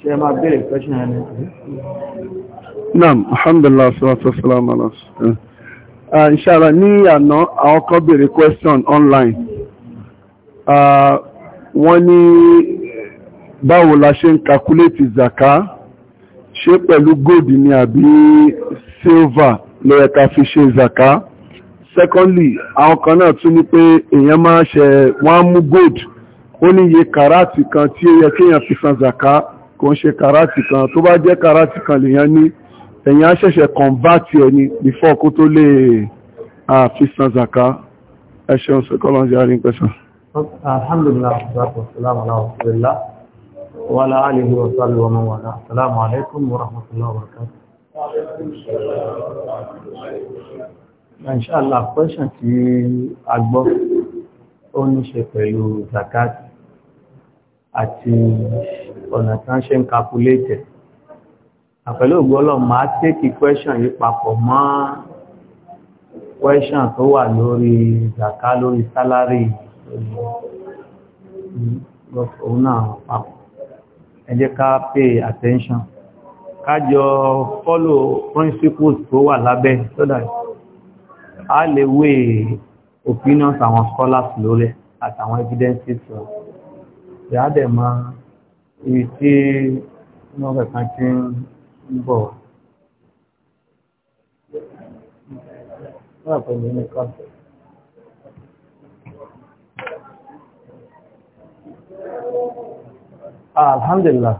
ṣe máa bèèrè pẹ́ṣìn ẹni naam alhamdulillah salatu wassalamu ala uh, inshallah ní àná àwọn kan bèèrè question online uh, wọ́n ní báwo la ṣe ń calculate zaka ṣé pẹ̀lú gold ni àbí silver ló yẹ fi ṣe zaka secondly àwọn kan náà tún ní pé èèyàn máa ṣe wọ́n mú gold ó ní iye kàráàtì kan tí ó yẹ kéèyàn fi san zaka kò ń ṣe kàráàtì kan tó bá jẹ́ kàráàtì kan lèèyàn ní èèyàn á ṣẹ̀ṣẹ̀ convert ẹni before kó tó lè fi san zaka ẹ ṣeun sẹ́kọ́lọ́ ń jẹ́ pẹ̀sán. alhamdulillah wa salaamu alihi wa sallu wa man assalamu alaikum wa rahmatullahi wa barakatuh Inshallah question tí a gbọ́ ó ní ṣe pẹ̀lú zakat àti ọ̀nà tí wọ́n ṣe ń calculate àpẹ̀lú ògbọ́lọ̀ máa tẹ́kì question yìí papọ̀ mọ́ question tó wà lórí zakat lórí salary òun náà papọ̀ ẹ jẹ́ ká pay attention follow principles tó wà lábẹ́ a lè wé opinions àwọn scholars lórí àtàwọn evidences wọn ìyá dẹ̀ mọ ibi tí wọ́n kẹ̀kan ti ń bọ̀ wọ́n pẹ̀lú ní kọ́sì. alhamdulillah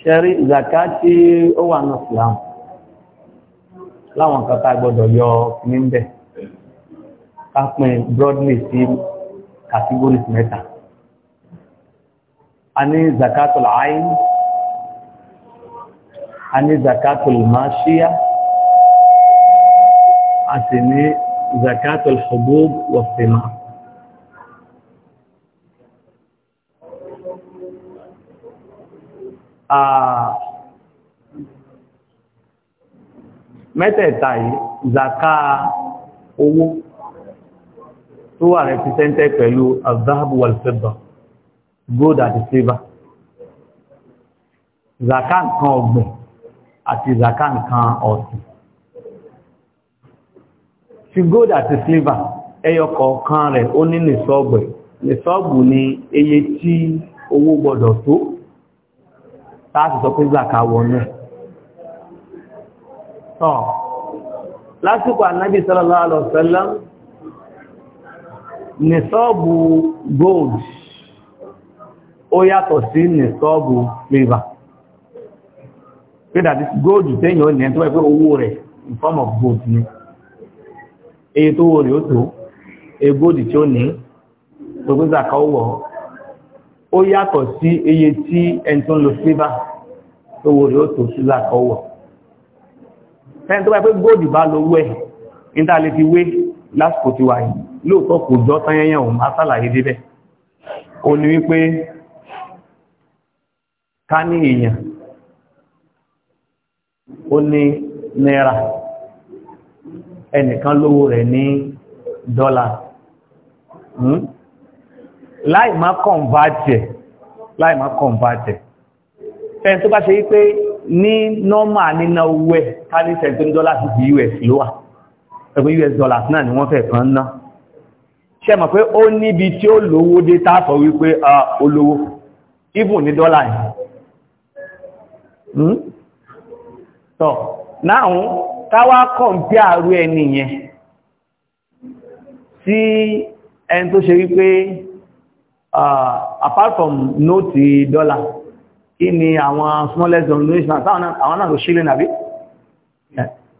ṣe rí zakati ó wà ní islam láwọn nǹkan tá gbọ́dọ̀ yọ níbẹ̀ ká pín broadly sí categories mẹ́ta a ní zakatul ayn a ní zakatul mashiya a sì ní zakatul hubub wa thima Ah mẹ́tẹ̀ẹ̀ta yìí zaka owó tó wà represented pẹ̀lú azahabu walfeba gold àti silver zaka nǹkan ọ̀gbìn àti zaka nǹkan ọ̀sìn ti gold àti silver ẹyọ kọ̀ọ̀kan rẹ̀ ó ní nìsọ́ọ̀gbẹ̀ nìsọ́ọ̀gbù ni eye tí owó gbọ́dọ̀ tó táà sọ pé zaka wọnú ẹ̀ tán lásìkò ànábì sallallahu alaihi wasallam nìsọ́ọ̀bù gold ó yàtọ̀ sí nìsọ́ọ̀bù flavor pẹ́dà this gold tẹ́yìn ó ní ẹ̀ tó wẹ́ pé owó rẹ̀ in form of gold ni èyí tó wò rí ó tó èyí gold tí ó ní gbogbo wọ̀ ó yàtọ̀ sí iye tí ẹni lo flavor tó wò rí ó tó sí zaka fẹ́ni tó bá pé góòdì bá lọ wẹ́ ìntàlẹ̀ ti wé lásìkò ti wáyé lóòtọ́ kò jọ tányẹyàn òun á sàlàyé débẹ̀ o ní wípé ká ní èèyàn ó ní náírà ẹnìkan lówó rẹ̀ ní dọ́là hmm? láì má kọ̀ǹbájẹ̀ láì má kọ̀ǹbájẹ̀ fẹ́ni tó bá ṣe wípé ní nọ́mà níná owó ẹ̀ káàdì sẹ̀tún dọ́là sí ti us ló wà ẹgbẹ́ us dollars náà ni wọ́n fẹ́ kan ná ṣe mọ̀ pé ó níbi tí ó lówó dé tààtọ̀ wípé olówó even ní dọ́là yìí so now káwá kọ̀m̀pí àrú ẹni yẹn sí ẹni tó ṣe wípé apart from nóòtì dọ́là kí ni àwọn smallest denomination táwọn àwọn náà ṣílẹ̀ nàbí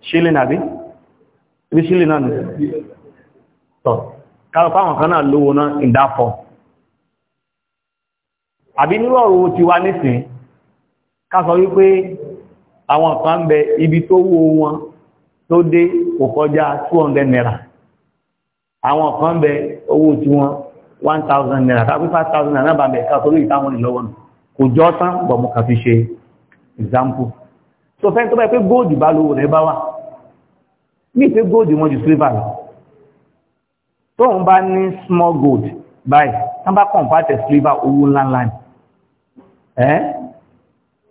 ṣílẹ̀ nàbí ibi ṣílẹ̀ náà nì tọ́ kárọpá àwọn kan náà lówó náà ìdápọ̀ àbí nílò ọ̀rọ̀ ti wá nísìn ká sọ wípé àwọn kan ń bẹ ibi tó wó wọn tó dé kò kọjá 200 naira àwọn kan ń bẹ owó tí wọn 1000 naira kò jọ tán bọ̀ kàfi ṣe example so fẹ́ tó bá pé góòdù bá lówó rẹ̀ bá wà ní pé góòdù wọn ju silver lọ tóun bá ní small gold báyìí tán bá convert silver owó ńláńlá ni ẹ́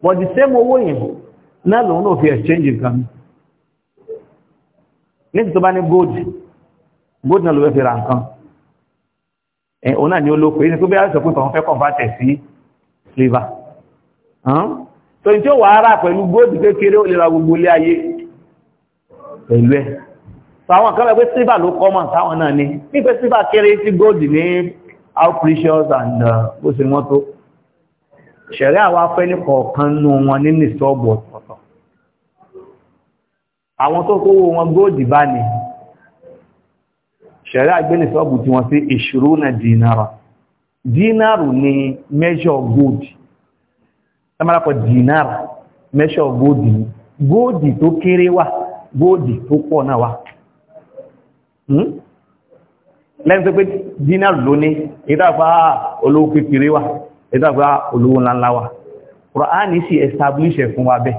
but the same owó yẹn náà lòun náà fi exchange nǹkan mi níbi tó bá ní góòdù góòdù náà ló fẹ́ fi ra nǹkan ẹ̀ òun náà ni ó lóko èyí ni pé bí a sọ pé tòun fẹ́ convert sí flavor so n tí ó wà ara pẹ̀lú góòdù kékeré ó lè ra gbogbo ilé ayé pẹ̀lú ẹ̀ sáwọn kan pẹ́ silver ló kọ́ mọ̀ sáwọn náà ni nípa silver kéré sí góòdù ní how precious and uh, bó ṣe wọ́n tó ṣẹ̀rẹ́ àwọn afẹ́ ní kọ̀ọ̀kan nú wọn nínú ìṣọ́ọ̀bù ọ̀tọ̀ọ̀tọ̀ àwọn tó kówó wọn góòdù bá ní ṣẹ̀rẹ́ àgbẹ́ni ṣọ́ọ̀bù tí wọ́n sí ìṣúrú náà dìnnara dínàrù ni measure gold tamarapọ̀ dínàrù measure gold ni gold tó kéré wà gold tó pọ̀ náà wà hmm? lẹ́yìn tó pé dínàrù ló ní ìdáfà olówó kékeré wà ìdáfà olówó ńláńlá wà Kùránì sì establish ẹ̀ fún wa bẹ́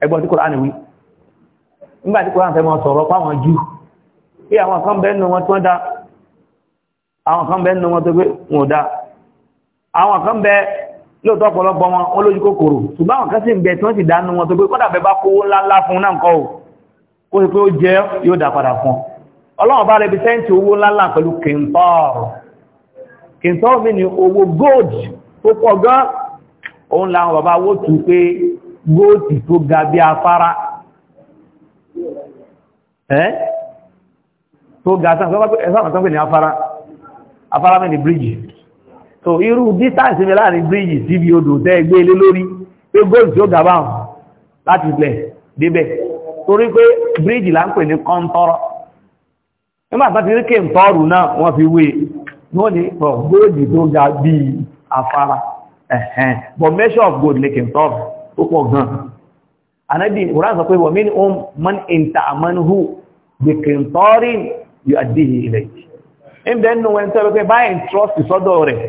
ẹgbọ́n tí Kùránì wí nígbàtí Kùránì fẹ́ mọ́ sọ̀rọ̀ pàwọn jù pé àwọn kan bẹ́ẹ̀ nù wọn tó ń dá àwọn kan bẹ nínú wọn tó pé wọn ò dá àwọn kan bẹ lóòótọ́ ọ̀pọ̀lọpọ̀ wọn ó lójú kòkòrò ṣùgbọ́n àwọn kan sì ń bẹ tí wọ́n sì dá nínú wọn tó pé kọ́dà bẹ bá kówó ńláńlá fún náà kọ́ ò kó sì pé ó jẹ́ yóò dá padà fún ọlọ́run bá rẹbi sẹ́ǹtì owó ńláńlá pẹ̀lú kìntọ́ọ̀rù ni owó tó ga bí afárá ní afárá afárá mẹ́ni bíríjì so irú distance mi láàrin bíríjì síbi odò tẹ́ ẹgbẹ́ ilé lórí pé góòlù tí ó gàbá hàn láti ilẹ̀ débẹ̀ torí pé bíríjì là ń pè ní kọ́ńtọ́rọ́ nígbà tó ti rí kéńtọ́rù náà wọ́n fi wé e. wọ́n ní góòlù tó ga bíi afárá ẹ̀hẹ́n but measure of gold lè kéńtọ́rù ó pọ̀ gan-an anábì ìwòrán sọ pé wọ́n mi ní ó mọ́n ìntà àmọ́nú hù gbèkèntọ́rìn yóò adéhe ilẹ̀ ìbẹ̀ nù ẹni tẹ́lẹ̀ pé báyìí trust sọ́dọ̀ rẹ̀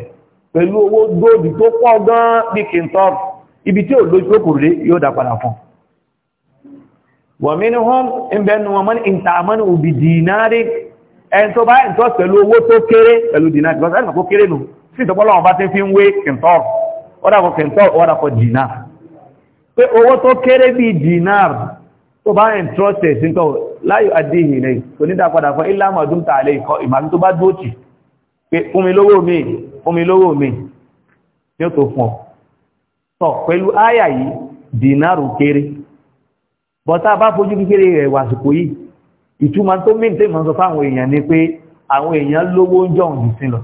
pẹ̀lú owó góòdì tó pọ̀ gan bí kí n tọ́ ibi tí ò lójú òkùnrin rí yóò dá padà fún wọ̀mínú hàn ìbẹ̀ nù wọn ìta àmọ́nù òbí dìínárì ẹni tó báyìí trust pẹ̀lú owó tó kéré pẹ̀lú dìínárì because ẹni tó kéré nù sí ìtọ́pọ́lọ́ wọn bá ti fi ń wé kí n tọ́ ọ̀dàkọ̀ kí n tọ́ ọ̀dàkọ̀ dìínárì pé owó tó kéré bíi tó bá ń trọ́sẹ̀ sí tọ́ láyò àdíhì rẹ̀ kò ní dápadà fún ìlàmà ọdún tààlẹ̀ ikọ̀ ìmàmí tó bá dóòtì pé fúnmi lówó mi fúnmi lówó mi ní ó tó fún ọ tọ́ pẹ̀lú áyà yìí dìnárù kéré bọ́tá bá fojú kékeré rẹ̀ wàsùkò yìí ìtumọ̀ tó mìíràn mọ́ sọ fáwọn èèyàn ni pé àwọn èèyàn lówó ń jọ òun sí lọ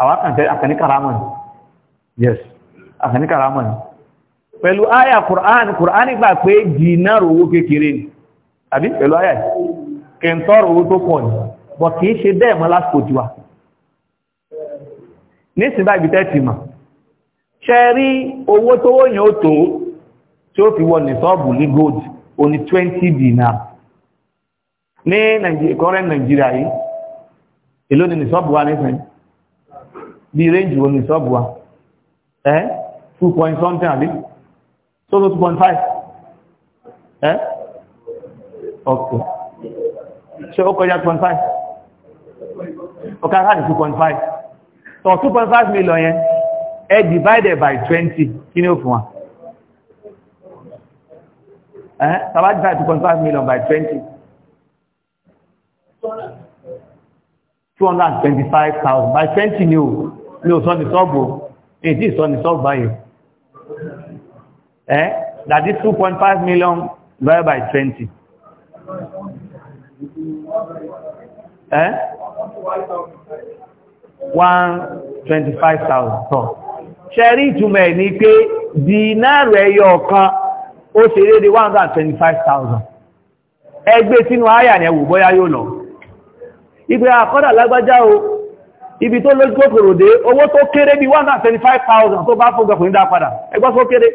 àwọn akànníkàrámọ̀ yes akànníkàrámọ̀ pẹ̀lú àyà Kùránì Kùránì gbà pé dínárù owó kékeré ni àbí pẹ̀lú àyà kẹntọ́rù owó tó pọ̀ ní bọ̀ kìí ṣe dẹ́ẹ̀mọ́ lásìkò jùwa nísìnbá ibi tẹ́tì mà ṣe rí owó tó wóyàn ó tó tí ó fi wọ ní sọ́ọ̀bù ní gold ó ní 20 range wo ní sọ́ọ̀bù wa ẹ́ point something àbí tó ló 2.5 ẹ́ ọ̀pọ̀ ṣe ó kọjá 2.5 ọ̀ká láti 2.5 tọ̀ 2.5 million yẹn ẹ divided by 20 kí ni ó fún wa ẹ́ tàbá divide 2.5 million by 20 225,000 by 20 ni ó ní ò sọ ní sọ́ọ̀bù èyí tí ìsọ ní sọ́ọ̀bù báyìí Eh? That is 2.5 million divided by 20. Eh? 125,000. Ṣẹ́rí ìtumọ̀ ẹ̀ ni pé dínárù ẹyọ ọ̀kan ó ṣe dédé 125,000. Ẹgbẹ́ sínú àyà ni ẹwù bọ́yá if we are àkọ́dà lágbájá o, ibi tó lójú kòkòrò dé, owó tó kéré bí 125,000 tó bá fún gọkùnrin dá padà. Ẹgbọ́ tó kéré.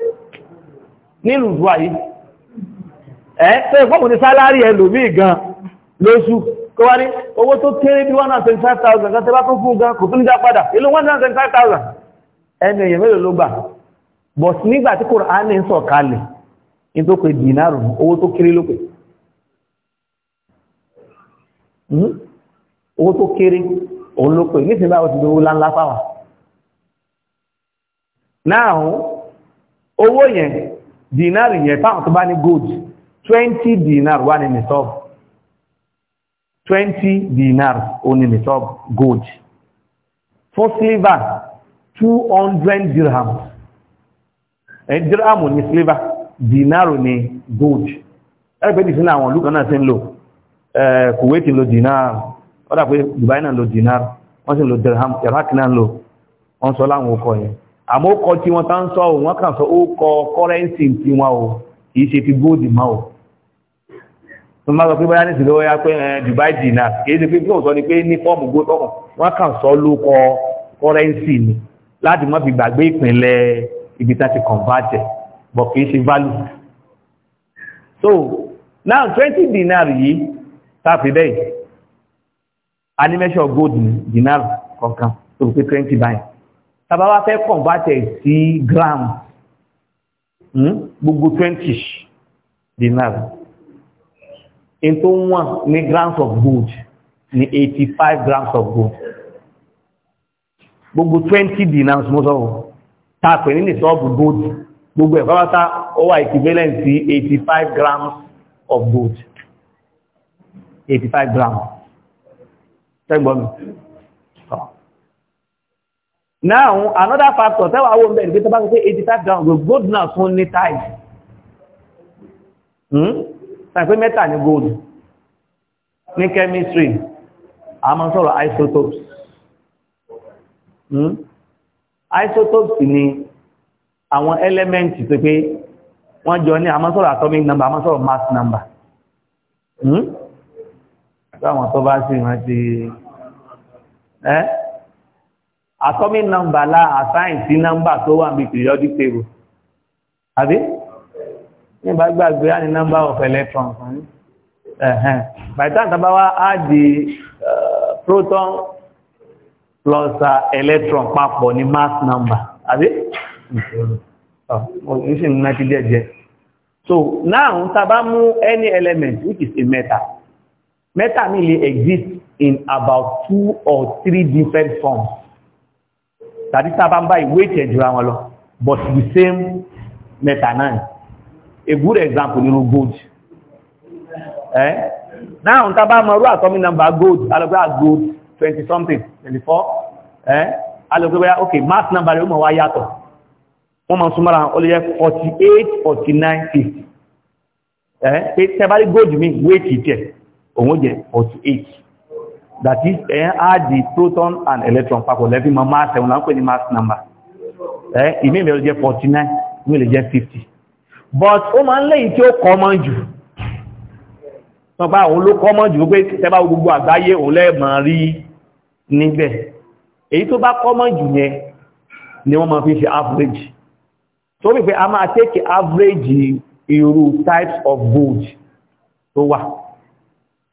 nílùú ìdúwà yìí ẹ́ tó ìfọ́mù ní sálárì ẹlòmí gan lóṣù kó wá ní owó tó kéré bí 125,000 kan tẹ́bá tó fún gan kò tún ní dá padà ilú 125,000 ẹni èyàn ló gbà bọ̀ sí nígbà tí Kùránì ń sọ̀ kalẹ̀ tó pe dìnárù owó tó kéré hmm? owó tó kéré òun dínárì yẹn fáwọn tó bá ní gold 20 dinar wà ní nìtọ́b 20 dinar ó ní nìtọ́b gold fún silver two hundred dirham eh, dirham ní silver dinar ní gold ẹgbẹ́ ìdí sínú àwọn olùkan náà sí ń lò Kuwait ń lo dinar ó dà pé Dubai náà ń lo dinar wọ́n sì ń lo dirham Iraq náà ń lò wọ́n sọ láwọn okọ̀ yẹn àmọ́ kọ tí wọ́n tán sọ wọ́n kàn sọ ó kọ kọ́rẹ́ǹsì tí wọ́n o kìí ṣe ti góòdì máa o tó máa sọ pé báyá nìsìn lọ́wọ́ ya pé Dubai dìna kìí ṣe pé bí ni pé ní fọ́ọ̀mù góòdì ọ̀hún sọ ló kọ so now twenty dinar yìí táàfin bẹ́ẹ̀ animation gold dinar kọ̀ọ̀kan So, fi pé twenty báyìí tàbá wá fẹ́ converted sí gram hmm, gbogbo twenty dinar in tó wọ́n ní grams of gold ní eighty five grams of gold gbogbo twenty dinars mo sọ̀rọ̀ ta pè ní nìsọ́ọ̀bù gold gbogbo ẹ̀ pápátá ó wà equivalent sí eighty five grams of gold eighty five grams. Thank you now another factor tẹ́wàá wọ́n bẹ̀rẹ̀ pé tọ́bá pé 85 down now gold náà fún Hmm. tithe tàbí mẹ́ta ní gold ní chemistry I'm also sọ̀rọ̀ isotopes hmm? isotopes in ni àwọn element tó pé wọ́n jọ ní a máa sọ̀rọ̀ atomic number I'm also sọ̀rọ̀ mass number hmm? láwọn tó bá sí ìrántí ẹ́ atomic number la assign sí number tó wà bí periodic table àbí ní bá gbàgbé á ní number of electrons ẹ̀hẹ́n by the time tàbá wá á di uh, proton plus uh, electron papọ̀ ní mass number àbí ọ̀hún sí ní náà ti jẹ́jẹ́ so now tàbá mú any element which is a metal metal may exist in about two or three different forms tàbí sábà ń bá ìwé ìtẹ̀jura wọn lọ but the same mẹ́ta náà a good example nínú gold eh? now n tàbá mọ̀ rú àtọ́mí number gold alọ́gbà gold twenty something twenty four. eh? alọ́gbà ok mass number rẹ̀ ó mọ̀ wá yàtọ̀ wọ́n mọ̀ súnmọ́ra ó lè yẹ 48 49 50 eh? tẹ́bárí gold mi weight ìtẹ̀ òun jẹ́ 48 that is eh add the proton and electron papọ̀ lẹ́fí ma mass ẹ̀wọ̀n láńpẹ́ ní mass number eh ìmí ìmẹ́lẹ̀ jẹ́ 49 ìmẹ́lẹ̀ jẹ́ 50 but ó ma ń lẹ́yìn tí ó common jù tọ́pá òun ló common jù pé tẹ́bá gbogbo àgbáyé òun lẹ́ẹ̀mọ̀ rí níbẹ̀ èyí tó bá common jù yẹn ni wọ́n ma fi ṣe average tó rí pé a máa take average irú types of gold tó wà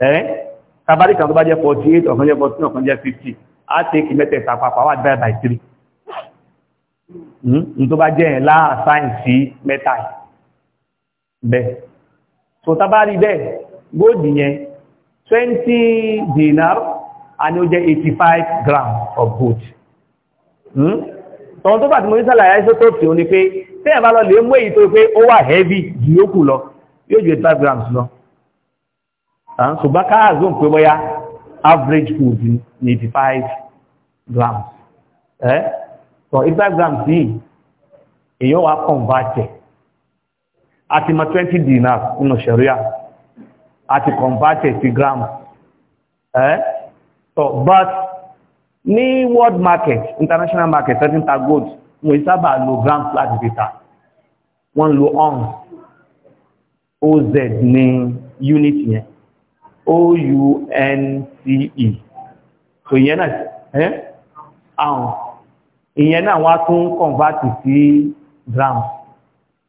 eh tabari kan tó bá jẹ́ 48 ọ̀kan jẹ́ 49 ọ̀kan jẹ́ 50 á tẹ́kì mẹ́tẹ̀ẹ̀ta àpapọ̀ wà divide by 3 hmm? n tó bá jẹ́ ẹ̀ láà sáìn sí mẹ́ta bẹ́ẹ̀ so tabari bẹ́ẹ̀ góòdì yẹn 20 dinar a ní ó jẹ́ 85 gram of gold hmm? tọ́n tó bá ti mọ́ ní sàlàyé ṣe tó tí ó ní pé tẹ́yàn bá lọ lè mú èyí tó pé ó wà heavy jù yókù lọ yóò ju 85 grams lọ ṣùgbọ́n káà zó ń pè bọ́yá average food ní 85 grams ẹ́ eh? so 85 grams yìí èyàn wà convert àti e. ma 20 dinars nínú sharia àti convert e to grams ẹ́ eh? so but ní world market international market certain ta gold wọ́n sábà lo grams láti fi ta wọ́n lo ounce oz ní unit yẹn o-u-n-c-e so ìyẹn náà ẹ́ àwọn ìyẹn náà wá tún kọ̀nvátì sí gram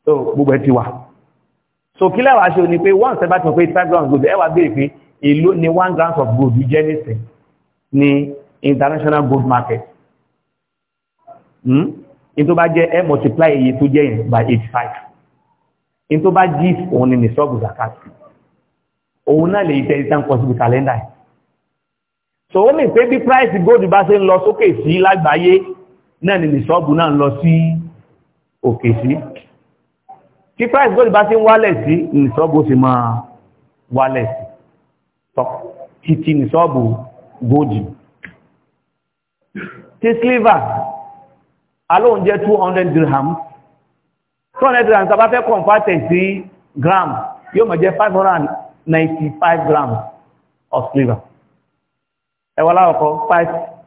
so gbogbo ẹ ti wà so kí lẹ́wà ṣe ní pé once ẹ bá pé five grams gold ẹwà béèrè pé èló ni one gram of gold jẹ́ nísìn ní international gold market in hmm? tó bá jẹ́ ẹ multiply iye tó jẹ́ by eighty five in tó bá jí òun ni nìṣọ́ọ̀bù zakat òun náà lè tẹ́ ìtàn kọ síbi kàlẹ́ndà ẹ̀ so ó lè pé bí price gold bá ṣe ń lọ sókè sí lágbàáyé náà ni nìṣọ́ọ̀bù náà ń lọ sí òkè sí tí price gold bá ṣe ń wálẹ̀ sí nìṣọ́ọ̀bù sì máa wálẹ̀ sí tọ́ títí nìṣọ́ọ̀bù gold tí silver alóhun jẹ́ 200 dirham 200 dirham tàbá fẹ́ convert sí gram yóò máa jẹ́ 500 95 grams of silver ẹwà láwọ̀kọ́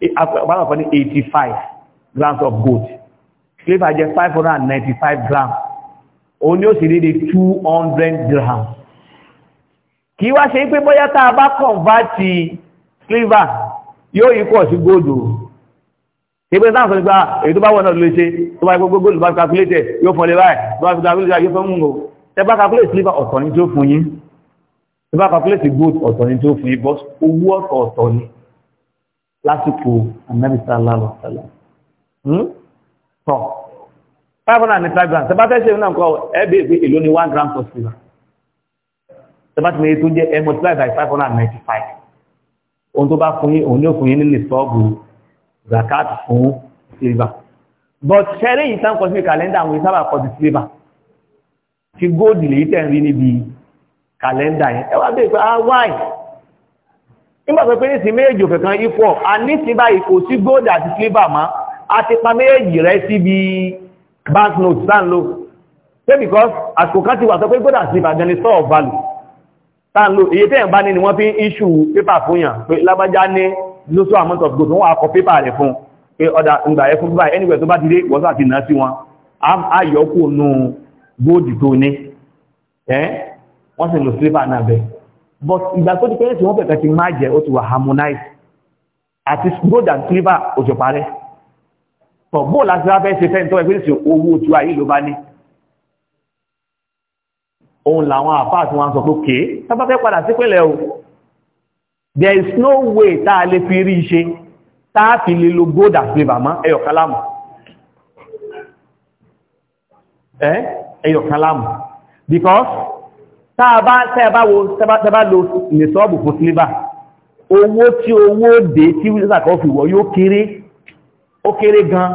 5 àpapọ̀ ní 85 grams of gold silver jẹ́ 595 grams òun ni ó sì dédé 200 grams kì í wá ṣe pé bóyá tá a bá convert silver yóò yí pọ̀ sí gold o ìgbẹ́ sáàsọ̀ nípa èyí tó bá wọ́n náà lè ṣe tó bá gbogbo gold bá calculate yóò fọ́n lè báyìí tó bá fi o tẹ bá silver ọ̀tọ̀ ní tó fún yín tó bá calculate gold ọ̀tọ̀ ni tó fún yín bọ́ owó ọ̀tọ̀ ọ̀tọ̀ ni lásìkò anabi sallallahu alaihi wasallam hmm? tọ five hundred and ninety grams tẹ́bá fẹ́ ṣe náà kọ́ ẹ bèè pé èló ni one grand for silver tẹ́bá ti mẹ́rin tó jẹ́ ẹ multiply by five hundred and ninety five ohun tó bá fún yín òun ní òfin yín nínú ìsọ́ọ̀bù zakat fún silver but ṣẹ́rí yìí sáńkọ́ sí kàlẹ́ndà àwọn ìsábà kọ́ sí silver ti gold lèyí tẹ̀ ń rí níbi kàlẹ́ndà yẹn ẹ wá bèèrè pé ah why nígbà pé ní sí méjì òfin kan ipò a ní sí báyìí kò sí gold àti silver ma a ti pa méjì rẹ̀ síbi banknote tan lo, pé because àsìkò kan ti wà sọ pé gold àti silver gani store of value Tan lo, èyí tẹ́yìn bá ní ni wọ́n fi issue paper fún yàn pé lábájá ní lóso amount of gold wọ́n akọ paper rẹ̀ fún pé ọ̀dà ìgbà ẹ̀ fún báyìí anywhere tó bá ti dé wọ́n sá ti ná sí wọn ayọ̀kù nù gold tó ní wọ́n sì lò sílífà náà bẹ́ẹ̀ but ìgbà tó ti pẹ́ sí wọ́n pẹ̀kẹ́ ti máa jẹ́ ó ti wà harmonize àti gold and silver ò ti parẹ́ tọ̀ bóò láti wá fẹ́ ṣe fẹ́ tó ẹgbẹ́ sí owó tí wáyé ló bá ní òun làwọn àfáà tí wọ́n sọ pé kéé tábà fẹ́ padà sípínlẹ̀ o there is no way tá a lè fi rí iṣẹ́ tá a fi lè lo gold and silver mọ́ ẹyọ̀ kálámù ẹyọ̀ kálámù because tàbá tẹ́ẹ̀bá wo tẹ́bá lo nìsọ́ọ̀bù fún sílíbà owó tí owó dé tí wílẹ́sàkọ́ fi wọ́ yóò kéré ó kéré gan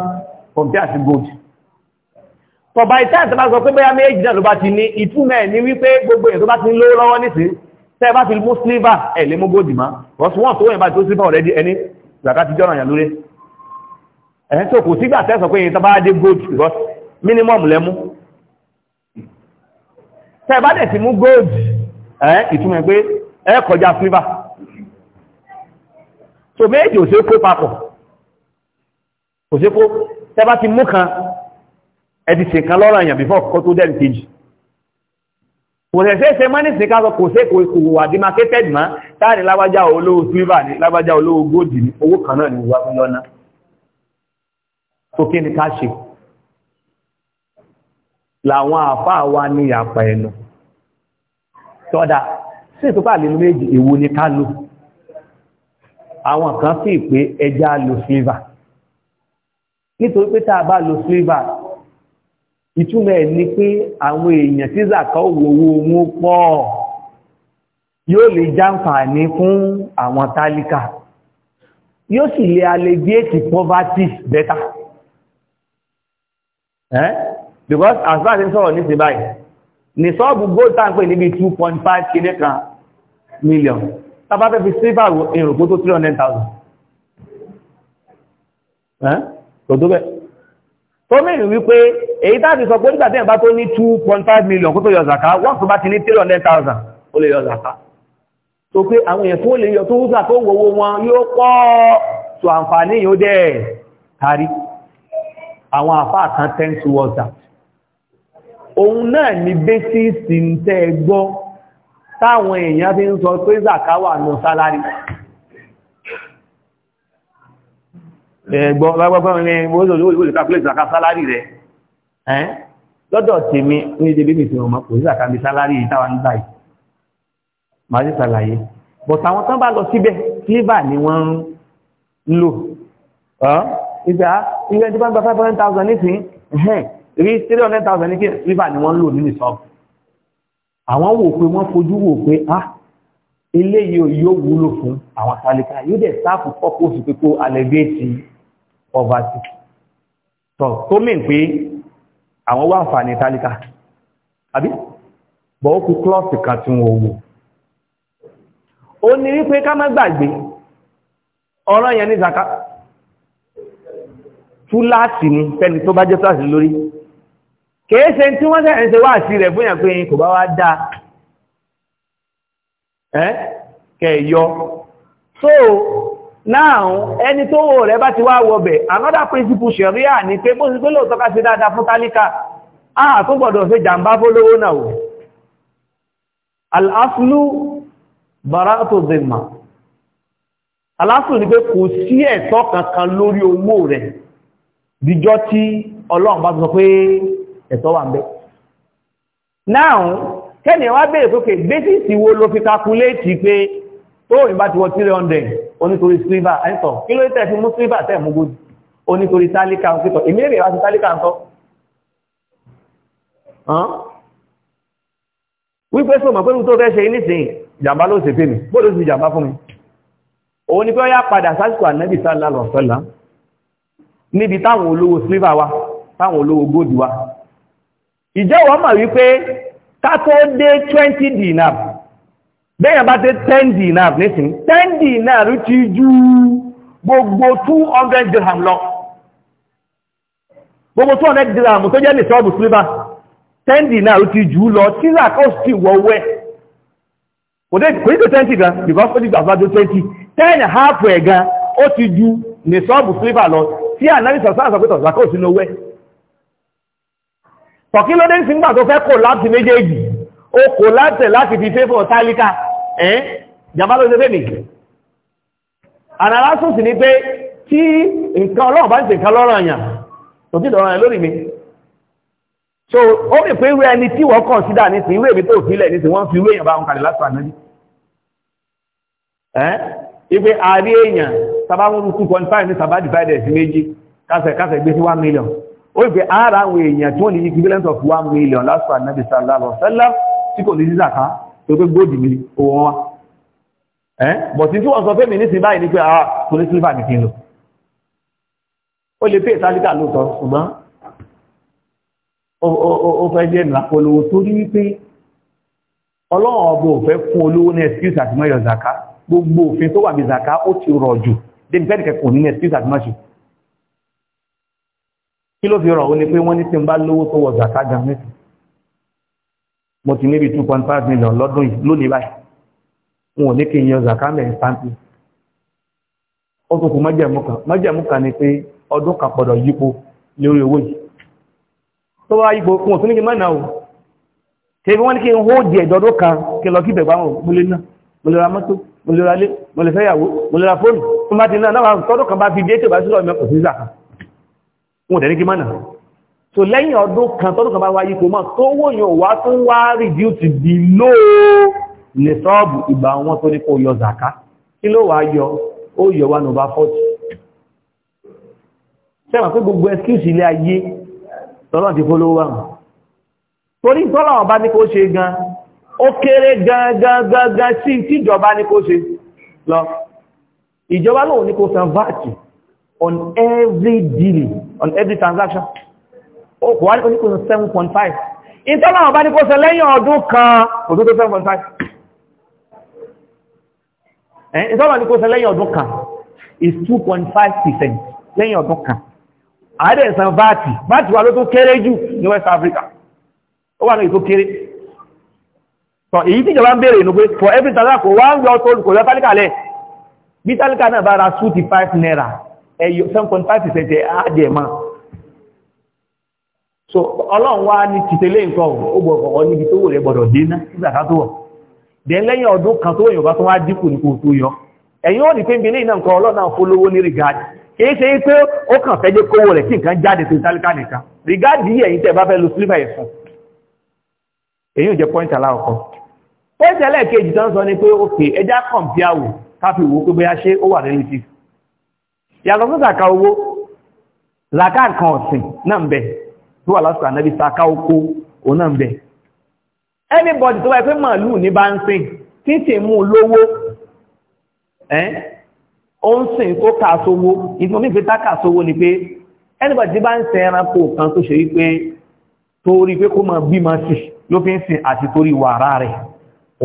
kọ̀mpí àti gold tọ̀bá ìtẹ́ẹ̀ tẹ́bá sọ pé bóyá méjì náà ló bá ti ní ìtumẹ̀ ní wípé gbogbo èyàn tó bá ti ń lówó lọ́wọ́ nísìn tẹ́ẹ̀bá fi mú sílíbà ẹ̀ lé mú gold má rọ́sùn wọ́n tó wọ́n bá tó sílíbà ọ̀rẹ́dí ẹni zakati jọ́nà yàn lórí ẹ̀hẹ́n tó kò sígbà tẹ́ẹ̀ sọ pé yẹn tọ́ bá dé gold because minimum tẹ́ bá dẹ̀ ti mú gold ẹ́ ìtumọ̀ pé ẹ kọjá silver so méjì ò sí kó papọ̀ kò sí kó tẹ́ bá ti mú kan ẹ ti ṣe kan lọ́rọ̀ èèyàn before kó tó dẹ̀ kejì kò sẹ̀sẹ̀ ṣe mọ́ ní ṣìká kò sí kò wà dí marketed ma táàrí lábájá olówó silver ní lábájá olówó gold ní owó kan náà ni wà fún lọ́nà tó kí ni ká ṣe làwọn àfáà wa ní àpà ẹ̀nà tọ́dá sí ìtúpà lèlú méjì èwo ni ká lò àwọn kan sì pé ẹja lò sílvà nítorí pé tàà bá lò sílvà ìtumọ̀ ẹ̀ ni pé àwọn èèyàn tí zàkọ́ owó wọn pọ̀ yóò lè jàǹfààní fún àwọn tálíkà yóò sì lè alleviate poverty better eh? because as far as ń sọ̀rọ̀ nísìn báyìí ní sọ́ọ̀bù gold tank pè níbi 2.5 kìíní kan million tàbá fẹ́ fi silver ìrùkú tó 300,000 ẹ́ tó tó bẹ́ tó mẹ́rin wípé èyí tàbí sọ pé nígbàtí ẹ̀bá tó ní 2.5 million kó tó yọ zaka wọ́n tó bá ti ní 300,000 ó lè yọ zaka tó pé àwọn èèyàn tó lè yọ tó wúzà tó wọ́wọ́ wọn yóò pọ̀ tó àǹfààní àwọn àfáà kan 10 towards that òun náà ni bẹ́sìsì ń tẹ́ gbọ́ táwọn èèyàn fi ń sọ pé zakawa nù sálárì ẹgbọ́ lọ́dọ̀ tèmi ní ìdébí mi fi ọmọ kò sí àkàbí sálárì ìtawà ń báyìí máa sí sàlàyé but àwọn tán bá lọ síbẹ̀ flavour ni wọ́n ń lò ọ́ ìgbà ilẹ̀ tí bá ń gba 500,000 nísìn rí three hundred thousand ní kí rìbá ni wọ́n ń lò nínú ìsọ́ọ̀bù àwọn wò pé wọ́n fojú wò pé ah eléyìí yóò wúlò fún àwọn tálíkà yóò dẹ̀ sáàpù pọ́pọ́sù pé kó alẹ́gbẹ́ẹ̀tì poverty tọ̀ tó mìn pé àwọn wà fà ní tálíkà àbí bọ̀ ó kú klọ́ọ̀sì kan tí wọ́n wò ó ní wípé ká má gbàgbé ọ̀rọ̀ zaka túláàsì ni fẹ́ni tó bá kìí ṣe tí wọ́n sẹ́yìn ṣe sí rẹ̀ fún ìyàn kò bá wá dá ẹ́ kẹyọ so now ẹni tó wò rẹ̀ bá ti wá wọbẹ̀ another principle sharia ni pé bó ti dada lóòtọ́ a tún jàmbá fólówó náà ẹ̀tọ́ wà ń now kẹ́ni wá bèèrè pé bẹ́sìsì wo ló fi kakuléètì pé tó òyìn bá ti wọ 300 onítorí sílíbà ẹ̀ńtọ̀ kí ló tẹ̀ fi mú sílíbà tẹ̀ mú gòdì onítorí tálíkà ń pẹ́tọ̀ èmi rèé wá sí tálíkà ń tọ́ wípé sọmọ pé tó fẹ́ ṣe nísìnyí ìjàmbá ló ṣe pé mi bóòdó sì ìjàmbá fún mi òun ni pé ó yá padà sásìkò ànábì sálà lọ́sọ́lá níbi táwọn olówó sílíbà wa táwọn olówó góòdì wa ìjọwọ́ mọ̀ wípé kátó dé 20 dinar bẹ́yàn bá dé 10 dinar nísìn 10 dinar ti ju gbogbo 200 dirham lọ gbogbo 200 dirham tó jẹ́ nìṣọ́bù sílíbà 10 dinar ti jù lọ tí làkọ́ sí wọ́wẹ́ kò dé kò ní 20 gan because ó ti gbà fún 20 10 half ẹ̀ gan ó ti ju nìṣọ́bù sílíbà lọ tí ànábìsọ̀ sáà sọ pé tọ̀sàkọ́ tọ̀kí ló dé nígbà tó fẹ́ kò láti méjèèjì ó kò láti láti fi fẹ́fọ́ tálíkà ẹ́n jàmbá ló ṣe fẹ́ nìkan àràlásùn sì ni pé tí nǹkan ọlọ́run bá ń ṣe nǹkan lọ́rọ̀ àyàn tó ti dọ̀rọ̀ lórí mi so ó rí pé ìwé ẹni tí wọ́n kàn sídà ní sí ìwé mi tó sílẹ̀ ní sí wọ́n fi ìwé èèyàn bá ń kàlẹ̀ lásán àná ipe ààrí ó ìpé ara àwọn èèyàn tí wọ́n ní equivalent of one million Last lásìkò ànábì sallallahu alaihi wasallam tí kò ní sí zaka tó pé gbóòdì mi owó wọn ẹ́ bọ̀tí tí wọ́n sọ pé mi ní sí báyìí ní pé àà ah, kò ní sílífà ní kí n lò ó lè pé ìtàlíkà lóòtọ́ ṣùgbọ́n ó fẹ́ jẹ́ ìlàpọ̀lówó torí wípé ọlọ́run ọbọ̀ ò fẹ́ fún olówó ní excuse àti mọ́yọ̀ zaka gbogbo òfin tó wà bí zaka ó ti rọ̀ jù débi fẹ́ẹ̀kẹ́kùn ní excuse àti mọ́ṣù kí ló fi ràn ó ní pé wọ́n ní tí ń bá lówó tó wọ zàká gan mẹ́sì mo ti níbi 2.5 million lọ́dún yìí lónìí báyìí wọn ò ní kí n yan zàká mẹ́rin sáńtì ó tó kù májẹ̀mú kan májẹ̀mú kan ni pé ọdún kan gbọ́dọ̀ yípo lórí owó yìí tó bá yípo wọn ò tún ní kí n má nà o tẹ̀bí wọ́n ní kí n hó di ẹ̀dọ́dún kan kí lọ kí bẹ̀ bá wọn mo lè ná mo lè ra mọ́tò mo lè ra ilé mo lè fẹ́ yàwó mo lè ra fóònù tó bá ti ná náà tọ́dún kan bá fi dé tèbá sílọ̀ mẹ́kọ̀ọ́ sí zàká wọn dẹ̀ ní kí mọ́nà so lẹ́yìn ọdún kan tọ́dún kan bá wáyé kò mọ́ tó wòyàn wá tó ń wá reduce below lè sọ́ọ̀bù ìgbà wọn tó ní kó yọ zaka kí ló wá yọ ó yọ wá nùbá 40 sẹ́wọ̀n pé gbogbo excuse ilé ayé tọ́lọ́ ti fólówó wà torí tọ́lọ́wọ̀n bá ní kó ṣe gan ó kéré gan gan gan gan sí tíjọba ní kó ṣe lọ ìjọba lóun ní kó san vat on every dealing, on every transaction. Ó oh, kò wá ní oníkò 7.5. Ìtọ́lá ọ̀bá ní kó ṣe lẹ́yìn ọdún kan kò tó tó 7.5. Ìtọ́lá ní kó ṣe lẹ́yìn ọdún kan is 2.5% lẹ́yìn ọdún kan. Àádẹ́ ìsan Vati, Vati wà ló tó kéré jù ní West Africa. Ó wà ní ètò kéré. Sọ èyí tí ìjọba ń béèrè inú pé for every transaction kò wá ń yọ tó olùkòyọ́ tálíkà lẹ̀. Bí tálíkà náà bá ra 25 naira ẹyọ seven point five percent ẹ àádìẹ máa so ọlọ́run wá ní tìtẹ́lẹ̀ nǹkan ó gbọ́ ọ̀kọ̀ọ̀kọ́ níbi tó wò rẹ̀ gbọ́dọ̀ dé ná nígbà ká tó wọ̀ dẹ̀ lẹ́yìn ọdún kan tó wòyàn bá tó wá dínkù ní kò tó yọ ẹ̀yìn ó ní pé nbí lẹ́yìn náà nǹkan ọlọ́run náà fólówó ní rìgáàdì kìí ṣe pé ó kàn fẹ́ jẹ́ kówó rẹ̀ kí nǹkan jáde tó ìtálíkà nìkan rìgáàdì yìí ẹ̀yìn tẹ́ bá fẹ́ lo sílífà yẹn fún èyí ò jẹ́ pọ́ìntì aláwọ̀kọ́ pọ́ìntì ẹlẹ́ẹ̀kejì tó ń sọ ni pé ó pè ẹjá kàn bí àwò ká fi wò ó pé bóyá ṣé ó wà relative yàtọ̀ sí zaka owó zaka nǹkan ọ̀sìn náà ń bẹ tó wà lásìkò ànábi zaka oko òun náà ń bẹ anybody tó wáyé pé màálù ní bá ń sìn tí ń sìn mú lówó ẹ́ ó ń sìn tó kà sówó ìtumọ̀ mi fi tá kà sówó ni pé anybody tí bá ń sìn ẹranko kan tó ṣe wípé torí pé kó máa bímọ sí ló fi ń sìn àti torí wàrà rẹ̀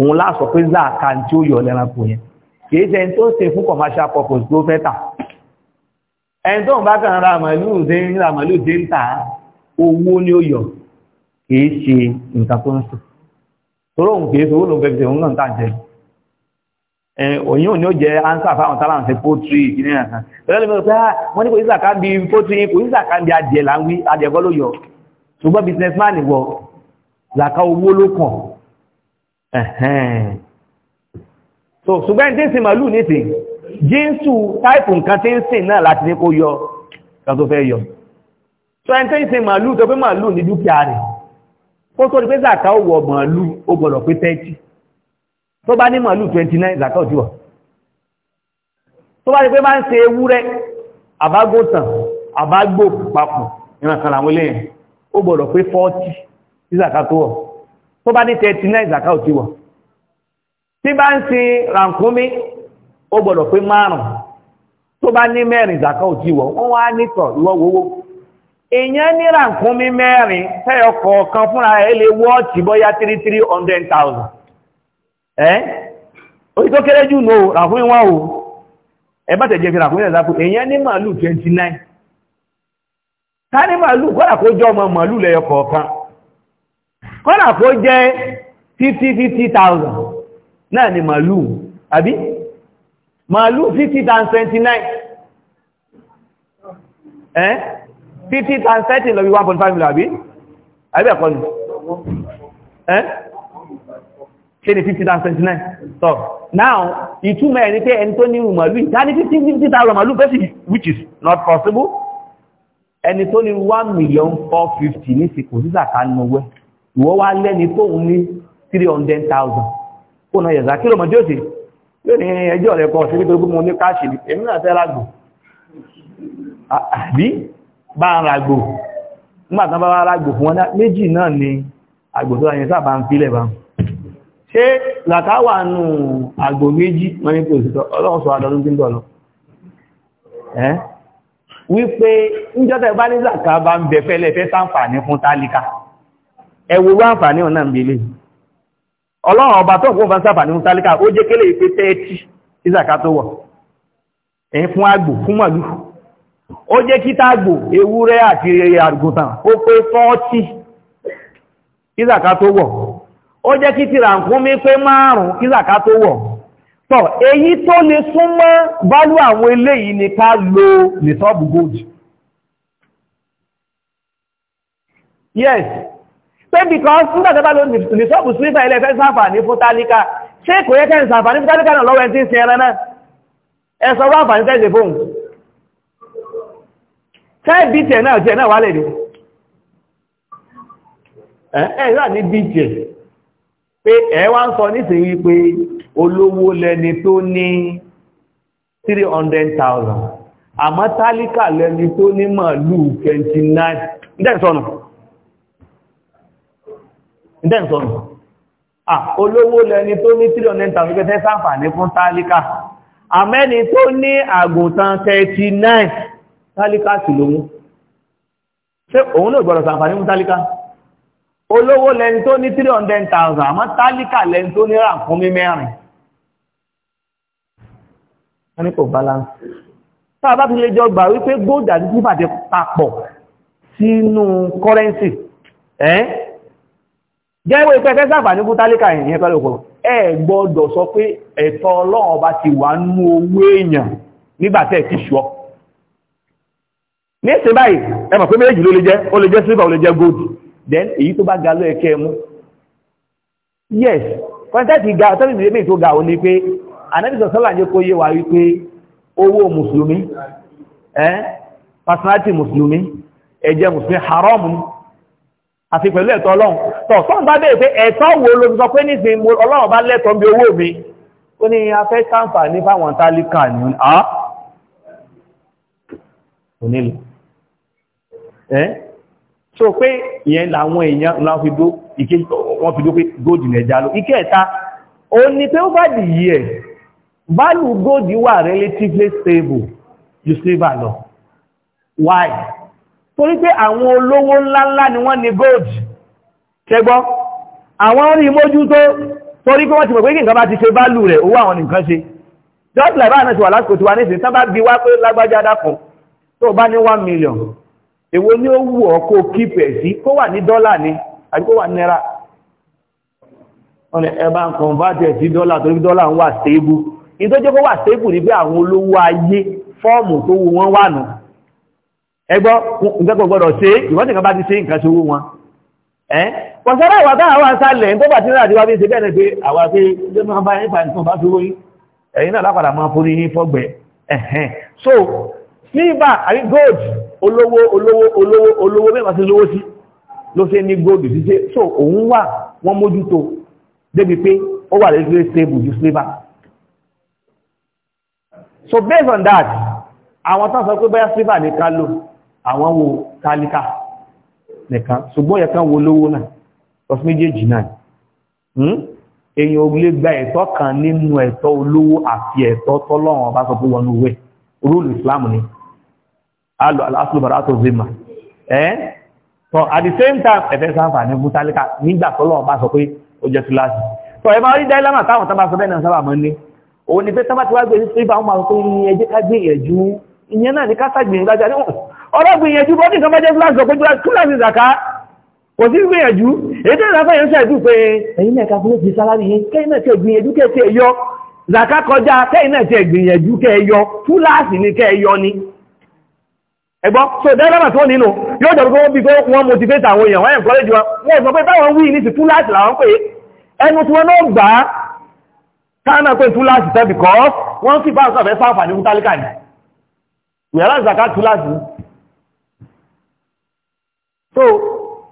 òun láà pé zaka tí ó yọ lẹ́ranko yẹn kì í ṣe ẹni tó ń sìn fún commercial purpose ló fẹ́ tà ẹni tó ń bá kàn ra màálù dé ń ra màálù dé ń tà owó ni ó yọ kìí ṣe nǹkan tó ń sọ tóró òun kìí sọwọ́ lóun fẹ́fẹ́ òun náà tà jẹ òyìn òní ó jẹ ánsà fáwọn tálàǹ sí pótírì ìdílé náà kan pẹ̀lú ẹni pé ah, wọ́n ní kò ìsà kan bí pótírì kò ìsà kan bí adìẹ là ń wí adìẹ kọ́ ló yọ ṣùgbọ́n businessman wọ làkà owó ló kàn so ṣùgbọ́n ẹni tí ń sin màálù nísìnyí jínsù táìpù nǹkan tí ń sìn náà láti ní kó yọ kan tó fẹ́ yọ so ẹni tó ń sin màálù tó pé màálù ní dúkìá rẹ̀ ó tó rí pé zaka ó wọ màálù ó gbọ́dọ̀ pé 30 tó bá ní màálù 29 zaka ò ti wọ̀ tó bá rí pé bá ń ṣe ewúrẹ́ àbágòtàn àbágbò papọ̀ ìrànkan làwọn eléyìn ó gbọ́dọ̀ pé 40 tí zaka tó wọ̀ tó bá ní 39 zaka ò ti wọ̀ tí bá ń sin ràǹkúnmí ó gbọ́dọ̀ pé márùn-ún tó bá ní mẹ́rin ìzàkọ́ òtí wọ̀ wọ́n wá nítọ̀ ìwọ́ èyàn èèyàn ní mi mẹ́rin tẹ́yọ kọ̀ọ̀kan fúnra ẹ̀ lè wọ́ọ̀tì bọ́yá 300,000 ẹ́ orí tó kéré jù o ẹ bá tẹ̀jẹ̀ kó jẹ́ 50,000 náà ni màálù fifty times twenty nine ẹ́ fifty times thirty lọ bí one point five million àbí àbí ẹ̀kọ́ ni ẹ́ ṣe ni fifty times twenty nine so now ìtumọ̀ ẹni pé ẹni tó ní irú màálù yìí dání fifty fifty thousand màálù fẹ́sì which is not possible ẹni tó ní one million four fifty ní sí kò sí sàkánú owó ìwọ́ wá lẹ́ni tóun ní three hundred thousand kó náà yẹ̀ zà kí ló mọ̀ tí lónìí ẹjọ́ rẹ̀ kan sí nítorí mo ní káàṣì èmi náà fẹ́ rágbò àbí bá ń rágbò nígbàtán bá wá fún wọn méjì náà ni àgbò tó ayẹ sáà bá ń fílẹ̀ bá ṣe làkáwà nù àgbò méjì wọ́n ní kò sí ọlọ́sọ adọ́dún tí ń dọ̀lọ́ wípé níjọ́tẹ̀ bá ní zàkà bá ń bẹ̀fẹ́lẹ̀ fẹ́ sáǹfààní fún tálíkà ọlọ́run ọba tó kún fún sáfà ní mùsálíkà ó jẹ́ kélé ìpé tẹ́ẹ̀tì ìzàká tó wọ̀ ẹ̀yìn fún àgbò fún màlú ó jẹ́ kíta àgbò ewúrẹ́ àti àgùntàn ó pé fọ́ọ̀tì ìzàká tó wọ̀ ó jẹ́ kí tìrà pé márùn-ún ìzàká yes pé because nígbàtẹ́ bá ló nìsọ́pù sílífà ilẹ̀ fẹ́ sáfàní fún tálíkà ṣé kò yẹ kẹ́yìn sáfàní fún tálíkà náà lọ́wọ́ ẹni tí ń sin náà ẹ wá ǹdẹ́ ìsọ́nù olówó lẹni tó ní tílọ̀ nẹ́ta wípé tẹ́ sáfàní fún tálíkà àmẹ́ni tó ní àgùntàn 39 tálíkà sì lówó ṣé òun náà gbọ́dọ̀ sáfàní fún tálíkà olówó lẹni tó ní 300,000 àmọ́ tálíkà lẹni tó ní rà fún mímẹ́rin wọ́n ní kò balance táà bá fi lè jọ gbà wípé gold àti silver ti papọ̀ sínú currency eh? jẹ́wọ́ ìpẹ́kẹ́ sàfàní fún tálíkà ìyẹn pẹ́lú ọ̀pọ̀ ẹ gbọ́dọ̀ sọ pé ẹ̀tọ́ ọlọ́run ọba ti wà nú owó èèyàn nígbàtẹ́ ti ṣọ́ ní ṣe báyìí ẹ mọ̀ pé méjì ló lè jẹ́ ó lè jẹ́ silver ó lè jẹ́ gold then èyí tó bá ga ló ẹ̀kẹ́ mú yes kọ́ńtẹ́ẹ̀tì ga ọ̀tọ́rì ní ebí tó ga ò ní pé anẹ́bìsọ̀ sọ́là ní kó yé wa wípé owó àti pẹ̀lú ẹ̀tọ́ ọlọ́run tọ̀ tọ́n bá bèèrè pé ẹ̀tọ́ wo ló sọ pé nísìn mo ọlọ́run bá lẹ́tọ̀ọ́ bí owó mi ó ní afẹ́ sáǹfà ní fáwọn tálíkà ní à onílò ẹ́ so pé ìyẹn làwọn èèyàn ńlá fi dó ike wọ́n fi dó pé góòdì lẹ́jà lọ ike ẹ̀ta ó ní pé ó bá dì yí ẹ̀ value góòdì wà relatively stable ju silver lọ why torí pé àwọn olówó ńláńlá ni wọ́n ní gold ṣẹgbọ́ àwọn orí mójú tó torí pé wọ́n ti mọ̀ nǹkan bá ti ṣe bálù rẹ̀ owó àwọn nǹkan ṣe just like báyìí náà ti wà lásìkò tí wà ní ìsìn tán bá bí wá pé million èwo ni ó wù ọ́ kó kípẹ̀ sí kó wà ní dọ́là ni àbí stable in tó jẹ́ stable ní pé àwọn olówó ẹgbọ́ ìgbẹ́kọ̀ gbọ́dọ̀ ṣe ìwọ́nìkan bá ti ṣe nǹkan ṣòwò wọn ẹ́ pọ̀sára ìwà táà wà sálẹ̀ tó tí láti wá bí ṣe bẹ́ẹ̀ pé àwà pé jẹ́ máa so silver àrí gold olówó olówó olówó olówó mẹ́fà sí lówó sí ló gold so òun wà wọ́n mójútó débi pé ó wà lẹ́gbẹ̀ẹ́ stable ju so based on that àwọn tán sọ pé bóyá silver ní ká lò àwọn wo tálíkà nìkan ṣùgbọ́n yẹ̀kan wo lówó náà ọ̀sán méjèèjì náà èèyàn hmm? ò lè gba ẹ̀tọ́ kan nínú ẹ̀tọ́ olówó àti ẹ̀tọ́ tọ́lọ́run ọba sọ pé wọn ló wẹ̀ rúlù islam ni alásùlùbàrà tó zèmà ẹ́ tọ́ at the same time ẹ̀fẹ́ sáfà ní fún tálíkà nígbà tọ́lọ́run ọba sọ pé ó jẹ́ síláàsì tọ́ ẹ máa rí dáìlámà táwọn tábà sọ bẹ́ẹ̀ náà sábà máa ń ní òun ni pé tábà ti wá gbé sí ibà wọn máa sọ pé ẹjẹ́ ká gbé ìyẹ̀jú ìyẹn náà ní ká sàgbìyànjú ọlọ́gbìyànjú bọ́dí kan mẹ́jẹ́ fúláṣọ pé fúláṣì ìzàká kò sí gbìyànjú èdè ìrànfẹ́ yẹn ṣẹ̀dù pé ẹ̀yin náà kàfún lóbi sáláàrì yẹn kẹ́yìn náà tẹ́ gbìyànjú kẹ́ tẹ́ yọ zàká kọjá kẹ́yìn náà tẹ́ gbìyànjú kẹ́ yọ fúláṣì ni kẹ́ yọ ni ẹgbọ́ so dẹ́rẹ́bà tó nínú yóò jẹ́ gbogbo bí wọ́n motivate àwọn èèyàn wọ́n ẹ̀kọ́ lẹ́jọ́ wọ́n ẹ̀sọ́ pé táwọn wí ní ti fúláṣì làwọn pé ẹnu tí wọ́n náà gbà á káàmà pé fúláṣì tẹ́ because wọ́n sì bá ń sọ̀fẹ́ sáfà ní fútálíkà ní ìyàrá ìzàká fúláṣì so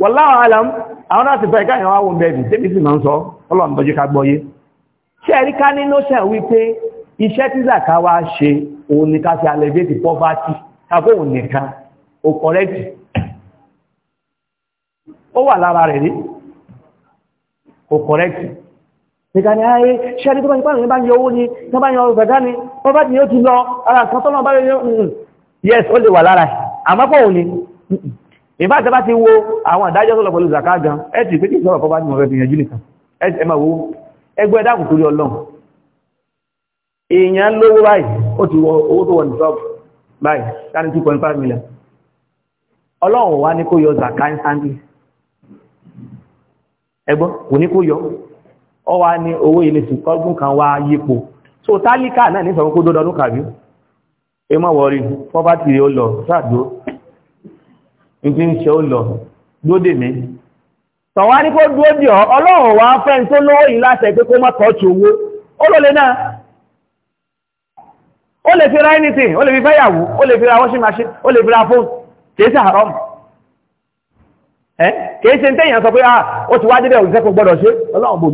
wallahu alam àwọn láti bá ìká ìyàwó àwọn bẹ̀rẹ̀ débi sì máa ń sọ ọlọ́run tọ́jú ká gbọ́yé ṣe ẹ̀rí ká ní lóṣẹ̀ wípé iṣẹ́ tí zaka wá ṣe òun ni ká fi alleviate poverty kákó òun nìkan ó kọrẹ́tì ó wà lára rẹ̀ rí ó kọrẹ́tì nìkan ni ayé ṣe ẹ̀rí tó bá ń pàrọ̀ ní bá ń yọ owó ni tó bá ń yọ ọ̀rọ̀ zaka ni poverty ni ó ti lọ ara kan tọ́lọ́ mm, mm, yes ó lè wà lára àmọ́ pọ̀ òun ìbá tẹbá ti wo àwọn àdájọ́ tó lọ pẹ̀lú zaka gan ẹ ti pé kí sọ́rọ̀ kọ́ bá ní mọ̀ rẹ̀ ìyànjú nìkan ẹ máa wo ẹgbẹ́ ẹ̀dá kùtù rí ọlọ́run èèyàn lówó báyìí ó tó wọ báyìí láti two point five million ọlọ́run wá ní kó yọ zaka instantly ẹgbọ́ kò ní kó yọ ọ wá ní so tálíkà náà ní sọ̀rọ̀ kó dọ́dọ́dún kàbí ẹ mọ̀ wọ́rí fọ́bátì rẹ̀ ìdí ń ṣe ó lọ lóde mi tọ̀wárí kó dúó dì ọ́ ọlọ́run wá fẹ́ tó lówó yìí láti ẹgbẹ́ kó mọ́ tọ́ọ̀tì owó ó lè náà ó lè fi ra anything ó lè fi fẹ́yàwó ó lè fi ra washing machine ó lè fi ra phone kìí ṣe tẹ́yàn sọ pé ah ó ti wá dédé òṣìṣẹ́ kò gbọ́dọ̀ ṣe ọlọ́run bò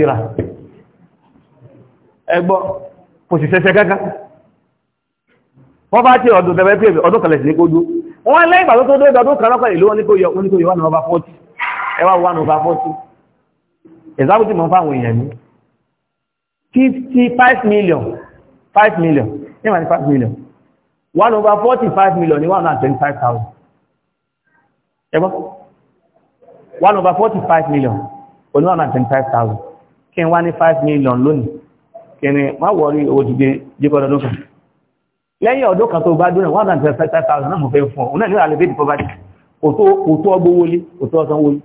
bí ó ẹgbọ́ kò sì ṣẹṣẹ kankan wọ́n bá tí ọdún tẹ́fẹ́ pé ọdún kẹlẹ̀ sí ní kó dú wọ́n lẹ́yìn ìgbà tó tó dé ọdún kan lọ́pàá ìlú wọn ní kó yọ wọn ní kó yọ wọn nọmba fọ́tì ẹwà wọn nọmba fọ́tì ìzáàbù fifty five million five million ní five million one over forty five million ní one hundred twenty five thousand ẹgbọ́ one over forty five million oní one hundred and twenty five thousand kí n wá ní five million lónìí kìnnì má wọrí owó ti dé jíkọ́ ọdún kan lẹ́yìn ọdún kan tó bá dúnà 125,000 náà mo fẹ́ fún ọ náà ní àlebé ti pọ́bátì kò tó ọgbó wọlé kò tó ọsán wọlé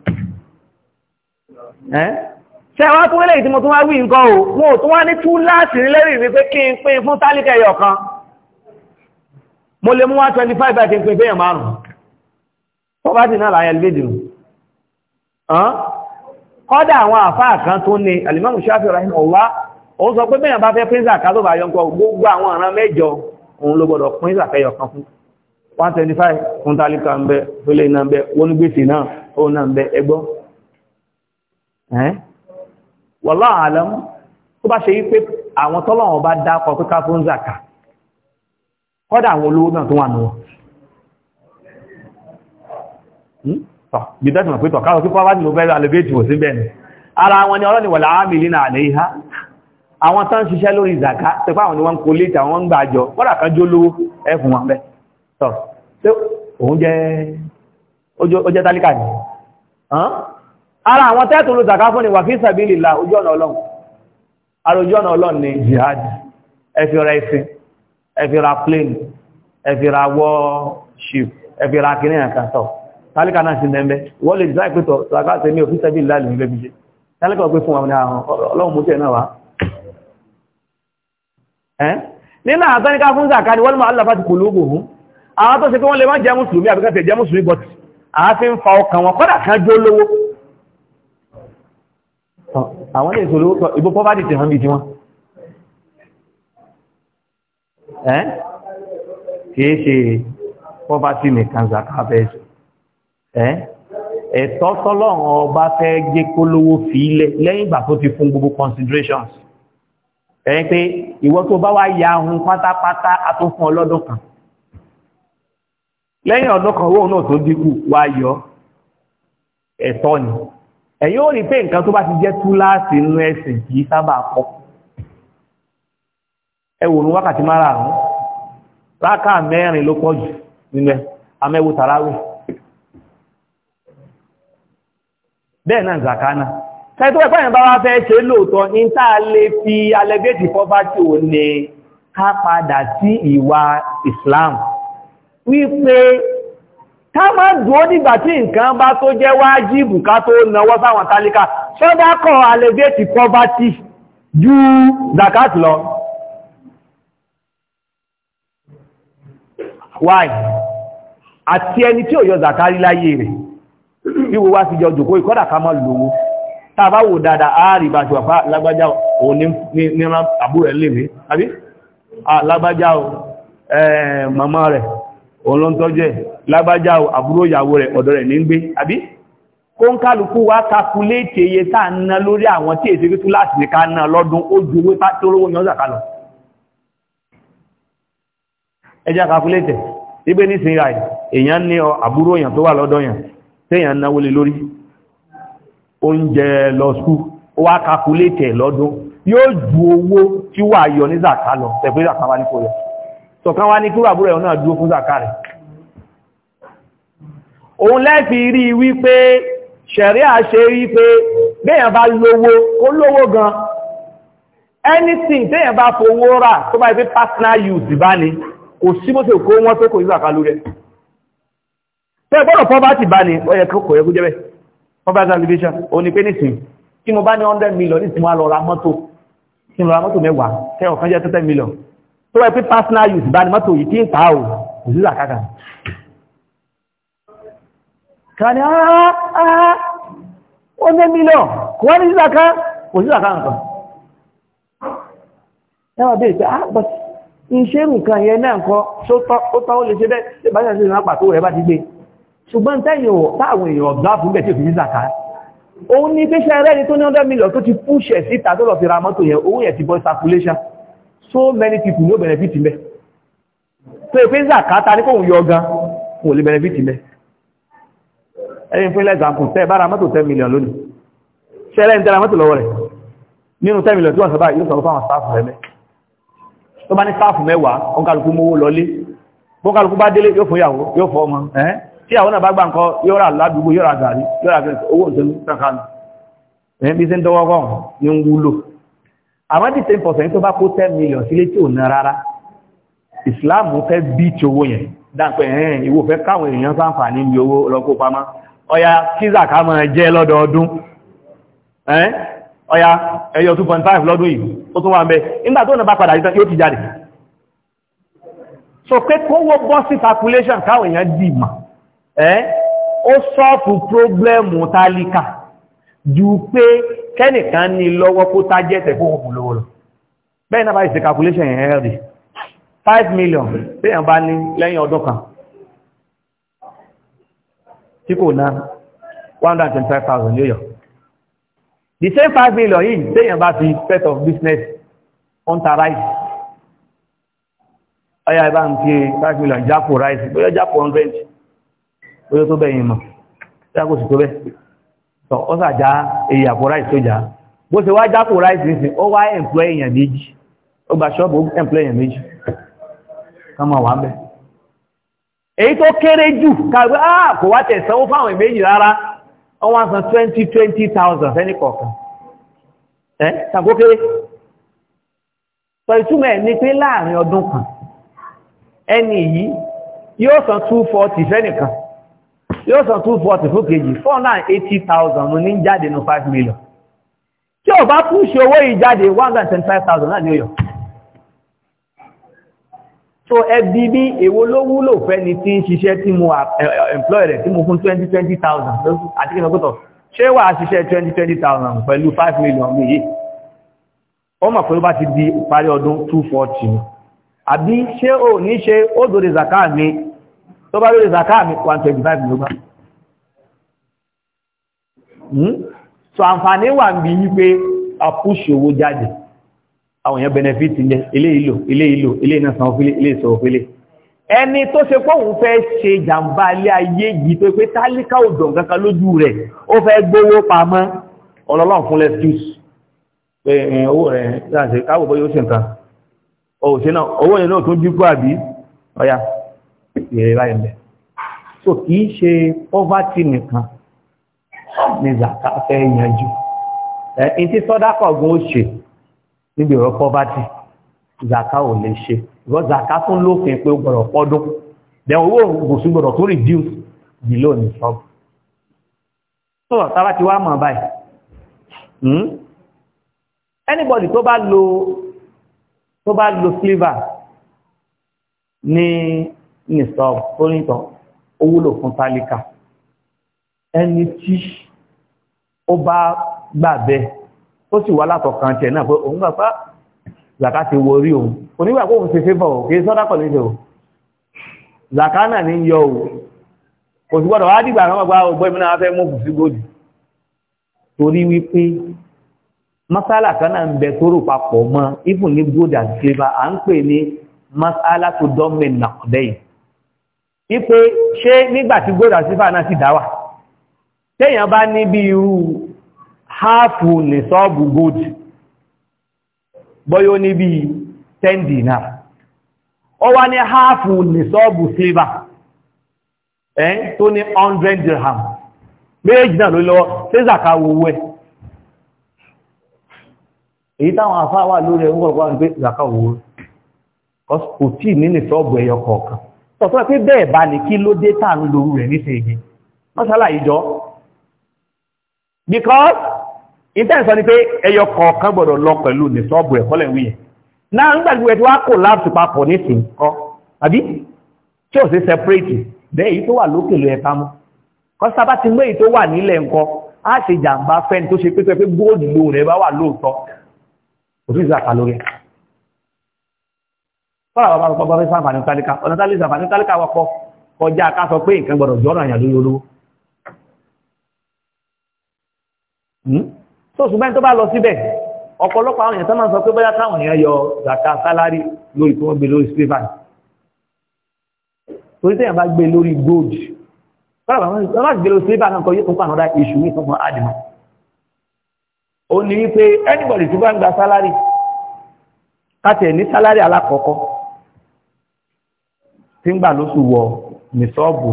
ṣe wá tó wẹ́lẹ̀ ìtìmọ̀ tó wá wí nǹkan o wọ́n tó wá ní tú láti rí lẹ́rìn wípé kí n pín fún tálíkà ẹyọ kan mo lè mú 125 àti pín fẹ́yàn márùn-ún pọ́bátì náà láyé àlebé dìrò kọ́dà àwọn àfáà kan tó ní Al-Imam Shafi'i rahimahullah ó sọ pé bẹ́yàn bá fẹ́ pín zàká tó bá yọ nǹkan gbogbo àwọn ọ̀ràn mẹ́jọ òun ló gbọ́dọ̀ pín zàká yọ fún 125 fún tálíkà ń bẹ fílé iná ń bẹ onígbèsè náà ó náà ń bẹ ẹgbọ́ wallahu alam tó bá ṣe yí pé àwọn tọ́lọ́wọ́n bá dákọ̀ pé ká fún zàká kọ́dà àwọn olówó náà tó wà hmm? ara wọn ni ọlọ́ni wà láàmì línà àlẹ́ ìhá àwọn tán ṣiṣẹ́ lórí zaka tẹpá àwọn ni wọ́n ń kó létà wọ́n ń gbà àjọ wọ́n ràkan jó lówó ẹ̀fùn wọn bẹ́ tọ́ tí òun jẹ́ ó jẹ́ tálíkà ní ara àwọn tẹ́ẹ̀tù ló zaka fún ni wà fí sàbílì la ojú ọ̀nà ọlọ́run ara ojú ọ̀nà ọlọ́run ni jihad ẹfi ra ẹfin ẹfi ra plane ẹfi ra warship ẹfi ra kìnnì kan tọ́ tálíkà náà sí mẹ́mẹ́ wọ́n lè dìbà ìpẹ́tọ̀ zaka tẹ́mi òfin sàbílì la lè tálíkà ọgbẹ́ fún wa ní àwọn ọlọ́run mú tẹ̀ náà wá nínú àwọn tọ́níká fún zaka ni wọ́n máa aláfà ti kò lóògbò hún àwọn tó ṣe pé wọ́n lè má jẹ́ mùsùlùmí àbíkà tẹ̀ jẹ́ mùsùlùmí but àáfin fa ọkàn wọn kọ́dà kan jó lówó àwọn lè sọ lówó ìbò poverty ti hàn bí ti wọn kìí ṣe poverty nìkan zaka bẹ́ẹ̀ ẹ̀tọ́ tọ́lọ́run ọba fẹ́ gé kólówó fi lẹ́yìn ìgbà tó ti fún gbogbo considerations ẹ̀yìn pé ìwọ tó bá wá ya ohun pátápátá atúnfún ọlọ́dún kan lẹ́yìn ọdún kan owó náà tó dínkù wá yọ ẹ̀tọ́ ni ẹ̀yin ó rí pé nǹkan tó bá ti jẹ́ túláàsì inú ẹ̀sìn kì í sábà pọ̀ ẹ wò ní wákàtí márààrún rákà mẹ́rin ló pọ̀ jù nínú ẹ amẹ́wò tàràwẹ̀ bẹ́ẹ̀ náà zakana tẹ́tọ́ ẹ̀kọ́ ìyẹn bá wá fẹ́ ṣe lóòtọ́ ní táà lè fi alẹ́gẹ́tì pọ́fàtì ò lè ká padà sí ìwà Islam wípé ká máa dúó nígbà tí nǹkan bá tó jẹ́ wájíbù ká tó náwọ́ sáwọn tálíkà ṣọ́dákọ̀ alẹ́gẹ́tì pọ́fàtì ju zakat lọ why àti ẹni tí ò yọ zakari láyé rẹ̀ wíwo wá sí jọ jòkó ìkọ́dà ká máa lówó tàbá wò dáadáa ààrì bá ṣùwà fà lágbájá ò ní níran àbúrẹ̀ lèmi àbí lágbájá ò eh, màmá rẹ̀ òun ló ń tọ́jú ẹ̀ lágbájá ò àbúrò ìyàwó rẹ̀ ọ̀dọ̀ rẹ̀ ní gbé àbí kó ń kálukú wá kakuléètì iye tá à ń ná lórí àwọn tí èsì fífú láti nìka ná lọ́dún ó ju owó tó rówó yan oúnjẹ lọ skú ó wá kakulétẹ̀ lọ́dún yóò ju owó tí wà yọ ní zaka lọ tẹ̀fẹ́ zaka wá ní kò yọ sọ̀kan wá ní kí wàbúrò ẹ̀ náà dúró fún zaka rẹ̀ òun lẹ́fi rí wípé ṣẹ̀rí àṣẹ rí pé béèyàn bá lówó ó lówó gan anything téèyàn bá fowó rà tó bá yẹ pé personal use bá ní kò sí bó ṣe kó wọ́n tó kò yí zaka lórí ẹ̀ tẹ́ mobile television o ní pé nísìn tí mo bá ní 100 million nísìn wá lọ ra mọ́tò kí n lọ ra mọ́tò mẹ́wàá tẹ́ ọ̀kan jẹ́ 30 million tó wáyé pé personal use bá ní mọ́tò yìí tí ń pa ò kò sí làkàkà kàní àá ó ní ah, ah, ah, mílíọ̀n kò wá ní ah but ìṣerù kan yẹn náà kọ ó tọ́ ó lè ṣe bẹ́ẹ̀ bá ṣe àṣírí ìrìnàpà tó ṣùgbọ́n tẹ́yìn táwọn èèyàn ọ̀gá fún bẹ̀ tí ò fi ní zaka òun ní pẹ́ṣẹ́ rẹ́ni tó ní 100 million tó ti púṣẹ̀ síta tó fi ra mọ́tò yẹn owó yẹn ti bọ́ circulation so many people no benefit mẹ́ tó èpé zaka ta ní kóhun yọ gan kò lè benefit mẹ́ ẹni fún example tẹ́ bá ra mọ́tò 10 million lónìí ṣẹlẹ̀ ń tẹ́ra mọ́tò lọ́wọ́ rẹ̀ million tí wọ́n sọ́bá yóò sọ fáwọn staff rẹ̀ staff mẹ́wàá ọkàlùkù mówó lọlé bọ́kàlùkù bá délé tí àwọn náà bá gbà nǹkan yóò rà ládùúgbò yóò rà gàrí yóò rà gẹ̀ẹ́sì owó ìṣẹ́lú kankan ẹ̀yìn bí sí ń dọ́wọ́ kọ́ ní ń wúlò àwọn tí ten percent tó bá kó ten million sílé tí ò ná rárá Islam fẹ́ bí ti owó yẹn dáńpẹ́ ẹ̀yìn ìwò fẹ́ káwọn èèyàn sáǹfààní bí owó lọ́kó pamọ́ ọya kíza ká máa jẹ́ lọ́dọọdún ọya 2.5 lọ́dún yìí ó tún wà ń bẹ nígbà tó náà bá padà yìí yóò ti jáde so pé kówó bọ́ sí calculation káwọn èèyàn dì ẹ́ ó sọ́ọ̀pù próblẹ́mù tálíkà ju pé kẹ́nìkan ní lọ́wọ́ kó tájẹ́tẹ̀ fún òkùn lówó lọ bẹ́ẹ̀ calculation yẹn healthy 5 million téèyàn bá ní lẹ́yìn ọdún kan tí kò ná 125,000 yóò yọ the same five million yìí téèyàn bá fi set of business on ta rice ọya ìbá ń fi 5 million jápò rice bóyá jápò 100 ó yẹ tó bẹ́ẹ̀ mọ̀ ṣáà sì tó ọ sàjá èyí àpò ráìsì tó jà bó ṣe wá jápò ráìsì nísìn ó wá ẹ̀mplọ́ èèyàn méjì ó gba ṣọ́ọ̀bù ẹ̀mplọ́ èèyàn méjì ká máa wà bẹ́ẹ̀. èyí tó kéré jù á ah, kò wá tẹ̀ sanwó fáwọn èméjì rárá wá san twenty twenty thousand fẹ́ni kọ̀ọ̀kan ẹ̀ kéré sọ ìtumọ̀ kan ẹni yìí yóò san two forty fẹ́nìkan yóò sọ 240 fún kejì 480,000 mo ní jáde nù five million tí ó bá tún ṣe owó yìí jáde five thousand. ní ó yọ so ẹbí bí èwo ló wúlò fẹ́ni tí ń ṣiṣẹ́ tí mo employer rẹ̀ tí mo fún 20,000 àti kí lọ́gbọ́tọ̀ ṣé wà ṣiṣẹ́ 20,000 pẹ̀lú 5 million mi yìí ó mọ̀ pé ó bá ti di parí ọdún 240 àbí ṣé ò ní ṣe ó dòrè zakat mi tó bá lórí zaka mi 125 ló bá so àǹfààní wà ń bí yí pé àpúṣì owó jáde àwọn èèyàn benefit jẹ ilé ìlò ilé ìlò ilé iná san òfilé ilé ìsọ̀ òfilé ẹni tó ṣe pọ́hùn fẹ́ ṣe jàǹbá ilé ayé yìí tó pé tálíkà òdò kankan lójú rẹ̀ ó fẹ́ gbówó pamọ́ ọlọ́lọ́n fún lẹ́fíùsì pé owó rẹ̀ láti káwọ̀ bọ́ yóò ṣe nǹkan òṣèlú owó yẹn náà tó dínkù àbí ọ̀yà ìrẹ́ báyìí bẹ̀. so kì í ṣe poverty nìkan ni zaka fẹ́ yanjú ẹ̀yìn tí sọ́dákọ̀ gun ó ṣe níbi ọ̀rọ̀ poverty zaka ò lè ṣe ìwọ zaka tún lófin pé ó gbọ́dọ̀ pọ́dún then owó ògùnsùn gbọ́dọ̀ tún reduce below ní sọ́ọ̀bù so tàbá ti wá mọ̀ báyìí hmm? anybody tó bá lo tó bá lo sliver ní ní sọ tóríntọ̀ ó wúlò fún tálíkà ẹni tí ó bá gbàbẹ ó sì wá látọ̀kan tẹ̀ náà pé òun gbàgbá zaka ti wo orí òun onígbà kó òun ṣe fẹ́bọ̀ kìí sọ́dá pọ̀ níṣẹ́ o zaka náà ní yọ o kò sí gbọ́dọ̀ wá dìgbà àwọn ọgbà ọgbọ́ oh, ìmúná wọn fẹ́ mú kù sí gòdì torí wípé masala kan náà ń bẹ tó rò papọ̀ mọ́ even ní gold and silver à ń pè ní masala tó dọ́mẹ̀ nàkọ̀dẹ́yìn wípé ṣe nígbà tí asịfa sífà náà sì dáwà téèyàn bá ní bí irú háàfù sọ́ọ̀bù gold bọ́yọ́ ní bí 10 dinar ó wá ní háàfù lè sọ́ọ̀bù silver ẹ́ tó ní 100 dirham méjì náà ló lọ́wọ́ tẹ́zàká owó ẹ̀ èyí táwọn afáwà lórí ẹ̀ ń gbọ́gbọ́ owó kò tọ̀tọ́ pé bẹ́ẹ̀ bá ní kí ló dé tà ń lorú rẹ̀ ní ṣègi mọ́sálà because intense ni pé ẹyọ kọ̀ọ̀kan gbọ́dọ̀ lọ pẹ̀lú ní sọ́ọ̀bù ẹ̀kọ́lẹ̀ wíyẹn náà ń gbàgbé ẹ̀tí wá kò láàpù papọ̀ ní sí kọ́ àbí tí separate bẹ́ẹ̀ èyí tó wà lókè lọ ẹ̀ka mú kọ́ sábà ti mú èyí tó wà nílẹ̀ ńkọ́ á ṣe jàǹbá fẹ́ni tó ṣe pé fọ́nà bàbá rọ̀pọ̀ bá fẹ́ sàǹfààní tálíkà ọ̀nà tálí sàǹfààní tálíkà wọ́pọ̀ kọjá ká sọ pé nǹkan gbọ́dọ̀ jọ́nà àyàn lórí olówó hmm? so ṣùgbọ́n tó bá lọ síbẹ̀ ọ̀pọ̀lọpọ̀ àwọn èèyàn tó máa ń sọ pé bóyá táwọn èèyàn yọ zaka sálárì lórí tó wọ́n gbé lórí silver torí téèyàn bá gbé lórí gold fọ́nà bàbá má gbé lórí silver náà kọ yóò tún pàánù dá iṣu ní ìtọ́kùn àdìmọ́ ó anybody tó bá ń gba sálárì ká tẹ̀ ní tí ń gbà lóṣù wọ nìṣọ́ọ̀bù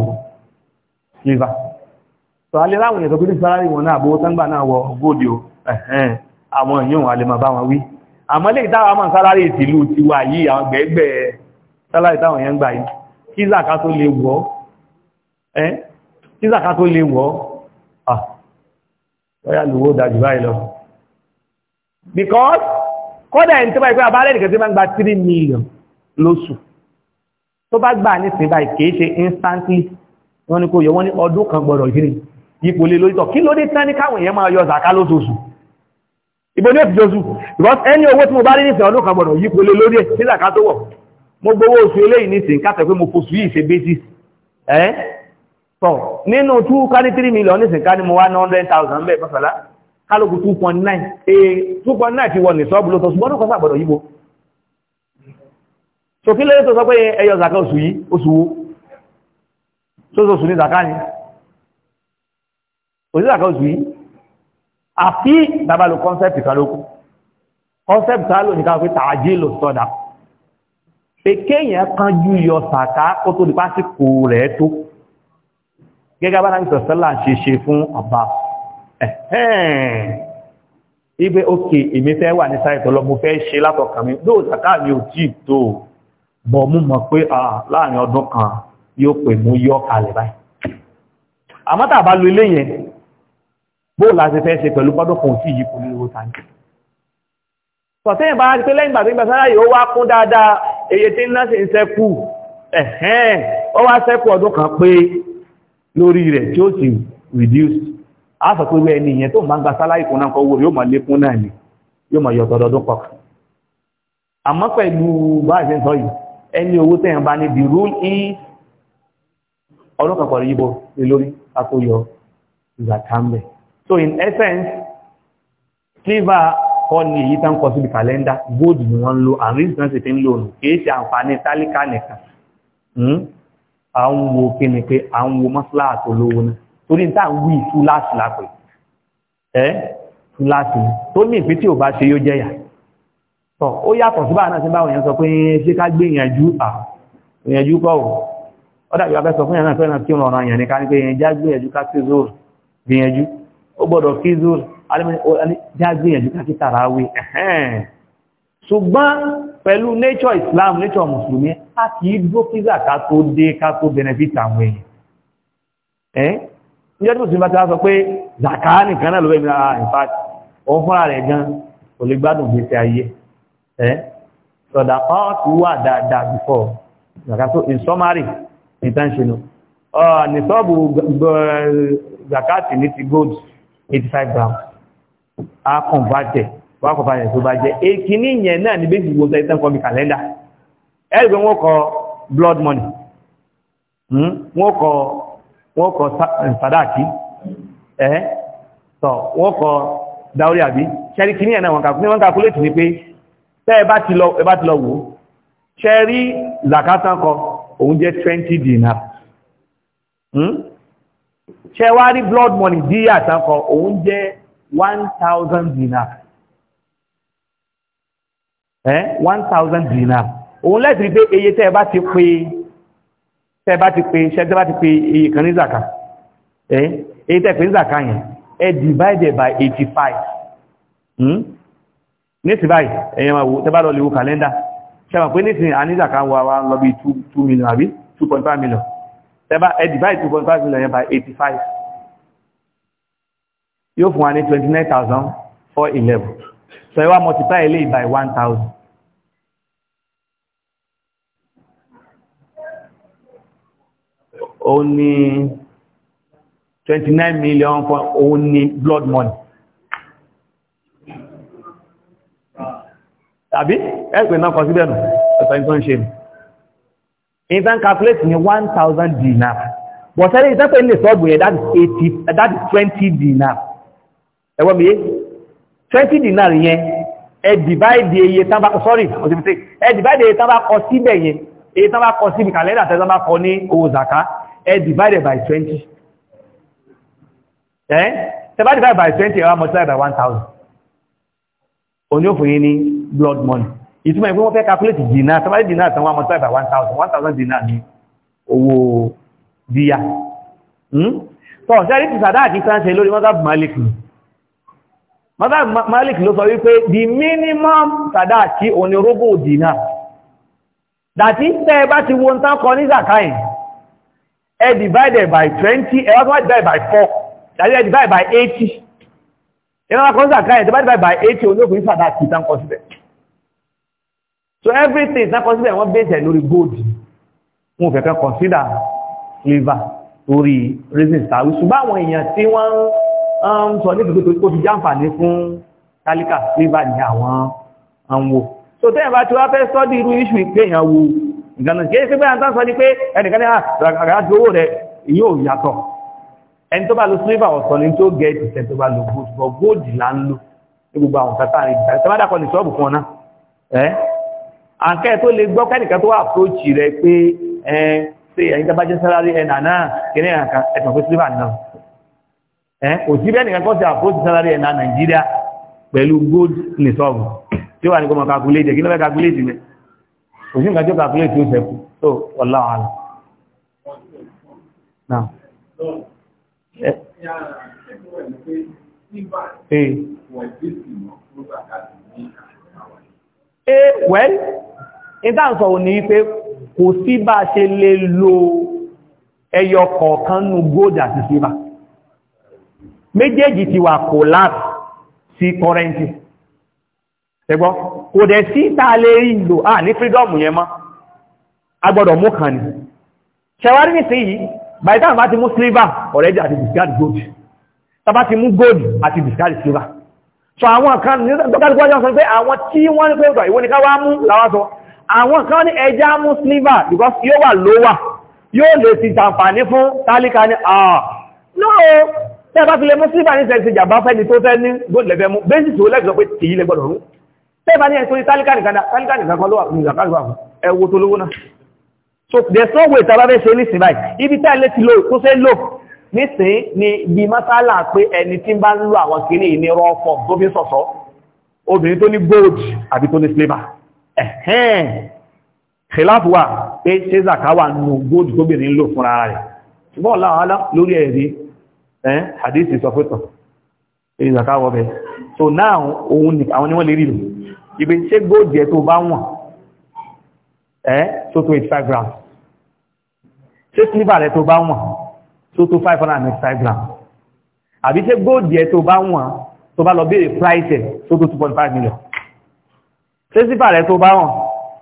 silver tó alẹ́ láwọn èèyàn tó bí ní sálárì wọn náà àbówó tán náà wọ góòdì o àwọn èèyàn alẹ́ máa bá wọn wí àmọ́ lè dáwà mọ̀ sálárì ìtìlú ti wà yìí àwọn gbẹ̀ẹ́gbẹ̀ sálárì táwọn èèyàn gbà yìí kí zàká tó lè wọ́ kí zàká tó lè wọ́ because kódà ẹni tó bá ìpé àbálẹ́ nìkan tí máa ń gba 3 million lóṣù tó bá gbà ní ìsìn báyìí kìí ṣe instantly wọ́n ní kó yọ wọ́n ní ọdún kan gbọ́dọ̀ ìṣírí ipò lè lórí tọ̀ kí ló dé tán ní káwọn èèyàn máa yọ zàká lóṣooṣù ìbò ní èsì jọsù because ẹni owó tí mo bá rí nìsìn ọdún kan gbọ́dọ̀ ipò lè lórí sí zàká tó wọ̀ mo gbowó oṣù eléyìí nìsìn káfẹ́ pé mo fò sùúrì ṣe basis ẹ́ tọ̀ nínú two kárí three million nìsìn ká ni mo wá ní hundred thousand bẹ́ẹ̀ pàṣàlá kálukú two point nine eh, two point nine ti wọ nìsọ́ọ̀bù lóṣooṣù gbọ́dọ̀ kan gbàgbọ́dọ̀ yíbo so kí lórí tó sọ pé ẹyọ zaka oṣù yìí oṣù wo sóṣòṣù ní zaka ni oṣù zaka oṣù yìí àfi bàbá lo concept kan concept kan lónìí káwọn pé tààjí lò sọ́dà pé kéèyàn kan jú yọ zaka kó tó di pásíkò rẹ̀ tó gẹ́gẹ́ bá náà sọ̀sẹ́là ṣe ṣe fún ọba ibẹ̀ òkè èmi fẹ́ wà ní sáyẹ̀tọ̀ lọ mo fẹ́ ṣe látọ̀kàn mi lóòzàká mi ò tí tó o bọ̀ mú mọ̀ pé ah, láàrin ọdún kan yóò pè mú yọ́ kalẹ̀ báyìí àmọ́ tá bá lo ilé yẹn bó láti fẹ́ ṣe pẹ̀lú pọ́dún kan tí yìí kò ní owó tàbí sọ̀tẹ́yìn bá ti pé lẹ́yìn gbàtí lórí rẹ̀ tí ó sì reduce á sọ pé ẹni ìyẹn tó máa ń gba sáláì kún náà kọ́ owó yóò mọ̀ lékún náà ni yóò mọ̀ yọ̀tọ̀ ọdún kọ̀ọ̀kan àmọ́ bá ṣe sọ yìí ẹni owó tẹ́yàn bá ní the rule is ọlọ́kàpọ̀ yíbo lórí akóyọ ìgbàtàmbẹ̀ so in essence silver kọ́ ni èyí tán kọ síbi kàlẹ́ndà gold ni wọ́n lo and reason sì fi ń lò nù kìí ṣe àǹfààní tálíkà nìkan hmm? à ń wo kí ni pé à ń wo mọ́sílá àtolówó náà torí níta ń wí túláàsì lápẹ̀ ẹ́ túláàsì tó ní ìpín tí ò bá ṣe yóò jẹ́yà tọ̀ ó yàtọ̀ sí báà náà sí báwọn èèyàn sọ pé ṣé ká gbé ìyànjú à ìyànjú kọ́ ò ọ́dàbí abẹ́ sọ fún ìyàn náà fẹ́ràn tí ó rọrùn àyàn ní ká ní pé ìyànjá gbìyànjú ká sí zoro gbìyànjú ó gbọ́dọ̀ kí zoro já gbìyànjú Islam nature Mùsùlùmí a kì í dó kíza ká tó dé ká tó benefit àwọn èèyàn ǹjẹ́ tó sì bá ti wá sọ pé zaka nìkan náà ah, lè gbádùn gbèsè ayé eh sadaqat wà dáadáa before zaka so in summary intentional ah ni sobu zakati ni ti gold 85 grams a converted wa ko ba tó bá jẹ́ ẹ̀kíní yẹn náà ni beji wo tan ko bi calendar e gbe wọ́n kọ blood money hmm wọ́n ko wọ́n ko sadaki eh so wọ́n kọ dawri eh? àbí sherikini yẹn náà wọ́n ka ni wọ́n calculate ni pe tẹ́ ẹ bá ti lọ wò ṣe rí zakatan kan òun jẹ́ 20 dinar hmm? ṣe wá rí blood money díyà tán kan òun jẹ́ 1000 dinar eh 1000 dinar òun lẹ́sìn pé eye tẹ́ ẹ bá ti pé tẹ́ ẹ bá ti pé ṣe tẹ́ bá ti pé iye kan ní zaka eh eye tẹ́ pé ní zaka yẹn ẹ divided by 85 hmm? níti báyìí ẹ̀yàn àwò tẹ́bá lọ lè wo kàlẹ́ndà ṣẹ́bà pé níti àníjà kan wà wá lọ bí 2 million àbí 2.5 million tẹ́bá ẹ̀dì báyìí 2.5 million yẹn by 85 yóò fún wa ní 29,411 so ẹ wá multiply eléyìí by 1,000 ó ní 29 million for only blood money tàbí ẹgbẹ̀ náà kọ sí bẹ̀rù ẹ̀sọ̀ ìtọ́ ń ṣe ní calculate ní 1000 dinar but ẹni ìtàn pé lè sọ́ọ̀bù yẹ that is 80 that is 20 dinar ẹwọ́n mi 20 dinar yẹn ẹ divide iye tán bá kọ sorry ẹ divide iye tán bá kọ síbẹ̀ yẹn iye tán bá kọ síbi kàlẹ́dà tán bá kọ ní owó zaka ẹ divide by 20 ẹ tẹ́ bá divide by 20 ẹ wá multiply by 1000 òní òfin yìí ni blood money ìtumọ̀ ìpín wọ́n fẹ́ calculate dìnnà tàbí dìnnà tàwọn amọ̀tá ìbà 1000 1000 dìnnà ní owó díyà hmm? tọ́ ṣẹ́rí ti sàdá àti sáńṣẹ́ lórí mọ́sáàbù malik mọ́sáàbù malik ló sọ wípé the minimum sàdá àti onírógbò dìnnà dàtí tẹ́ bá ti wo tán kọ ní zakain ẹ divided by 20 ẹ wá tó divided by 4 dàtí ẹ divided by 80 ẹ wá kọ́ ní zakain ẹ divided by 80 onírógbò ní sàdá àti ìtànkọ síbẹ̀ so everything na consider wọn base lórí gold wọn fẹ́ kan consider silver lórí reason tàbí ṣùgbọ́n àwọn èèyàn tí wọ́n ń um, sọ ní ìgbésẹ̀ tó fi jàǹfààní fún tálíkà silver ní àwọn àwọn so tẹ́yìn bá ti wá fẹ́ study irú issue ìpéyàn wo ìgbàna kí ẹsẹ́ bẹ́yà tán sọ ní pé ẹnìkan ní ah, àgbàgbà owó rẹ̀ yóò yàtọ̀ ẹni tó bá lo silver ọ̀sán ni tó gẹ̀ẹ́ ti sẹ́ni tó bá lo gold but gold là ń lò ní gbogbo àwọn kátà rẹ̀ ìgbà tí wọ́n bá dàkọ̀ àǹkẹ́ tó lè gbọ́ kẹ́nìkan tó wà àpòròchì rẹ̀ pé ẹn ṣe ẹ̀yìn tó bá jẹ́ sálárì ẹ̀nà náà kìíní àǹkà ẹ̀tàn fún sílvà náà ẹn kò sí bẹ́ẹ̀ nìkan kọ́ sí àpòròchì sálárì ẹ̀nà nàìjíríà pẹ̀lú gold nisọ́ọ̀bù tí ó wà ní kọ́mọ calculate kí ló fẹ́ calculate rẹ̀ kò sí nǹkan eh. eh, well, ìdáǹsọ̀ òní wípé kò sí bá ṣe lè lo ẹyọ kọ̀ọ̀kan nù gold àti silver méjèèjì ti wà collapse sí currency ẹgbọ́ kò dẹ̀ sí tá a lè lò à ní freedom yẹn mọ́ a gbọ́dọ̀ mú kan ní ṣẹwárí nísìnyí by time bá ti mú silver already àti discard gold tàbá ti mú gold àti discard silver so àwọn kan ní tọ́kàlùkọ́ ọjọ́ sọ pé àwọn tí wọ́n ń pẹ́ ìwọ́n ni ká wá mú làwá sọ àwọn kan ní ẹja mú sliver because yóò wà lówà yóò lè ti jàǹfààní fún tálíkà ní àà ah, no tẹ́ẹ̀bá fi lè mú sliver ní sẹ́ẹ̀sì jàmbá fẹ́ni tó fẹ́ ní gbọ́lẹ̀fẹ́ mú bẹ́ẹ̀sì tó lẹ́gbẹ̀ẹ́ pé tìí lẹ gbọ́dọ̀ rú tẹ́ẹ̀bá ní ẹ̀sùn tálíkà nìkan tálíkà nìkan kan lówà ní ìjàkálùwà ẹwọ tó lówó náà so there's no way tàbá fẹ́ ṣe ní sìn báyìí ibi tẹ́ẹ̀ lè ti lò tó fẹ́ lò nísìn ni bí mọ́sálà pé ẹni tí bá ń lo àwọn kìíní ní rọ́ọ̀fọ̀ tó fi sọ̀sọ́ obìnrin tó ní gold àbí tó ní sliver ẹ̀hẹ́n ṣìláàfù wà pé ṣe zakawa nù góòdù tó bèèrè ń lò fún ara rẹ̀ ṣùgbọ́n láwọ́lá lórí ẹ̀rí ẹ́ àdíṣì sọ so now òun ni àwọn ni wọ́n lè rí lò ibi ṣe góòdù ẹ̀ tó bá wọ̀n ẹ́ so tó 85 grams ṣe silver rẹ̀ tó bá wọ̀n ẹ̀ tó tó bá lọ 2.5 million ṣé sífà rẹ̀ tó bá hàn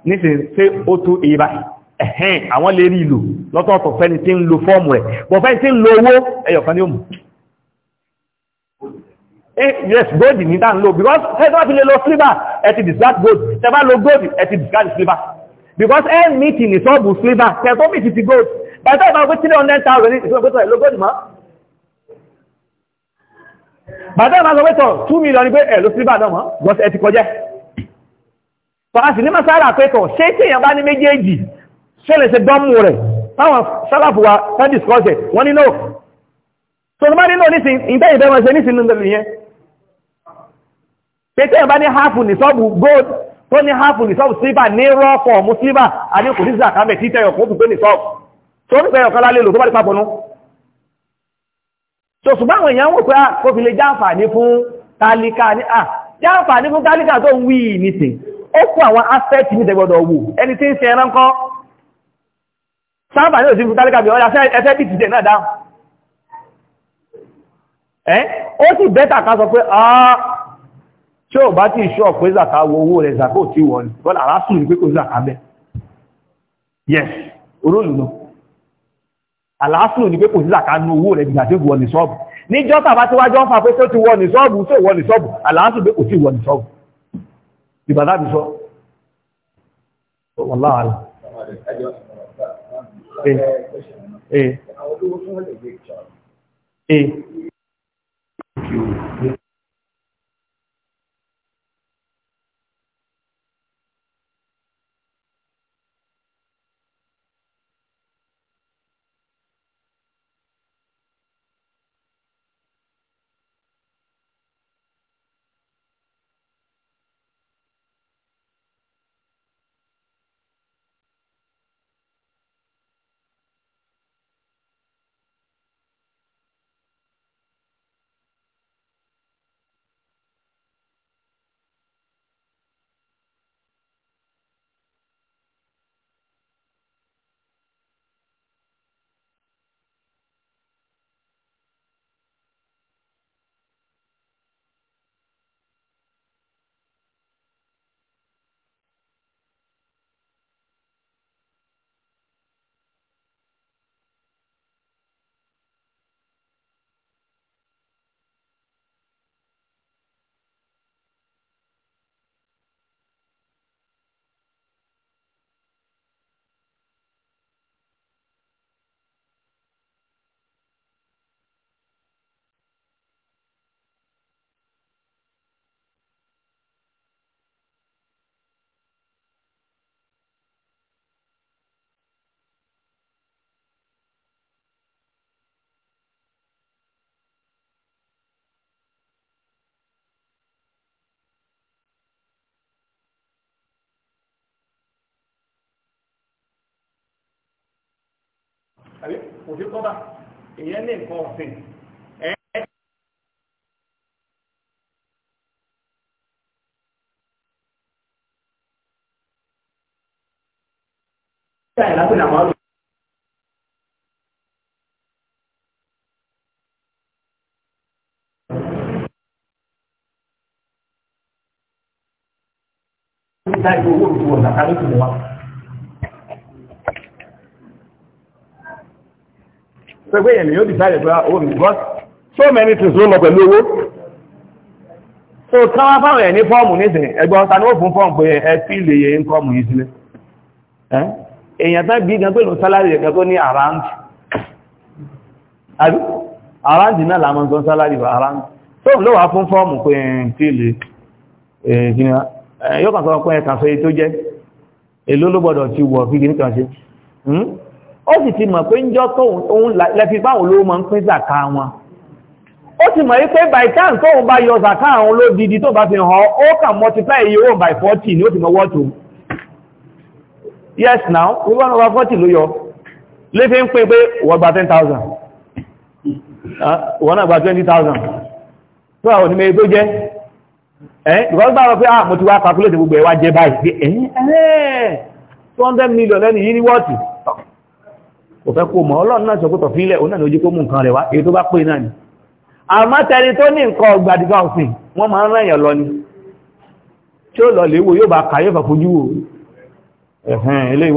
nísìnyí ṣé ó tó èyí báyìí ẹ̀hẹ́n àwọn lè rí ìlò lọ́tọ̀ọ̀tọ̀ fẹ́ni tí ń lo fọ́ọ̀mù rẹ̀ bọ̀ fẹ́ni tí ń lo owó ẹyọ̀kan ní òmù eh, yes gold ní dáa ń lo because ẹni wọ́n ti lè lo silver ẹ ti discard gold tẹ́ bá lo gold ẹ ti silver because ẹ ní ti ní sọ́ọ̀bù silver tẹ́ tó mìtì ti gold by the I go three hundred thousand ní ìṣòwòpẹ́tọ̀ ẹ̀ gold mọ́ by the time I go two million ní pé ẹ̀ lo silver náà mọ́ because ẹ ti kọjẹ́ fàásì ní masára pẹ́tọ̀ ṣe tí èyàn bá ní méjèèjì ṣẹlẹ̀ ṣe dánmù rẹ̀ táwọn sálàfùwà tán discọ́ṣẹ̀ wọ́n nínú tó ní bá nínú nísìn ìbẹ́ ìbẹ́ wọn ṣe nísìn nínú ìyẹn pé tí èyàn bá ní háàfù ní sọ́ọ̀bù gold tó ní háàfù ní sọ́ọ̀bù sílvà ní rọ́ọ̀fọ̀ mú sílvà àníkù ní zakamẹ̀ títẹ̀ ọkọ̀ òkú pé ní sọ́ọ̀bù tó ní pẹ̀yọ̀ kan lálẹ́ lò tó bá ní papọ̀ nú so ṣùgbọ́n àwọn èèyàn wò pé ah, kó fi lè jáǹfààní fún tálíkà ní à ah, jáǹfààní fún tálíkà tó ń wí nìsìn ó kú àwọn aspect ní tẹgbọ́dọ̀ wò ẹni tí ń ṣe ẹran kan sáàbà ní òsìn fútálíkà bí ọjà ẹfẹ́ bí tìtẹ̀ náà dáhùn ẹ́ ó sì bẹ́tà ká sọ pé àá tí ó bá ti ṣọ́ pé zàká wo owó rẹ̀ zàká ò tí wọ́n bọ́n àrá sùn ní pé kò zàká bẹ́ yes olóòlù lọ àlàáfù ní pé kò sí zàká nú owó rẹ̀ gbìyànjú wọ ní sọ́ọ̀bù níjọ́ ti wọ ní sọ́ọ̀bù tó wọ ní sọ́ọ̀bù àlàáfù pé kò sí wọ ní ìbàdá bí sọ wàláhàlá Ee. Eh, ee. Eh. Eh. kò kọ́bà èèyàn ní nǹkan ọ̀sìn Bẹ́ẹ̀ lápẹ́ làwọn ọ̀rọ̀. Ìdájọ́ owó ìdúró ọ̀nà kan ló ti mú wa. pẹ̀pẹ́ yẹn yóò decide pé ó ní bọ́ so many things ló lọ pẹ̀lú owó so káwá fáwọn ẹ̀ ní fọ́ọ̀mù nísìnyí ẹgbọ́n ta ni ó fún fọ́ọ̀mù pé ẹ fi lè yẹ ń kọ́ọ̀mù yìí sílẹ̀ èèyàn tán bí gan pé lò sálárì rẹ̀ kan tó ní around àbí around náà làmọ́ nǹkan sálárì rẹ̀ around tó ló wà fún fọ́ọ̀mù pé tí lè yóò kàn sọ pé ẹ̀kàn sọ èyí tó jẹ́ èló ló gbọ́dọ̀ ti wọ̀ fi kìíní ṣe hmm? ó sì ti mọ̀ pé ń jọ́ tóun lẹ́fi báwọn ló mọ́ ń pín zàká wọn ó mọ̀ wípé by time tóun bá yọ zàká àwọn ló didi tó bá fi hàn ó kà multiply iye owó by 40 ni ó ti mọ̀ wọ́tò yes now wọ́n over 40 ló yọ lé fi ń pè pé wọ́n gba 10,000 ah, wọ́n náà gba 20,000 tó àwọn onímẹ̀ tó jẹ́ ẹ́ because bá wọ́n pé ah ti wá calculate gbogbo ẹ̀wà báyìí kò fẹ́ kó mọ̀ ọlọ́run náà sọkútọ̀ fílẹ̀ òun náà ni ojú kó mú nǹkan rẹ̀ wá èyí tó bá pè náà ni àmọ́ tẹni tó ní nǹkan ọgbàdìgbà òfin wọ́n máa ń rẹ̀yàn lọ ni tí ó lọ léwò yóò bá kà yóò fà fojú wò ẹ̀hẹ́n eléyìí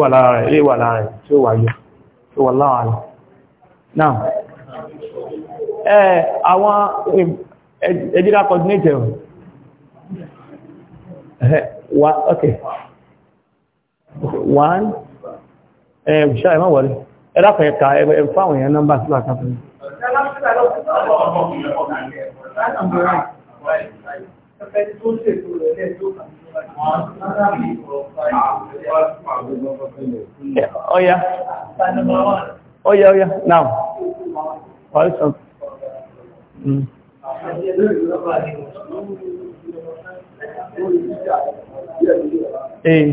one eh, ṣáà ẹ̀ má wọlé ẹ̀dàpẹ̀ ẹ̀ka ẹ̀fáwọn èèyàn nọ́mbà sílá káfẹ́ ọ̀yá ọ̀yá ọ̀yá náà ọ̀rẹ́sàn hmm. Ee. Eh.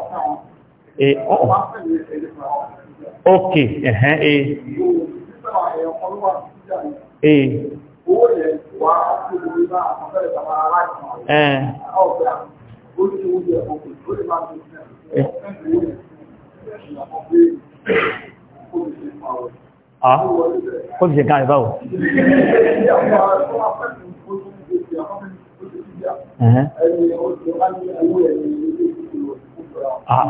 ókè ẹ̀hẹ́n ẹ̀ ẹ̀ ẹ̀ Ah, kó ti ṣe káàrí báwò. Ah.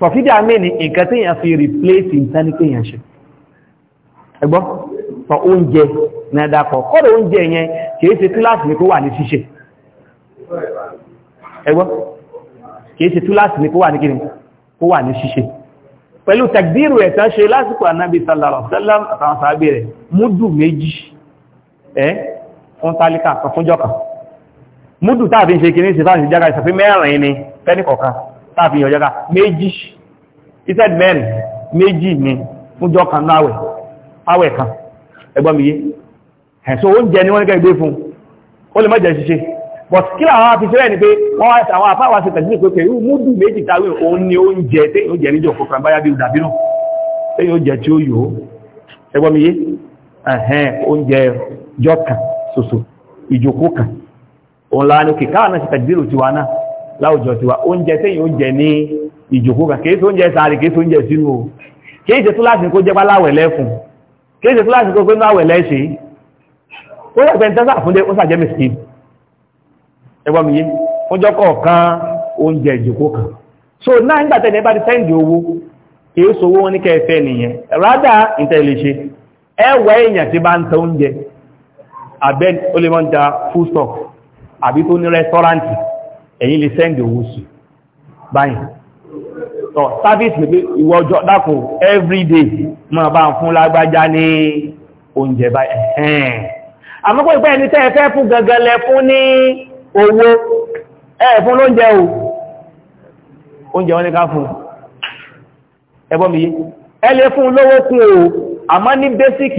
tọ̀fídà mẹ́ ni nǹkan tí yàn fi replace nǹkan ní kéyàn ṣe ẹgbọ́ tọ oúnjẹ náà dákọ̀ kọ́dọ̀ oúnjẹ yẹn kìí ṣe túláàsì ní kó wà ní ṣíṣe ẹgbọ́ kìí ṣe túláàsì ní kó wà ní kíni kó wà ní ṣíṣe pẹ̀lú tàgbírù ẹ̀tàn ṣe lásìkò ànábì sallallahu alaihi wasallam àtàwọn sàábì rẹ̀ múdù méjì ẹ́ fún táàfihàn ọjọ́ká méjì iṣẹ́ mẹ́rin méjì ni fúnjọ́ kan láwẹ̀ áwẹ̀ kan ẹgbọ́n mi yé ẹ̀sọ́ oúnjẹ ni wọ́n nígbà ìgbé fún ó lè mọ́jẹ̀ ṣiṣẹ́ but kí àwọn afisẹ́rẹ́ ni pé wọ́n wá àwọn afáwà sí tẹ̀sí pé pé múdù méjì táwé òun ni oúnjẹ tí ó jẹ níjọ kọkàn báyá bí dàbí náà tí ó jẹ tí ó yòó ẹgbọ́n mi yé ẹ̀hẹ́n oúnjẹ jọ kan ṣoṣo ìjòkó kan òun lára ní kìkáà náà sí tẹ̀sí láwùjọ tiwa oúnjẹ tẹ́yìn oúnjẹ ní ìjòkó kan kìí oúnjẹ sàárì kìí oúnjẹ sínú o kìí ṣe túláàsì kó jẹ́ páláwẹ̀ lẹ́fún kìí ṣe túláàsì kó pínú àwẹ̀ lẹ́ṣe ó rẹ̀ pẹ̀lú tẹ́sà fúnlé ó sàjẹ́ mìsìkì ẹgbọ́n mi yé oúnjẹ kọ̀ọ̀kan oúnjẹ ìjòkó kan so náà nígbà bá ti sẹ́ǹdì owó sowó wọn ní kẹfẹ́ nìyẹn rádà ìtẹ̀lẹ́ṣe ẹwà èèyàn bá ń oúnjẹ ó lè mọ́ ń ta àbí tó ní ẹ̀yin lè sẹ́ndì owó sí báyìí tọ́ service ní pé ìwọ ọjọ́ dákùn everyday máa bá ń fún lágbájá ní oúnjẹ báyìí ẹ̀hẹ́n àmọ́kọ́ ìpẹ́ ẹni tẹ́ ẹ fẹ́ fún gangan lẹ fún ní owó ẹ mi ẹ lè fún lówó kún o àmọ́ ní basic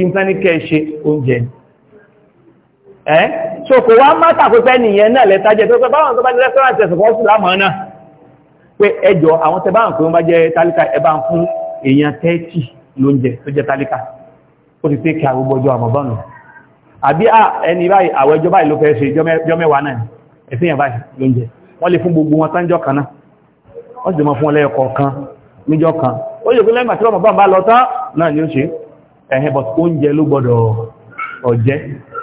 so kò wá má tàkópẹ́ nìyẹn náà lẹ́tajẹ́ tó pẹ́ báwọn tó bá ní rẹ́sọ́rántì ẹ̀sùn fọ́sùn lámọ̀ náà pé ẹjọ́ àwọn tẹ bá ń pè wọ́n bá jẹ́ tálíkà ẹ bá ń fún èèyàn tẹ́ẹ̀tì lóúnjẹ tó jẹ́ tálíkà ó ti tẹ́ kí agbógbójọ́ àmọ̀bọ́nù àbí ẹni báyìí àwọn ẹjọ́ báyìí ló fẹ́ ṣe jọ mẹ́wàá náà ẹ̀fíyàn báyìí lóúnjẹ wọ́n gbogbo wọn tánjọ́ kan náà wọ́n sì mọ́ fún ọlẹ́ẹ̀kọ̀ kan níjọ́ kan ó yẹ kó tí wọ́n bá lọ tán náà ni ó ṣe ẹ̀hẹ́ oúnjẹ ló gbọ́dọ̀ ọ̀jẹ́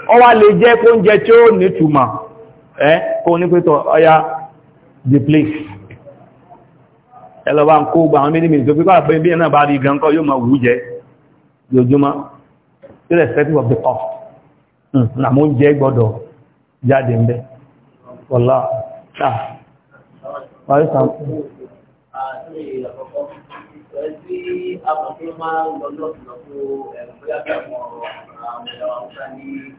ọ wá lè jẹ́ kó ń jẹ tí ó nítumọ̀ ẹ́ kó ní pẹ́tọ̀ ọya the place ẹlọ́wà ń kó gbà àwọn mínimìnì tó pípà pé bí ẹ̀nà bá rí gan kọ́ yóò máa wú jẹ lójúmọ́ irrespective of the cost hmm, na mo ń jẹ gbọ́dọ̀ jáde ń bẹ́ wọ́lá Tí a mọ̀ tó máa ń lọ lọ́pùlọpù ẹ̀rùn bóyá bí àwọn ọ̀rọ̀ àwọn ẹ̀rọ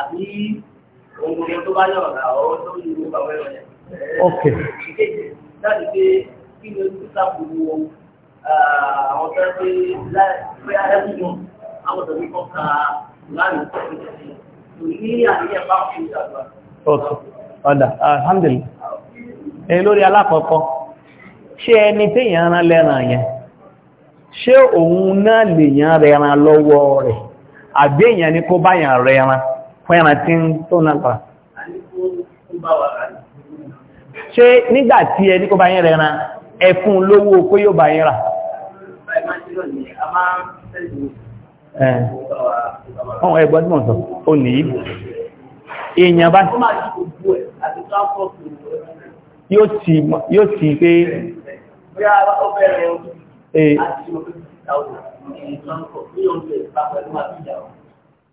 àbí ohun gbogbo tó bá yọ̀ ọ̀gá ọ̀ tó ń lu àwọn ẹ̀rọ yẹn. ok. ìkéde láti pé kí ni ojú ká gbogbo àwọn tó ń pè láìpẹ́ ẹ̀kún wọn àwọn tó ń kọ́ ka láàrin tó ń tẹ̀lé ní àríyá bá fi ìdàgbà. ok ọ̀dà alhamdulilayi ẹ lórí alákọ̀ọ́kọ́ ṣé ẹni téèyàn rán lẹ́ràn yẹn ṣé òun náà lèèyàn rẹran lọ́wọ́ rẹ̀ àbí èèyàn ni kó báyàn rẹran fún ẹran tí ń tó náà pa ṣe nígbàtí ẹni kó bá yín rẹ̀ ran ẹkùn lówó kó yóò bá yín rà ọ̀hún ẹgbọ́n tí mọ̀ sọ ó nìyí èèyàn bá yóò ti pé Ee. Eh,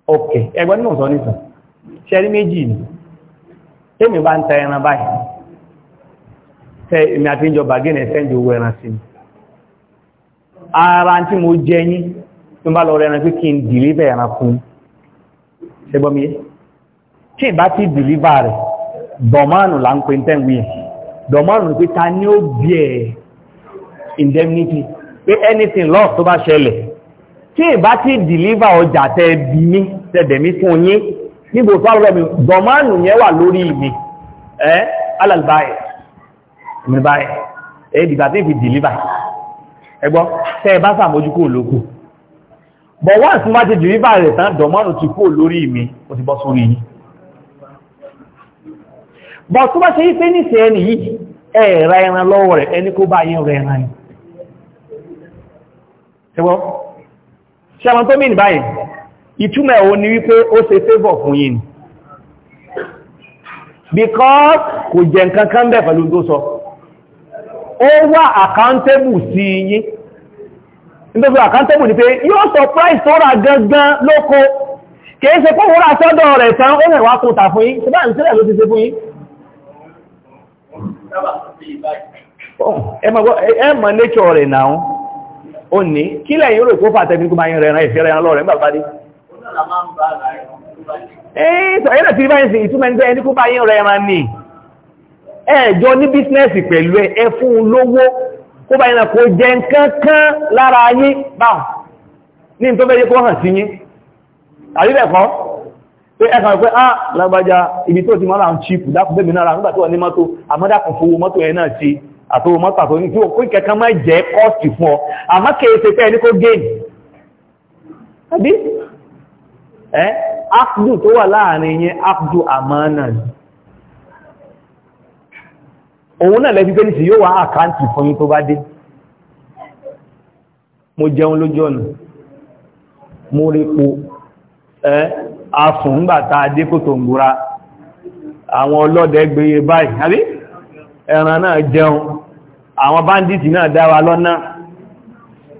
ok ẹgbẹ́ nínú sọ nìsàn ṣẹ́rí méjì ni tẹ́mi bá ń ta ẹran báyìí tẹ́ èmi àti ìjọba gẹ́nà ẹ̀sẹ́ǹdì owó ẹran sí ara tí mo jẹ yín tó bá lọ rẹran pé kí n dìlíbà ẹran fún ṣẹgbọ́mí tí ìbá ti dìlíbà rẹ̀ dọ̀mánù là ń pè tẹ́wì dọ̀mánù pé ta ni ó bí ẹ̀ indemnity pé anything loss tó bá ṣẹlẹ̀ tí ìbá ti dìlíva ọjà tẹ́ bí mí tẹ́dẹ̀mí fún yín níbo tó rọ̀ mi dọ̀mánù yẹn wà lórí mi ẹ́ alàlùbáyẹ̀ ìmìbáyẹ̀ ẹ̀dìgbà tí fi dìlíva ẹgbọ́ tẹ́ bá sàmójú kó lókù bọ̀ wọ́n sí má ti dìlíva rẹ̀ tán dọ̀mánù ti kó lórí mi ó ti bọ́ sórí yín bọ̀ tó bá ṣe yí pé níṣẹ́ ẹni yìí ẹ̀ẹ̀ra ẹran lọ́wọ́ rẹ̀ ẹni kó bá yín rẹ̀ ẹran ni ṣe àwọn tó mìí báyìí ìtumọ̀ ẹ̀wọ́ ni wípé ó ṣe favor fún yín because kò jẹ nǹkan kan bẹ̀ pẹ̀lú tó sọ ó wà accountable sí yín nítorí accountable ni pé yóò sọ price tó rà gangan lóko kìí ṣe fún wúrà sọ́dọ̀ rẹ̀ tán ó rẹ̀ wá kó tà fún yín ẹmọ̀ nature rẹ̀ náà ó ní kí lẹ́yìn rò kó fàtẹ́ ní kó máa yẹn rẹ̀ran ìfẹ́ra ẹran lọ́rẹ̀ nígbàgbádé ẹ̀ẹ́sọ̀ tí bá ń sin ìtumẹ̀ ní ẹni kó bá yẹn rẹ̀ran ní ẹjọ́ ní bísínẹ́sì pẹ̀lú ẹ fún lówó kó bá yẹn kó jẹ nǹkankan lára yín báwọn ní tó fẹ́ yẹ kó hàn sí yín àríbẹ̀kọ́ pé ẹ̀kàn pé á ah, lágbàjá ibi tó ti mọ́ra ń chípù dákùn bẹ́mi náà nígbà tó àtòwò mọ́ta tó ní tí ó kún kẹkàn máa jẹ́ kọ́ọ̀tì fún ọ àmọ́ kéèsè pé ẹni kó gẹ́ẹ̀nì àbí ẹ́ afdù tó wà láàrin yẹn afdù àmánà òun náà lẹ́bí pẹ́lú sí yóò wá àkáǹtì fún yín tó bá dé mo jẹun lójú ọ̀nà mo rí po ẹ́ asùn ńgbà a dé kò tó ń gbúra àwọn ọlọ́dẹ gbé e báyìí ẹran náà jẹun àwọn báńdìtì náà dáwà lọ́nà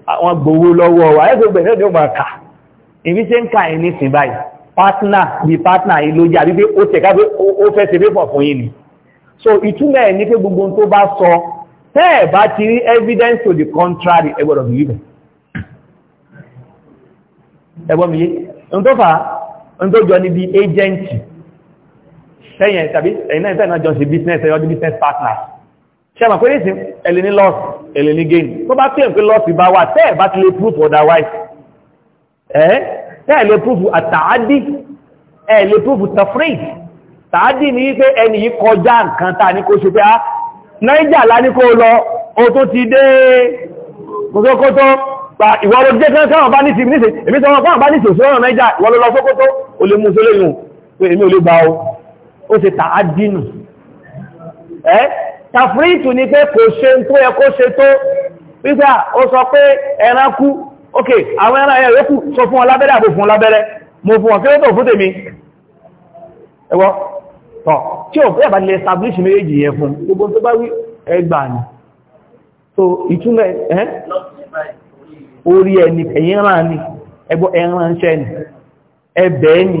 àwọn gbowó lọ́wọ́ wà ẹ́gbẹ̀gbẹ̀ náà yóò máa kà ìbí ṣe ń kà ẹ̀ ní sìn báyìí pátínà bí pátínà yìí ló jẹ́ àbí pé ó tẹ̀ká pé ó fẹ́ ṣe pépọ̀ fún yìí so ìtumọ̀ ẹ̀ ní pé gbogbo tó bá sọ tẹ́ bá ti rí evidence to the contrary ẹ gbọ́dọ̀ bìí bẹ̀ ẹgbọ́n mi yé ń tó fà ń tó jọ níbi agent tẹ́yìn tàbí ẹ̀yìn náà ìtẹ́yìn náà jọ sí business ẹ̀yọ́ di business partner ṣẹ́mà pé nìsín ẹ̀lẹ́ ní loss ẹ̀lẹ́ ní gain tó bá pè pé loss bá wà tẹ́ẹ̀ bá ti lè proof otherwise ẹ̀ tẹ́ẹ̀ lè proof àtàádì ẹ̀ lè proof tafrid tàádì ní pé ẹni yìí kọjá nǹkan ta ní kó ṣe pé á náíjà láni kó lọ o tó ti dé kótókótó pa ìwọ́rọ̀ jẹ́ kan káwọn bá ní ti ní ṣe èmi sọ wọn fún àbá ní ṣòṣòrò náíjà ìwọ́rọ̀ lọ sókótó o lè mú sólè nù pé èmi ò lè gbà o ó ṣe tàá dínù ẹ́ tàfíríìtù ni pé kò ṣe tó yẹ kó ṣe tó pípa ó sọ pé ẹran kú ok àwọn ẹran ẹ̀rọ kù sọ fún wọn lábẹ́rẹ́ àbò fún wọn lábẹ́rẹ́ mo fún wọn kí ó tó fún tèmi ẹwọ́ tọ̀ tí ò fẹ́ àbájẹ́ establish méjèèjì yẹn fún gbogbo tó bá wí ẹgbà ni so ìtúnlẹ̀ ẹ́ orí ẹni ẹ̀yìn ràn ni ẹgbọ́ ẹran ṣẹ́ ni ẹbẹ̀ẹ́ ni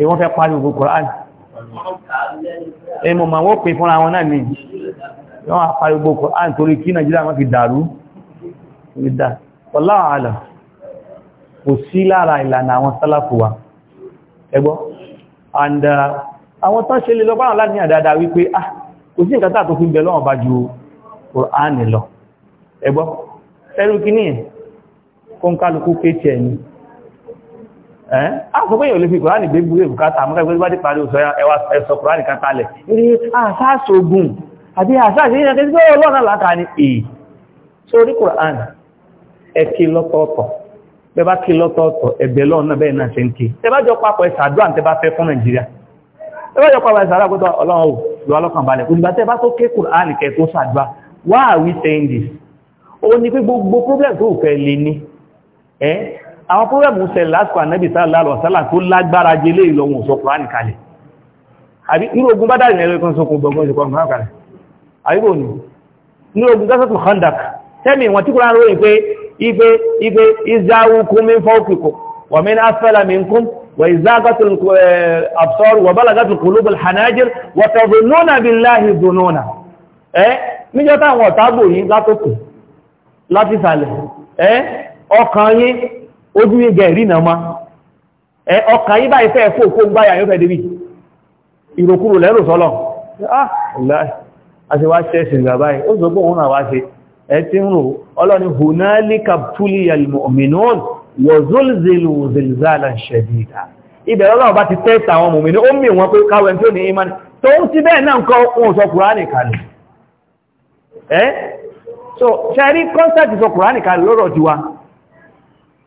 ìwọ́n fẹ́ parí ogun Kùránì ẹmọ ma wọ́n pè fúnra wọn náà ní wọ́n a parí ogun Kùránì torí kí Nàìjíríà wọ́n fi dàrú ìdá ọláàlá kò sí lára ìlànà àwọn sálàfù wa ẹgbọ́ and uh, àwọn tán ṣe lè lọ báwọn láti ní àdáadáa wípé ah kò sí nǹkan tàà tó fi bẹ̀ lọ́wọ́ bá ju Kùránì lọ ẹgbọ́ ẹrù kí ní kọ́ńkálukú kéèkì ẹ̀yìn àkókò yóò lè fi kòránì gbé gbúrò ìbùkátà àmúkà ìgbé bá dé parí oṣù ẹ̀sọ kòránì kátàlẹ̀ eré àṣàṣogun àti àṣàṣe ìyẹn tẹ́sí pé ọlọ́nà látà ní èyí sórí kòránì ẹ kí lọ́tọ̀ọ̀tọ̀ bẹ bá kí lọ́tọ̀ọ̀tọ̀ ẹ̀bẹ̀ lọ́nà bẹ́ẹ̀ náà ṣe ń kí tẹ bá jọ papọ̀ ẹ̀ sàdúrà tẹ bá fẹ́ fún nàìjíríà tẹ bá jọ papọ̀ ẹ̀ sàdúrà pẹ́tọ́ ọlọ́run ò lọ ọlọ́kàn balẹ̀ ìgbà tẹ bá tó ké kòránì kẹ tó sàdúrà why are we saying this ó ní pé gbogbo problem tó fẹ́ lé ní ẹ́ àwọn pọ́rẹ̀mù ṣẹ lásìkò ànẹ́bì sáàlá tó lágbára jẹ lé ìlọ́wọ̀n sọ kùránì kalẹ̀ àbí irú ogun bá dáre nílẹ̀ kan sọkùn gbọ̀gbọ̀n ìṣẹ̀kọ́ ọmọ kalẹ̀ àríbò ní ní ogun gásọ̀tún handak tẹ́mì wọn tí kúrán ròyìn pé ipe ipe ìzáwúkú mi fọ́ọ̀kùkù wà mí ní asfẹ́lá mi kún wà ìzágọ́tún eh, absọ́rù wà bálagátún kùlúbù hanajir wà tọ̀dùnúnà bí láhì dùnúnà ẹ́ níjọ́ táwọn ọkàn yìí ojú yẹn gẹ̀ ìrìnà ma ẹ ọkà yí báyìí fẹ́ fò kó gbáyà yóò fẹ́ débi ìròkúrò lẹ́rò sọ́lọ̀ àṣewá ah, ṣẹ́ṣì gàbáyìí ó sọ pé òun àwá ṣe ẹ ti ń rò ọlọ́ni hunalika tuliyal mu'minun wa zulzilu zilzalan shadida ibẹ̀ ọlọ́run bá ti tẹ́ta àwọn mòmìnì ó mì wọn pé káwẹ̀ tí so ṣe rí kọ́nsẹ̀tì sọ kùránì kalẹ̀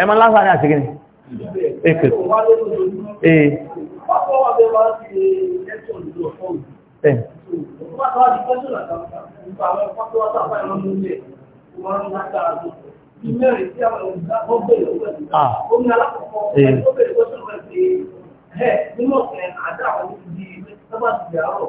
ẹ máa lásán ní àṣíkí ni ẹ̀kẹ́ ẹ̀ Ìmẹ́rin tí a ah. mọ̀ ìgbàgbọ́gbẹ̀ ìlú ẹ̀ ó ní alákọ̀ọ́kọ́ ẹ̀ tó bèèrè gbọ́sùn rẹ̀ pé ẹ̀ nínú ọ̀sẹ̀ àdá àwọn ìdí ìgbẹ́ sábà ti yàrá ọ̀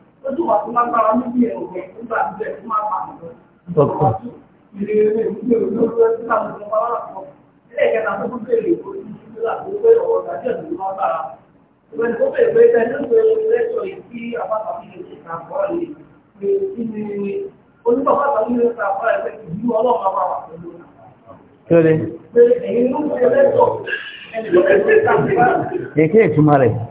lójú tó lágbára níbi ẹ̀rọ̀gbẹ̀ nígbà tí ẹ̀ tó máa máa lọ. Ọkọ̀. Ìrìn rẹ̀ ń gbèrò lórí ẹ̀ tí láti mọ wá lọ́pọ̀. Ilé ìkẹta tó tún bèèrè kò sí sí láti wé ọ̀rọ̀ ìdájọ́ ìlú lágbára. Ìgbẹ́ni tó bèèrè pé ẹni ń gbèrò lẹ́tọ̀ yìí kí àpáta fi lè ṣe ìtàkọ́ rẹ̀ pé kí ni onígbàgbà tàbí lè ta àpá ẹ̀fẹ́ ìlú ọlọ́run àbá wà pẹ̀lú. Kí ló dé? Pé ẹ̀yin ló ń gbé lẹ́tọ̀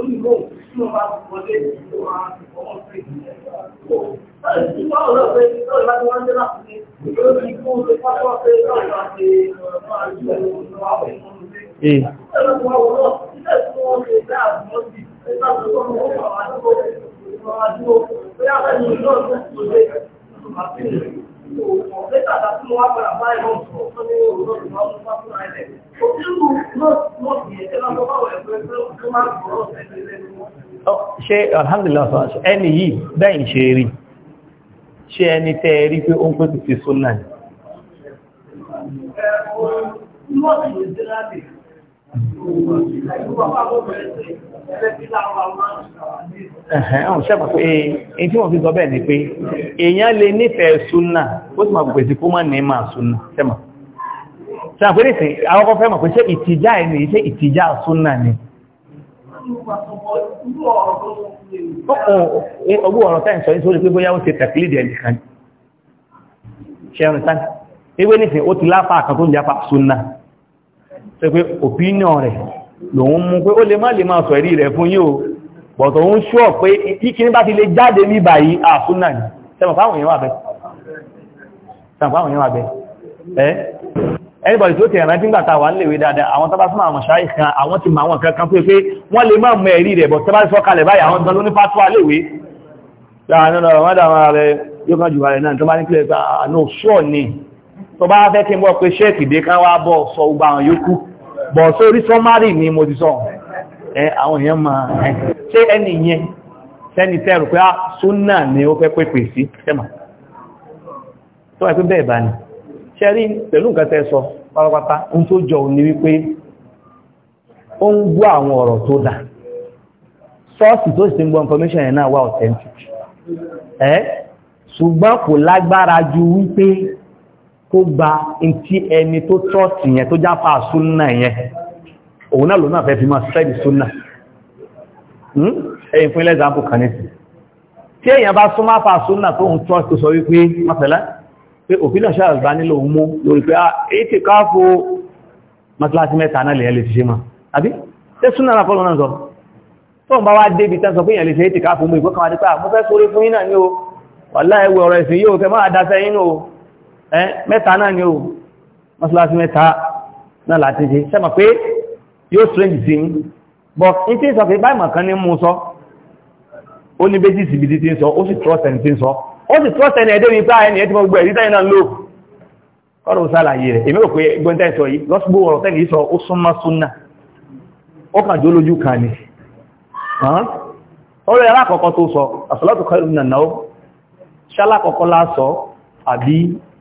olùkọ́ tí wọ́n bá wọlé tó máa ọmọ sí ìdílé. Tí wọ́n lọ pé lọ́ọ̀ bá ti wọ́n dé láti ní ìgbéró ti kó ṣe pápá pé lọ́ọ̀ bá ti máa ju ọ̀nà àwọn ìmọ̀lú sí. Nígbà tí mo wá padà bá ẹ̀rọ sọ̀rọ̀ tó ní òwúrọ̀ tó máa ń bá fún ara rẹ̀. Òṣèlú nọ́ọ̀sì yẹn tẹ́lá tó bá wọ̀ ẹ̀fẹ́ tó máa ń sọ̀rọ̀ ẹ̀fẹ́ lẹ́nu. Ṣé alhamdulillah ẹni yìí bẹ́ẹ̀ ń ṣe rí? Ṣé ẹni tẹ́ ẹ rí pé ó ń pèsè sí Súnà? Ẹ̀rọ nọ́ọ̀sì yẹn tẹ́lá bẹ̀rẹ̀. Ẹ̀hẹ́n ọ̀n ṣẹ́pà pé eh, èyí tí wọ́n fi sọ bẹ́ẹ̀ ni pé èèyàn lè nífẹ̀ẹ́ súnà ó sì máa gbogbo èsì kó má ní máa súnà ṣẹ́mà. ṣẹ́mà pé nìsìn àwọ́kọ́ fẹ́ mọ̀ pé ṣé ìtìjá ẹni ṣé ìtìjá súnà ni. Ọgbọ́ ọ̀rọ̀ tẹ́ ń sọ nítorí pé bóyá ó ti tẹ̀kílìdì ẹnìkan. Ṣẹ́rìn sáà, ewé nìsìn ó ti láfà kan tó ṣe pé opinion rẹ̀ lòun mú pé ó lè má lè máa sọ ẹ̀rí rẹ̀ fún yíò bọ̀tọ̀ ń ṣọ́ pé kíkiri bá ti lè jáde ní báyìí àfúnnà ní sẹ́mọ̀ fáwọn èèyàn wà bẹ́ ẹ́ anybody tó tẹ̀rẹ̀ rántí gbàta wà nílèwé dáadáa àwọn tọ́bá súnmọ́ àwọn ṣáì kan àwọn ti ma àwọn nǹkan kan pé pé wọ́n lè máa mọ ẹ̀rí rẹ̀ bọ̀ tọ́bá sọ kalẹ̀ báyìí àwọn tán ló ní fátúwà léwé láàrín ọ̀rọ̀ wọ́n dáwọn rẹ̀ yóò kan jù rẹ̀ náà tó bá ní kílẹ̀ àánú ṣọ́ ni tó bá fẹ́ kí n bọ́ pé ṣẹ́ẹ̀kì dé kan wá bọ́ sọ gbà àwọn yókù bọ̀ sórí sọ́márì ni mo sọ ẹ àwọn èèyàn máa ṣe ẹni yẹn sẹ́ni tẹ́rù pé ah, súnà ni ó fẹ́ pèpè sí tẹ́mà tó wà pé bẹ́ẹ̀ bá ní pẹ̀lú nǹkan tẹ́ sọ pátápátá tó jọ ní wípé ó ń gbọ́ àwọn ọ̀rọ̀ tó dà sọ́ọ̀sì tó sì ń gbọ́ information yẹn náà wà ẹ́ kó gba ntí ẹni tó tọ́ọ̀tì yẹn tó jápa súnnà yẹn òun náà ló náà fẹ́ fi máa sẹ́dì súnnà hmm? ẹ̀yìn fún ilẹ̀ ìzàmpù kan ní tí èyàn bá súnmọ́ pa súnnà tó ń tọ́ọ̀tì sọ wípé mọ́fẹ́lá pé òfin ọ̀ṣẹ́ àgbà nílò mú lórí pé ah, ètì káàfó mọ́tíláṣí mẹ́ta náà lèyàn lè ṣe mọ́ àbí tẹ́ súnnà náà fọ́lọ́ náà sọ tóun bá wá débi tán sọ pé èyàn lè ṣe ètì káàfó mú ìgbọ́kànwá dípà ah, mo fẹ́ sórí fún yín náà o wàláhì ẹwẹ́ ọ̀rọ̀ ìsìn yóò fẹ́ máa dáṣẹ́ yín náà mẹ́ta náà ni ó mọ́sálásí mẹ́ta náà láti ṣe sẹ́mọ̀ pé yóò strange sí but in tí sọ pé báyìí mọ̀kan ní mú sọ ó ní bẹ́jì sí ibi tí sọ ó sì trust ẹni tí sọ ó sì trust ẹni ẹ̀dẹ́ nípa ah, ẹni ẹ̀dẹ́ gbogbo ẹ̀rí tẹ́yìn lò kọ́rọ̀ sálàyé rẹ̀ èmi rò pé gbọ́ntẹ́ yìí lọ́sùgbò ọ̀rọ̀ tẹ́lẹ̀ sọ ó súnmọ́ súnà ó kàn jó lójú kan ni ọ̀rọ̀ ẹ̀rá àkọ́kọ́ tó sọ náà ṣálá àbí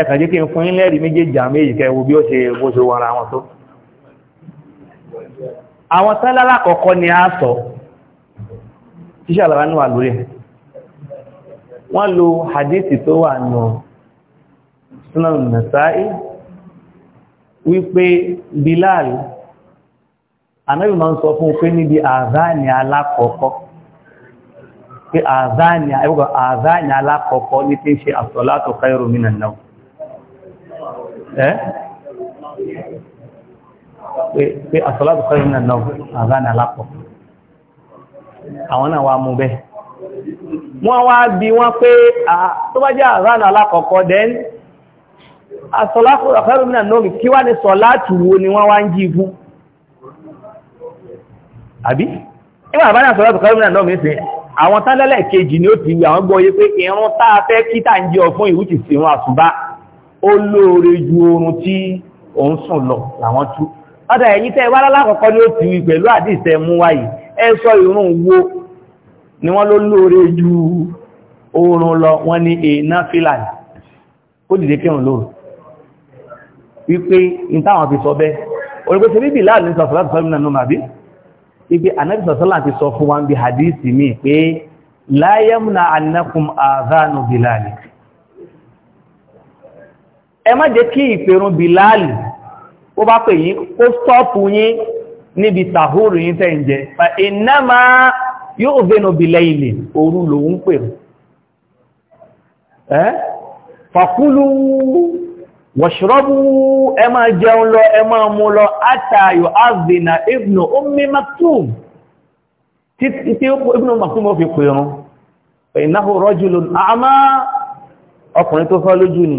ẹ̀kàn jẹ́ kí n fún ilẹ̀rí méjèèjì àmì èyí kẹwò bí ó ṣe bó ṣe wọ́n ara wọn tó àwọn sẹ́lálà kọ̀ọ̀kọ́ ni a sọ tíṣẹ́ àlàrà ní wà lórí wọ́n lo hadithi tó wà nù Sunan Nasa'i wípé Bilal anábì máa ń sọ fún pé níbi àzáàni alákọ̀ọ́kọ́ pé àzáàni alákọ̀ọ́kọ́ ní tí ń ṣe as-salatu khairu minan ẹ́ eh? pé àsọ̀láàbù kọ́ ìrìnà náà àzánà lápọ̀ àwọn náà wá mú bẹ́ẹ̀ wọ́n wá bí wọ́n pé tó bá jẹ́ àzánà alákọ̀ọ́kọ́ then àsọ̀láàbù kọ́ ìrìnà náà kí wá ní sọ láti wo ni wọ́n wá ń jí ikú àbí nígbà bá ní àsọ̀láàbù kọ́ ìrìnà náà mẹ́sìn àwọn tánlẹ́lẹ̀ kejì ni ó ti wí àwọn gbọ́ yé pé ìrún fẹ́ ń ó lóore ju oorun tí òun sùn lọ làwọn tú ọ̀dà ẹ̀yìn tẹ́ wá lálákọ̀ọ́kọ́ ni ó ti wí pẹ̀lú àdìsẹ́ mú wáyé ẹ sọ ìrun wo ni wọ́n ló lóore ju oorun lọ wọ́n ní èèna fílàní ó dìde kírun lóòrùn wípé in táwọn fi sọ bẹ́ orígbé tí bíbí láàrin sọ̀sọ̀lá ti sọ mí nánú màbí wípé anábì sọ̀sọ̀lá ti sọ fún wa ń bí hadisi mi pé la yamna annakum àzánù bìláàlì ẹ má jẹ́ kí ìpèrún bìláàlì ó bá pè yín kó stọ́ọ̀pù yín níbi tàhúrù yín tẹ́ ń jẹ iná máa yóò vẹ́nu bìlẹ̀ ilẹ̀ òru lòun pèrún ẹ́ fàkúlù wọ̀ṣọ́rọ́bù ẹ máa jẹun lọ ẹ máa mú lọ átàyò azina ibnu ummi maktum títí ibnu maktum ó fi pèrún ìnáhù ọkùnrin tó fọ́ lójú ni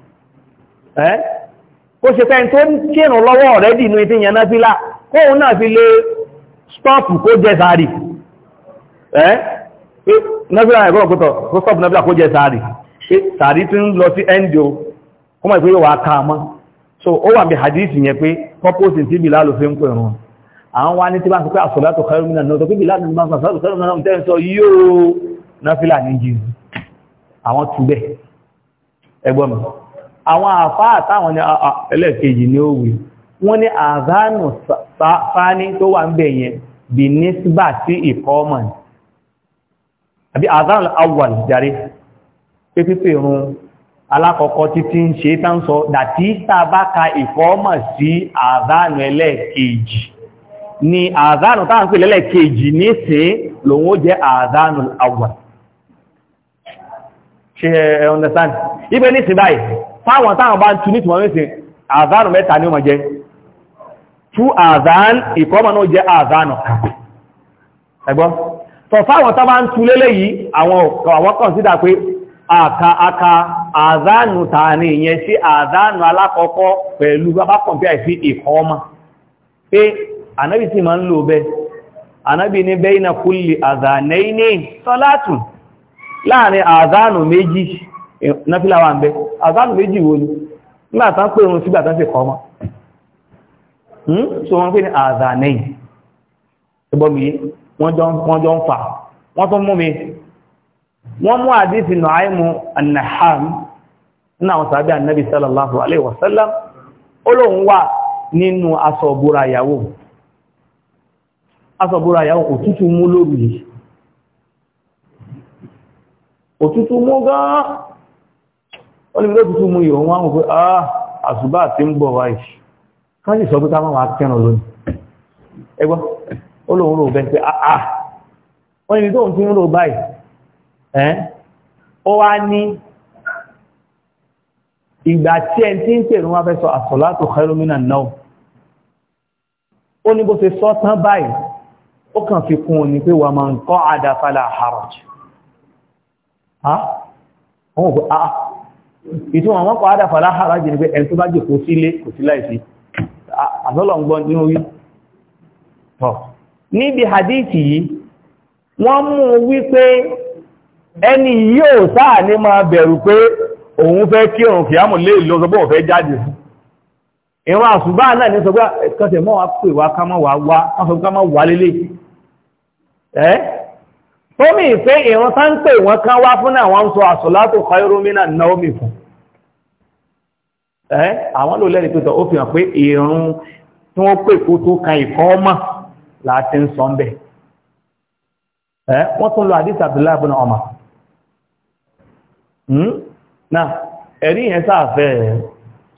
ẹ́ kó ṣe pẹ́ tó ń kírùn lọ́wọ́ rẹ̀ dìnú ìtí yẹn náà fílá kóhun náà fi lè stọ́ọ̀pù kó jẹ sáàrì ẹ́ kó kó jẹ sáàrì sáàrì lọ sí ẹ́ndìó so ó wà bí hadith yẹn pé purpose tí bìlá ló fi ń àwọn wá ní tí pé náà tó bìlá náà tẹ́ ń sọ àwọn àfáà táwọn ní ah, ah, ẹlẹ́kejì ní ó wí wọ́n ní àzánù to tó wà ń bẹ̀ yẹn bí nísbà sí ìkọ́mọ̀n àbí àzánù awwal jàrí pé run alákọ̀ọ́kọ́ títí ń ṣe tán sọ dàtí tàbá ka ìkọ́mọ̀ sí àzánù ẹlẹ́kejì ni táwọn táwọn bá ń tu ní tìmọ̀ mẹ́sìn àzánù mẹ́ta ní ọmọ jẹ́ tú àzán ìkọ́mọ náà jẹ́ àzánù kan ẹgbọ́ tọ̀ fáwọn tá bá ń tu lélẹ̀ yìí àwọn kọ̀nsídà pé àka aka àzánù tààní ìyẹn sí àzánù alákọ̀ọ́kọ́ pẹ̀lú bá kọ̀mpíà sí ìkọ́mọ pé anábì sì máa ń lò bẹ́ẹ̀ náfílà wà ń bẹ àzánù méjì wo ni nígbàtán pé oòrùn sígbàtán sì kọ́ ọmọ hmm? so wọ́n pè ní àzánẹ́yìn ẹgbọ́mìí wọ́n jọ ń fà wọ́n tún mú mi wọ́n mú àdísì nàáìmù annaham náà sàbí annabi sallallahu alaihi wasallam olóhun wà nínú aṣọ òbúra ìyàwó aṣọ òbúra ìyàwó òtútù mú lórí òtútù gan wọ́n níbi tó tútù mú ìhò wọn wọ́n pé ah àṣùbá àti ń bọ̀ wáyìí kan sì sọ pé káwọn wá kẹrùn lónìí ẹgbọ́ ó lóun rò bẹ́ẹ̀ pé ah, ah. wọ́n níbi tóun ti ń rò báyìí ẹ́ ó wá ní ìgbà tí ẹni tí ń pèrún wá fẹ́ sọ àsọ̀látò kẹrùmínà náà ó ní bó ṣe sọ tán báyìí ó kàn fi kún un ní pé wà máa ń kọ́ àdáfàlà àrọ̀jù. ìtumọ̀ àwọn kọ̀ ádà fàlá hàrá jẹ́ pé ẹni tó bá jẹ́ kò sílé kò sí láìsí níbi hadithi yìí wọ́n mú wípé ẹni yóò sáà ní máa bẹ̀rù pé òun fẹ́ kí òun lè lọ sọgbọ́ ọ̀fẹ́ jáde àṣùgbà náà ní sọgbà mọ́ wá pè wá ká mọ́ wá tómi ìfẹ́ ìwọ̀n tá ń pè wọ́n kán wá fún náà wọ́n ń sọ àsọ̀látò khairun fún ẹ́ àwọn pẹ́tọ̀ ó fi hàn pé ìrun tí wọ́n pè kó tó kan ìkọ́ ọmọ láti ń sọ bẹ́ẹ̀ ẹ́ wọ́n tún lọ àdìsí Abdullahi ibn Umar hmm? náà ẹ̀rí yẹn sáàfẹ́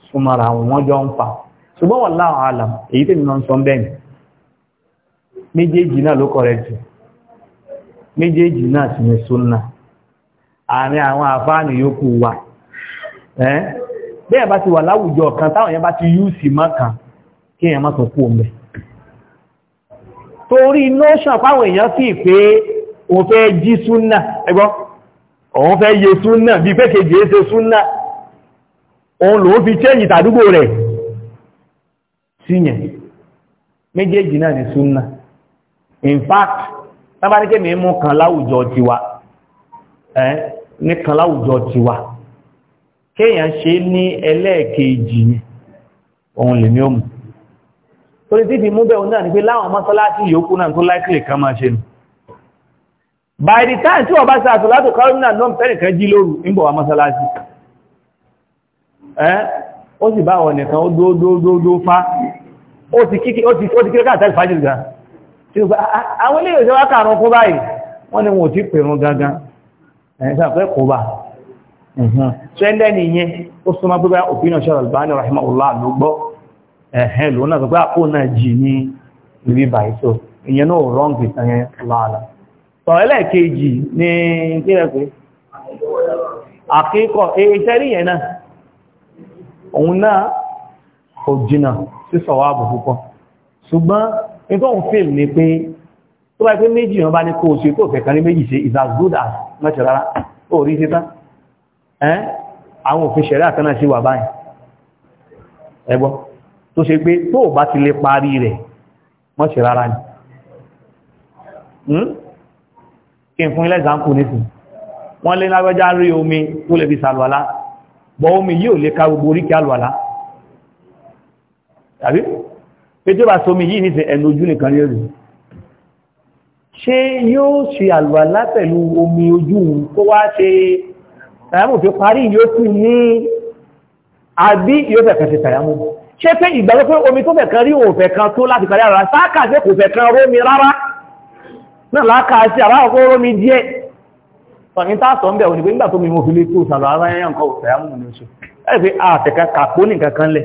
súnmọ́ra wọn jọ ń fa ṣùgbọ́n alam èyí tèmi méjèèjì náà sì ní súnà àárín àwọn àfáàní yòókù wà ẹ́ bẹ́ẹ̀ bá ti wà láwùjọ kan táwọn yẹn bá ti yú sí mọ́kàn kí èèyàn má tún kú omi torí notion páwọn èèyàn sì pé o fẹ́ jí súnnà ẹgbọ́n òun fẹ́ yẹ súnà bí pé kejì é ṣe òun lòun fi chẹ́yìn tàdúgbò rẹ̀ síyẹn méjèèjì náà ní súnà in fact tábà ní kémi mú kan láwùjọ tiwa ẹ ní kan láwùjọ tiwa kéèyàn ṣe ní ẹlẹ́ẹ̀kejì ohun lèmi ní mú torí mụ mú bẹ́ẹ̀ náà ni pé láwọn mọ́sálásí yòókù náà tó láìpẹ́ kan máa ṣe nù by the time tí wọ́n bá sáàtọ̀ látò kọ́rùnà náà fẹ́nìkan jí lóru ń bọ̀ wá mọ́sálásí ẹ́ ó sì bá ó àwọn ilé ìṣẹ́ wákà àrùn kó báyìí wọ́n ni wọ́n ti pèrún gangan ẹ̀yìn sáfẹ́ kó bá ṣẹ́lẹ̀ nìyẹn ó súnmọ́ pé bá òpin ọ̀ṣọ́ Albani rahimahullah ló gbọ́ ẹ̀hẹ́ ló náà sọpá àpò náà jì ní ibi báyìí ìyẹn náà wrong with e, yẹn náà na nítorí òun fèèmù ni pé tó bá pé méjì wọn bá ní kó o ṣe tó fẹ́ kan ní méjì ṣe is as good as mọ́ṣẹ́ rárá ó rí ṣe tán ẹ́n àwọn òfin ṣẹ̀rẹ́ àtẹ́nà sí wà báyìí ẹgbọ́ tó ṣe pé tó bá ti lè parí rẹ̀ mọ́ṣẹ́ rárá ni hmm? kí n fún ilẹ̀ ìzáǹkù nísìn wọ́n lé lágbẹ́já rí omi tó lè fi sàlùwàlá bọ́ omi yìí lè ká gbogbo oríkì àlùwàlá tàbí péjọba sómi yìí nífẹ́ ẹnu ojú nìkan ní ẹ̀rù ṣe yóò ṣe àlùwàlá pẹ̀lú omi ojú kó wá ṣe tàyàmù fi parí yóò ní àbí yóò fẹ̀kẹ́ ṣe tàyàmù ṣe pé ìgbàlọ́ pé omi tó fẹ̀kan rí òun fẹ̀kan tó láti parí ara sáàkà sí kò fẹ̀kan rómi rárá náà láàkà sí àbáwọ̀kọ́ rómi díẹ̀ tọ̀yìn tààtọ̀ ń bẹ̀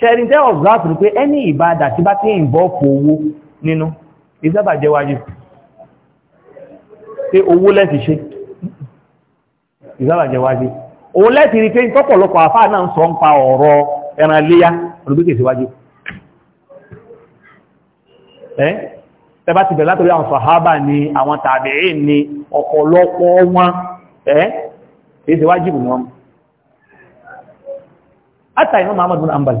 ṣẹ́rin tẹ́ ọ̀gbáàfù pé ẹni ìbádà tí bá tí ń bọ́ fò owó nínú ìsábà jẹ́ wájìbù pé owó lẹ́ti ṣe ìsábà jẹ́ wájìbù òun lẹ́ti rí pé tọ́pọ̀lọpọ̀ àfá náà ń sọ ń pa ọ̀rọ̀ ẹran léyá olùgbékè sí wájìbù ẹ́ tẹ́bá ti bẹ̀rẹ̀ látọ̀rí àwọn sàhábà ni àwọn tàbíì ni ọ̀pọ̀lọpọ̀ wọn ẹ́ kìí Ata Imam Ahmad Ambali,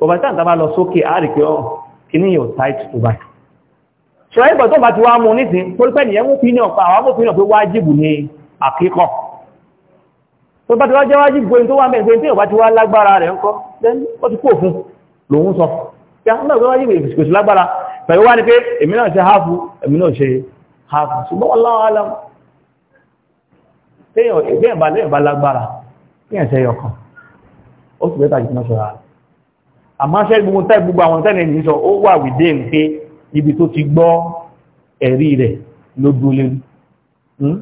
bọ̀bá tí àǹtàbá lọ sókè àárìkì ọ̀hún kí ní yóò tight tó bá ṣọ ẹgbẹ̀ tó bá ti wá mú nísìn pólípẹ́ nìyẹn mú fi ní ọ̀pá àwọn amófin náà pé wájìbù ní àkíkọ̀ tó bá ti wá jẹ́ wájìbù pé tó wá mẹ́rin pé tí ò bá ti wá lágbára rẹ̀ ńkọ́ ó ti kú òfin lòun sọ kòsì lágbára pẹ̀lú wá ní pé èmi náà ṣe háàfù èmi náà ṣe háàfù ṣùgbọ́n wallahu alam téèyàn bá lágbára téèyàn ṣe yọkan ó sì bẹ́tà jù náà ṣọ́ra rẹ̀ àmọ́ ṣẹ́ gbogbo tẹ́ gbogbo àwọn tẹ́lẹ̀ ní sọ ó wà wìdé pé ibi tó ti gbọ́ ẹ̀rí rẹ̀ ló dúlé hmm?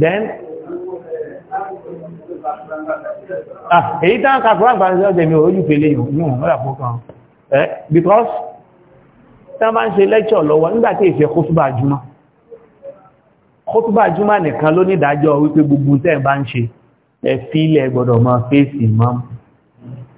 then ah, èyí tán kàkùrá àgbàrísẹ́ ọjọ́ mi ojú pèlè yìí mọ́ra fọ́kàn ẹ́ because tán bá ń ṣe lecture lọ́wọ́ nígbàtí ìfẹ́ kótúbà jùmọ́ kótúbà jùmọ́ nìkan ló nídájọ́ wípé gbogbo tẹ́ bá ń ṣe ẹ fílẹ̀ gbọ́dọ̀ mọ́ fèsì mọ́mù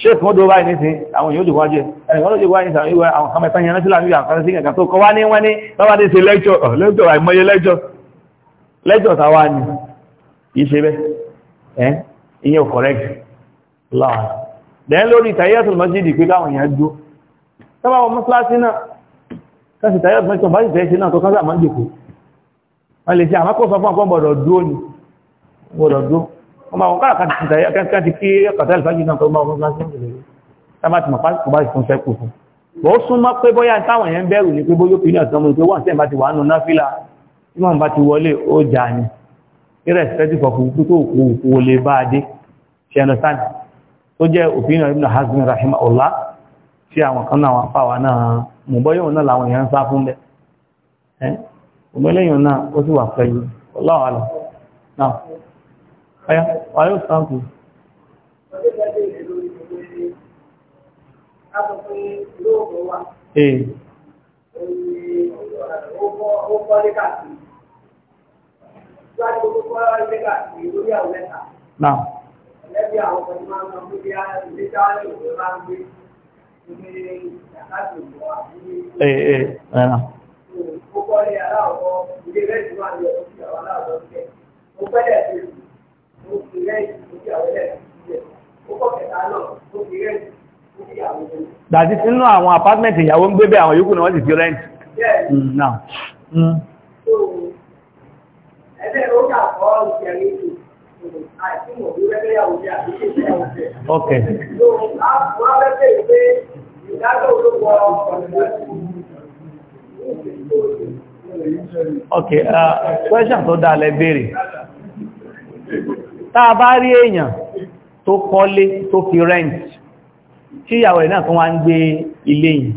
ṣéèkì wọ́n dọ́wà ní sin àwọn èèyàn òjò wájẹ́ ẹni wọ́n lójò wáyé sàwọn ìwọ̀ àwọn ọmọ ìtàn yẹn sílá níbi àkàrẹ sí ẹ̀kà tó kọ wá ní wọ́n ní lọ́wọ́ dé sí lẹ́jọ́ lẹ́jọ́ àìmọye lẹ́jọ́ lẹ́jọ́ tàwà ní correct láwọn dẹ́n lórí tayatul masjid pé káwọn èèyàn dó sábà wọn mọ́sálásí náà kásì tayatul masjid bá sì fẹ́ sí náà tó kásà máa ń jòkó wọ́n lè ṣe àmọ́kọ́ sọ fún àpọ́ gbọ́dọ̀ ọmọ àwọn kára kan ti kí ọ̀kàtà ìfàájì náà tọ́gbà ọmọ ọmọ sábà ti mọ̀ pàtàkì bá ìfún fẹ́ kù fún wọ́n súnmọ́ pé bóyá táwọn èèyàn bẹ̀rù ní pé bóyá opinion tán mú pé wọ́n tẹ́ bá ti wà nù náfílà tí wọ́n bá ti wọlé ó jà ní irrespective of òkú tó kò lè bá adé ṣe understand tó jẹ́ opinion ibn Hazm rahimahullah tí àwọn kan náà fáwa náà mú náà làwọn èèyàn sá fún bẹ́ ọmọ eléyìn náà ó sì wà pẹ̀lú ọlọ́wọ́ àlọ́ náà Ọya, wà yóò sáàkù. Ee. Ó kọ́ lé káàkiri. Láti ó kọ́ lé káàkiri lórí àwọn mẹ́ta. Náà. Lẹ́bí àwọn ọmọ ìmọ̀ àwọn ọmọ ìgbé ilé dáhùn ìwé máa ń gbé. Ní àkáàkiri ìwọ̀ àti ilé. Ee, ee, ẹ̀rọ. Ó kọ́ lé aláwọ̀ ilé rẹ̀ ìwọ̀n àti ọ̀pọ̀ ìyàwó aláwọ̀ lọ́sẹ̀. Ó pẹ́lẹ̀ sí ìlú ó fi rẹ́ẹ̀tì ó fi àwọn ẹlẹ́ẹ̀kì ó kọ́ kẹta náà ó fi rẹ́ẹ̀tì ó sínú àwọn apartment ìyàwó ń gbé bẹ́ẹ̀ àwọn yòókù wọ́n sì fi rẹ́ǹtì. Mm, mm. ẹgbẹ́ ló ok. wọ́n á fẹ́ bẹ̀rẹ̀ uh, question tó dáa lẹ tá a bá rí èèyàn tó kọ́lé tó fi rent tí ìyàwó rẹ̀ náà kan wá ń gbé ilé yìí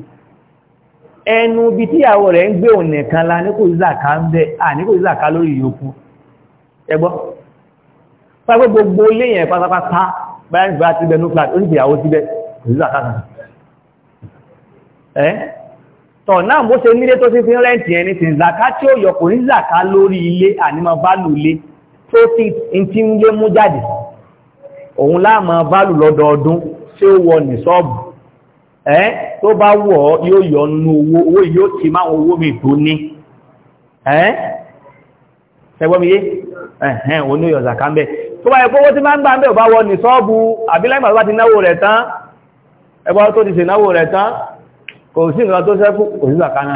ẹnu bí tí ìyàwó rẹ̀ ń gbé òun nìkan la ní kò zàká ń bẹ à ní kò zàká lórí ìyókù ẹgbọ́ pàgbé gbogbo ilé yẹn pátápátá báyá nígbà ti bẹ nuclear ó ní zàká lórí ilé ànímọ̀ profit ntí ń lé mú jáde òun láàmà válù lọ́dọọdún tí ó wọ ní sọ́ọ̀bù ẹ́ tó bá wọ̀ ọ́ yóò yọ nínú owó owó yóò ti máa owó mi tó ní ẹ́ ẹgbọ́mìyé ẹ̀hẹ́n òun ní ọ̀zà kan bẹ́ tó bá ẹ̀kọ́ owó tí máa ń gbà ń bẹ̀ bá wọ ní sọ́ọ̀bù àbílẹ́gbà tó bá ti náwó rẹ̀ tán ẹgbọ́ tó ti ṣe náwó rẹ̀ tán kò sí nǹkan tó sẹ́kù kò sí zàkánà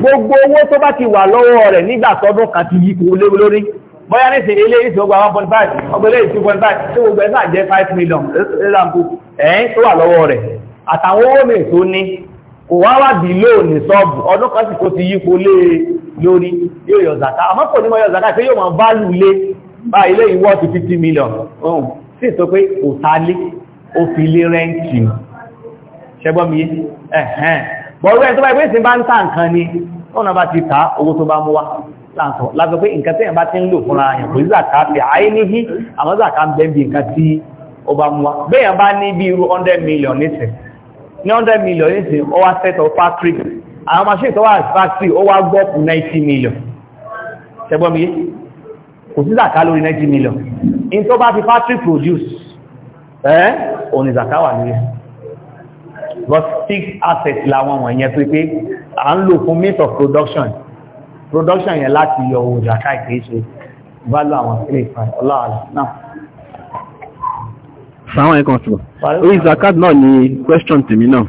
gbogbo owó tó bá ti wà lọ́wọ́ rẹ̀ nígbà tọdún kan ti yí kò léwu lórí bóyá ní ìsìn ilé ìsìn ọgbà 1.5 ọgbẹ̀lé 2.5 tí gbogbo ẹ̀sà jẹ́ 5 million example ẹ̀yìn tó wà lọ́wọ́ rẹ̀ àtàwọn owó mi tó ní kò wá wà bí lóòní sọ́ọ̀bù ọdún kan sì kò ti yí kò lórí yóò yọ zaka àmọ́ kò ní mọ́ yọ zaka pé yóò máa válù lé bá ilé ìwọ́ ti 50 million sí sọ pé kò ta lé ó fi lé bọ̀rọ̀ ẹ̀ tó bá ìpínsìn bá ń tà nǹkan ni ọ̀nà bá ti ta owó tó bá mú wá lágbẹ́ pé nǹkan bá ti ń lò fúnra yàn kò zàkà fi àyè níhí àmọ́ zàkà ń bẹ́ẹ̀bì nǹkan tí ó bá mú wá bá ní bí irú 100 million ní 100 million ó wá of factory àwọn machine tó wà factory ó wá gbọ́ fún fi factory produce òní zàkà but fixed assets làwọn wọ̀nyẹn tó pé à ń lò fún means of production production yẹn láti yọ owó ìjàkà ìkéé ṣe value àwọn ilé ìfà ọláàlá náà. sàwọn ẹ̀kan sọ orí zakat náà ni question tèmi náà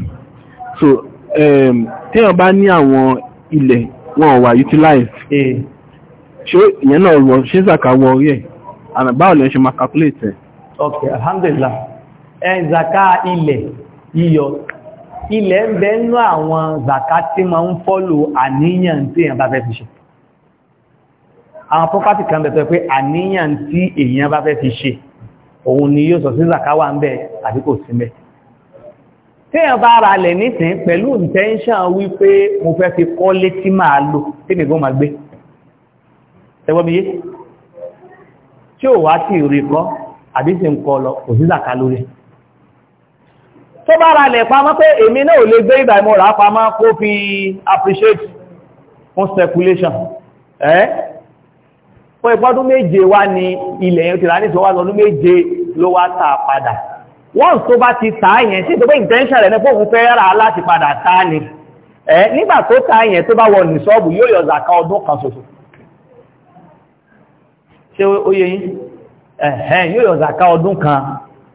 so téèyàn bá ní àwọn ilẹ̀ wọn ò wà utilize ṣé ìyẹn náà wọ ṣé zakat wọ orí ẹ̀ àmì báwo lè ṣe máa calculate ẹ̀. ok alhamdulillah ẹ̀ zakat ilẹ̀ yíyọ ilẹ̀ ń bẹ nú àwọn zaka tí ma ń fọ́lò àníyàn tí èyàn bá fẹ́ fi ṣe àwọn pọ́pátì kan bẹ̀tọ̀ pé àníyàn tí èyàn bá fẹ́ fi ṣe òun ni yóò sọ sí zaka wà ń bẹ àbí kò sí mẹ́ tí èyàn bá ra lẹ̀ intention wípé mo fẹ́ fi kọ́lé tí máa lò tí nìkan máa gbé ẹgbọ́miyé tí tó bá ra lẹ̀ pamọ́ pé èmi náà ò lè gbé ìgbà ìmọ̀ rà pamọ́ kó fi appreciate fún speculation ẹ́ fún ìpọ́dún méje wá ní ilẹ̀ yẹn ti rà nìsọ wá lọ́dún méje ló wá tà padà wọ́n tó bá ti tà yẹn tí tó pé intention rẹ̀ nípa òun fẹ́ rà láti padà tà ni ẹ́ nígbà tó tà yẹn tó bá wọ ní sọ́ọ̀bù yóò yọ zàká ọdún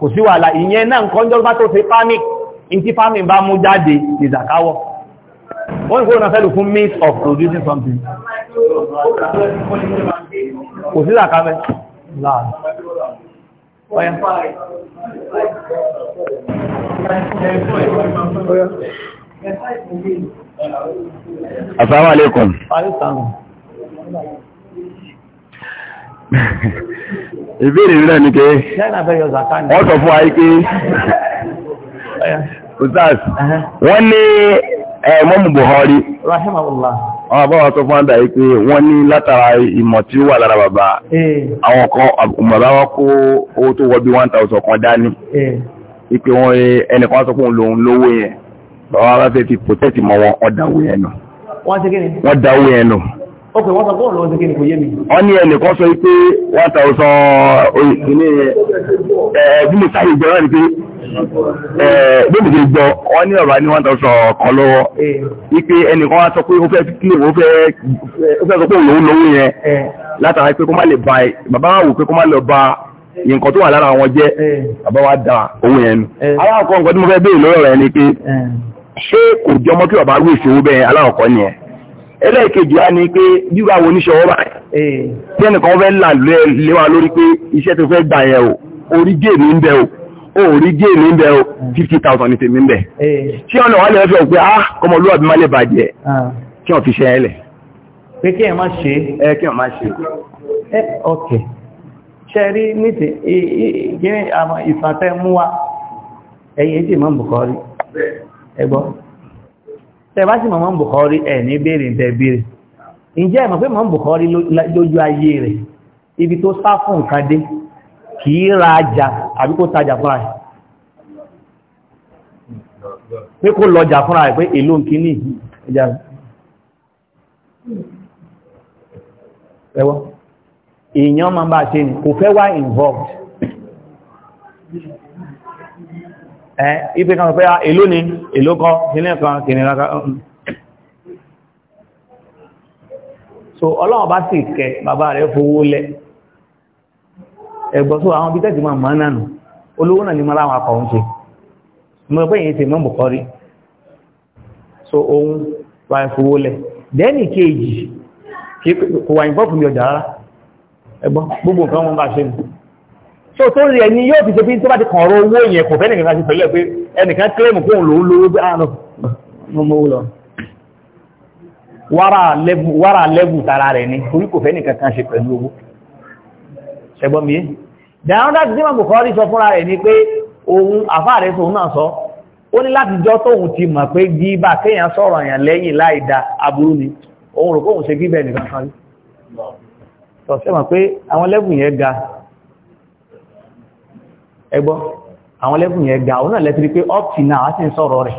kò sí wàhálà ìyẹn náà nǹkan jọ bá tó ṣe panic in tí farming bá mú jáde ìzàkáwọ́ wọ́n kó náà fẹ́lú fún means of producing something kò sí ìzàkáwẹ́ láàrín ọ̀yá Assalamu alaikum. Assalamu alaikum ìbéèrè rẹ̀ ní pé wọ́n sọ fún àyíké usas wọ́n ní ẹ̀mọ́mù Buhari wọ́n bá wọ́n sọ fún àdá yìí pé wọ́n ní látara ìmọ̀ tí ó wà lára bàbá eh. àwọn kan bàbá wọn kó owó tó wọ bí one thousand kan dání ipe eh. wọn ẹnìkan sọ fún lòun lówó yẹn bàbá wọn bá fẹ́ fi protect mọ́ wọn ọ̀dàwó yẹn nù wọ́n dáwó yẹn nù ó pè wọ́n sọ bọ́ọ̀lù oṣù kìnnìkò yé mi. wọ́n ní ẹnìkan sọ pé one thousand ìpínlẹ̀ ẹ̀ẹ́dínlẹ̀ sáyé jẹ́ wọ́n ní pé gbẹ́mìdì gbọ́ wọ́n ní ọ̀rọ̀ ní one thousand kan lọ́wọ́ wípé ẹnìkan wá sọ pé ó fẹ́ kílè ó fẹ́ sọ pé òun lówó yẹn látara pé kó má lè ba bàbá wò pé kó má lọ ba nǹkan tó wà lára wọn jẹ́ bàbá wa da owó yẹn nu. aláwọ̀ kan nǹkan tí mo fẹ́ béèrè lọ́rọ̀ rẹ̀ ni pé ṣé kò jọmọ́ kí bàbá rú ìṣòwò bẹ́ẹ̀ aláwọ̀ kan nìyẹn ẹlẹ́ẹ̀kejì á ní pé bíbá wo ní ṣọwọ́ báyìí tí ẹnìkan fẹ́ là léwa lórí pé iṣẹ́ tó fẹ́ gbà yẹn o orí jẹ́ mi ń bẹ o orí jẹ́ mi ń bẹ o fifty thousand ní tèmi ń bẹ ṣé ọ̀nà wà lẹ́yìn fẹ́ o pé á ah, kọmọlúwàbí má lè bàjẹ́ kí wọ́n fi ṣe ẹlẹ̀. pé kí ẹ má ṣe é kí wọ́n má ṣe é. ok ṣe rí ní ti ìgbìyànjú àwọn ìfàtẹ́ mú wa ẹ̀yìn èjì mọ́ bùkọ́rí ẹgbọ́n tẹ̀bá sí mọ̀mọ́ Bukhari ẹni bèèrè béèrè tẹ̀ ẹ̀mọ̀ pé mọ̀mọ́ Bukhari lójú ayé rẹ̀ ibi tó sá fún nǹkan dé kì í ra ajá àbí kó tajà fúnra pé kó pé èlò ìjà ẹwọ́ ẹ́ ipé kan pé ah, èlò ni èlò kan nílẹ̀ kan kìnnìyàn kan so ọlọ́run bá sì kẹ bàbá rẹ̀ fowó lẹ ẹgbọ́ so àwọn bí tẹ́sì máa mọ́ náà nù olówó náà ni mọ́ láwọn akọ̀ ń mọ́ pé èyí ti mọ́ bùkọ́rí so ohun wà fowó lẹ dẹ́nì kejì kò wà ìbọ́ fún mi ọjà rárá ẹgbọ́ gbogbo nǹkan wọn bá ṣe nù tó tó rí ẹni yóò fi ṣe bí tó bá ti kàn ọ̀rọ̀ owó yẹn kò fẹ́nìkan kan ti pẹ̀lú ẹ̀ pé ẹnìkan kílẹ̀mù kóhùn lòún lówó bí àánú mọ́mọ́ ó lọ wára lẹ́bù tara rẹ̀ ni torí kò fẹ́nìkan kan ṣe pẹ̀lú owó ṣẹgbọ́n mi dáhùn dájú tí màmù kọ́rí sọ fúnra rẹ̀ ni pé òun àfáà rẹ̀ sọ òun náà sọ ó ní láti jọ tóun ti mọ̀ pé gíbà kéèyàn sọ̀rọ̀ yàn lẹ́yìn láì aburú ni òun rò kóhun ṣe gíbẹ̀ nìkan kan rí sọ sẹ́wọ̀n pé àwọn lẹ́bù yẹn ga ẹgbọ́ àwọn lẹ́bùn yẹn ga òun na lẹ́tìrí pé up náà a sì ń sọ̀rọ̀ rẹ̀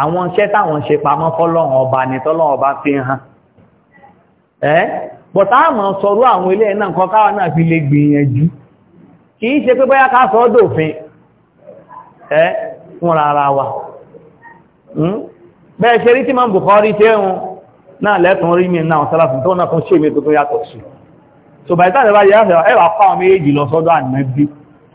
àwọn iṣẹ́ táwọn ṣe pamọ́ fọ́lọ́run ọba ni tọ́lọ́run ọba fi hàn ẹ́ bọ̀tá àmọ́ sọ̀rọ̀ àwọn ilé náà náà fi lè gbìyànjú kì í ṣe pé ká sọ ara wa hmm? bẹ́ẹ̀ ṣe rí tí máa ṣe ń náà lẹ́tùn rí mi náà tó náà ṣe so by the time méjì lọ sọ́dọ̀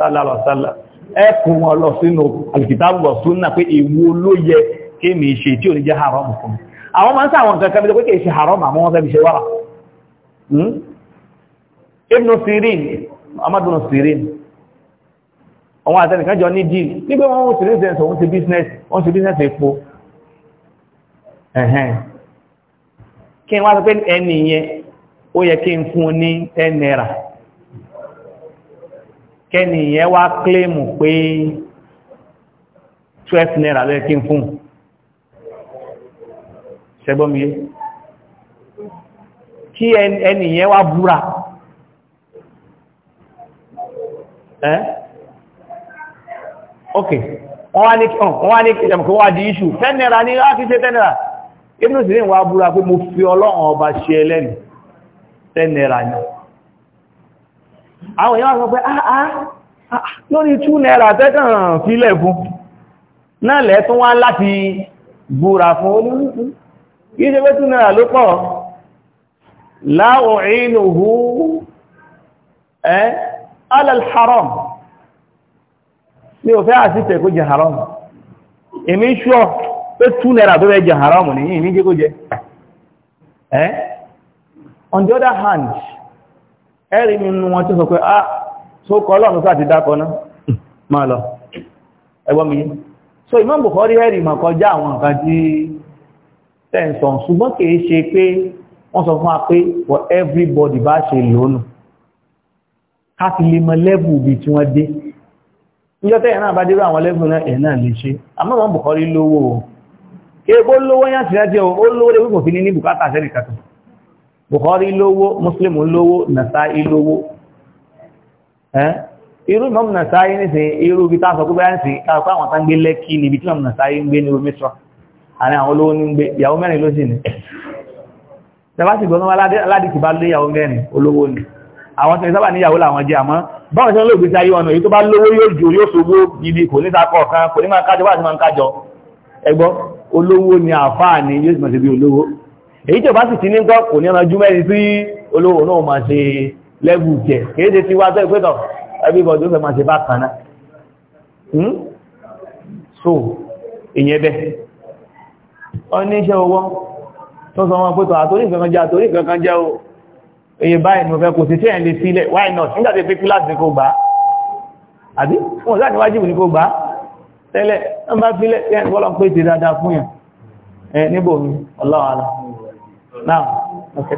sallallahu alaihi wasallam ẹkùn wọn lọ sínú alkitabu wa sunna pé èwo ló yẹ kí mi ṣe tí ò ní jẹ́ haram fún àwọn máa ń sáwọn nǹkan kan pé kí ṣe haram àwọn wọn fẹ́ fi ṣe wára hmm? Ibn Sirin Muhammad ibn Sirin àwọn àtẹnìkan jọ ní díìl nígbé wọn wọ́n kí wọ́n sọ pé ẹni yẹn ó yẹ kí n fún ní 10 naira kẹ́ni yẹn wá kílèmù pé twelve naira lẹ́yìn kí n fún ṣẹgbọ́n mi yé kí ẹni yẹn wá búra ẹ́ ok wọ́n wá ní kí wọ́n wá ní kí ẹ̀mùkú di iṣu ten naira ní ah, láti ṣe ten naira ibùsùn ní wá búra pé mo fi ọlọ́run ọba ṣe ẹlẹ́ni ten naira ni àwọn èèyàn sọ pé àà ah, ah, ah, lórí 2 naira tẹ́kàn fílẹ̀ fún náà lẹ́ tún wá láti búra fún olóòrùn kí ṣe pé 2 naira ló pọ̀ láwọ̀ ìlúhú ẹ́ alàlharam ní òfẹ́ àsìtẹ̀ kó jẹ haram èmi ń ṣọ́ pé 2 naira tó fẹ́ jẹ haram ní ìní kó jẹ on the other hand ẹ̀rí nínú wọn tí sọ pé ah tó kọ ọlọ́run sáà ti dákọ náà hmm. máa lọ ẹgbọ́n mi so Imam Bukhari ẹ̀rí mà kọjá àwọn nǹkan tí tẹ̀sán ṣùgbọ́n kìí ṣe pé wọ́n sọ fún wa pé for everybody bá ṣe lónù ká fi lè mọ lẹ́bù ibi tí wọ́n dé níjọ́ tẹ́yìn náà bá dérú àwọn lẹ́bù náà ẹ̀ náà lè ṣe àmọ́ Imam Bukhari lówó o kéèkó lówó yàn o ó lówó lè wípò fi ní ní bùkátà sẹ́nìkàtà Bukhari lówó Muslim lówó Nasa'i lówó irú Imam Nasa'i ní sí irú bí táàfà kó bẹ́yà sí káàkọ́ àwọn tán gbé lẹ́kí níbi tí Imam Nasa'i ń gbé ní omísọ́ àní àwọn olówó ní gbé ìyàwó mẹ́rin ló sì ní tẹ́bátì gbọ́nà aládìsí bá lé ìyàwó mẹ́rin olówó ni àwọn tẹ́lẹ̀ sábà níyàwó làwọn jẹ́ àmọ́ báwọn tẹ́lẹ̀ ògbésí ayé ọ̀nà èyí ń kájọ èyí tí ò bá sì ti ní gbọ́ kò ní ọ̀nà júmẹ́rin sí olówó náà máa ṣe lẹ́bù jẹ kìí ṣe ti wá tó ìpẹ́tọ̀ everybody ó fẹ́ máa ṣe bá kaná hmm? so ìyẹn bẹ́ ọ ní iṣẹ́ owó tó sọ wọn pẹ́tọ̀ àtorí nǹkan jẹ́ àtorí nǹkan jẹ́ o èyí báyìí mo fẹ́ kò sí tẹ́ẹ̀ lè why not nígbà tí pípí láti kó gbà àbí wọn láti wájú ní kó gbà tẹ́lẹ̀ wọ́n bá fílẹ̀ tẹ́ẹ̀ wọ́n lọ pé ti dáadáa fún yàn níbò mi ọlọ́wọ́ Now, okay.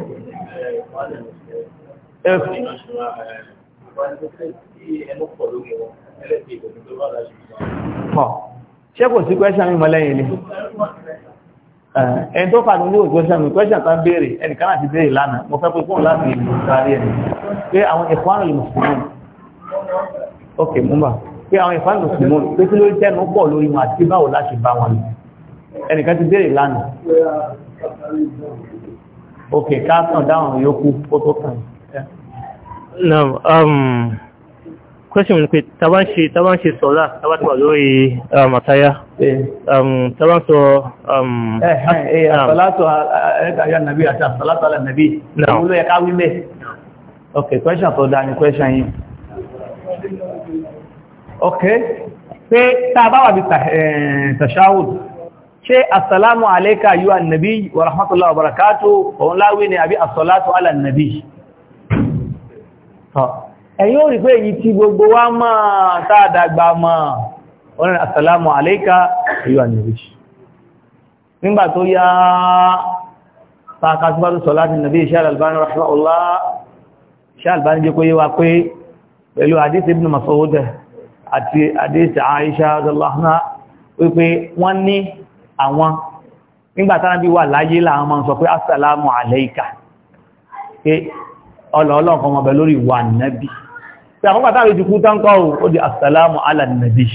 Pọ̀, ṣé kò sí kwẹ́ṣà mímọ̀ lẹ́yìn ni? Eh, ẹni tó fàánú ní òjòṣà mi, kwẹ́ṣà tán béèrè, ẹnìkan láti béèrè lánàá, mo fẹ́ pín fún láti ìlú ìsàrí ẹ̀. Pé àwọn ìfàánù Mùsùlùmí, ok, mú bà, pé àwọn ìfàánù Mùsùlùmí, pé kí ló tẹ́nu pọ̀ lórí wọn àti báwo láti bá wọn. Ẹnìkan ti béèrè lánàá. Okay. káàkàn dáhùn yókù ó tó kàn um, question ni pé tàbá ń ṣe tàbá ń ṣe sọ́lá tàbá tí wà lórí um, àtàyà um, tàbá ń sọ àṣàlátọ̀ ẹ̀ẹ́dàyà nàbí àti àṣàlátọ̀ alẹ́ nàbí ìwúlò ẹ̀ká wílẹ̀ ok question tó dá ní question yìí ok pé tàbá wà bí tàṣáwùd eh, ṣe assalamu alaika yi wa nabi wa rahmatullahi wa barakatu ohun láwí ni àbí assalatu ala nabi ẹ̀yin ò rí pé èyí tí gbogbo wa máa tààdàgbà máa orin assalamu alaika yi wa nabi nígbà tó yá pàkàtúbàtú sọ̀láti nabi iṣẹ́ albani rahimahullah iṣẹ́ albani jẹ́ kó wa pé wípé wọ́n ní àwọn nígbàtánà bí wà láyé láwọn máa ń sọ pé assalamu alaika pé ọlọ́ọ̀lọ́ kan mọ̀ bẹ̀ lórí wà nábi pé àwọn bàtà rẹ̀ ti kú tánkọ́ ó di assalamu ala nabi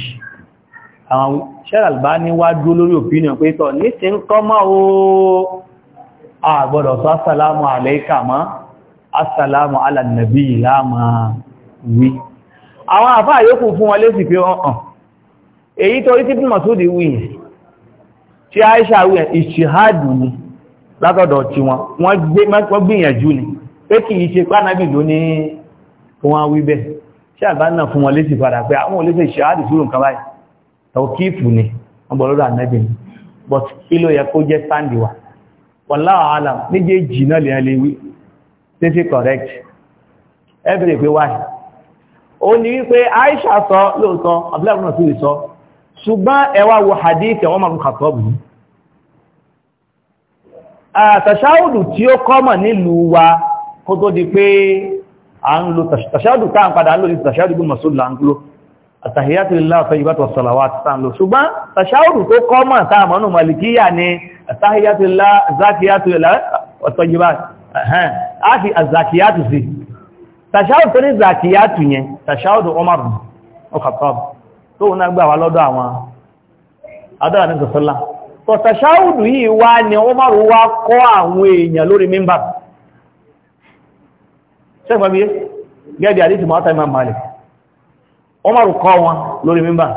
àwọn ṣẹ́ràlbá ní wá dúró lórí opinion pé tọ́ ní ti ń kọ́ mọ́ àfáà yóò kù fún wọn lé sì pé ọkàn èyí torí tí fún mọ̀súdì wí tí Aisha wíyàn ìṣìhádù ni látọ̀dọ̀ tí wọn wọ́n gbìyànjú ni pé kì í ṣe pánàbì ló ní wọn wí bẹ́ẹ̀ tí àbá náà fún wọn lésì padà pé àwọn olóṣè ìṣìhádù sí nǹkan báyìí tọ́kífù ni wọ́n bọ̀ lọ́dọ̀ ànẹ́bì ni but kí ló yẹ kó jẹ́ sáǹdì wa wallahu alam méjèèjì náà lè lè wí tẹ́sí correct every pé wáyé ó ní wípé Aisha sọ lóòótọ́ abúlé àbúrò sí ìsọ ṣùgbọ́n ẹwà wo hadith ẹ̀wọ́n máa ń kàtọ́ bù tàṣáùdù tí ó kọ́mọ̀ nílùú wa kó tó di pé a ń lo tàṣáùdù tá ń padà ń lò ní tàṣáùdù bí mọ̀sùn là ń lò àtàhíyàtì láàfẹ́ ìbátọ̀ sọ̀làwà tá ń lò ṣùgbọ́n tó kọ́mọ̀ tá àmọ́nù màlìkíyà ni àtàhíyàtì tóun náà gbà wá lọ́dọ̀ àwọn adọ́rà ní sọ́sọ́lá tọ̀tàṣáwùdù yìí wá ní Umaru wá kọ́ àwọn èèyàn lórí mímbà sẹ́gbàmí gẹ́gẹ́ àdíjì mọ́ta imam Malik Umaru kọ́ wọn lórí mímbà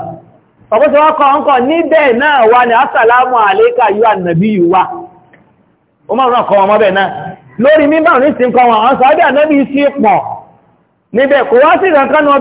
ọ̀pọ̀sẹ̀ wá kọ́ ọkọ̀ níbẹ̀ ní asàlámù wọn àwọn sàábẹ̀ ànàbí sí pọ̀ níbẹ̀ kò wá sí ìrànkánú àà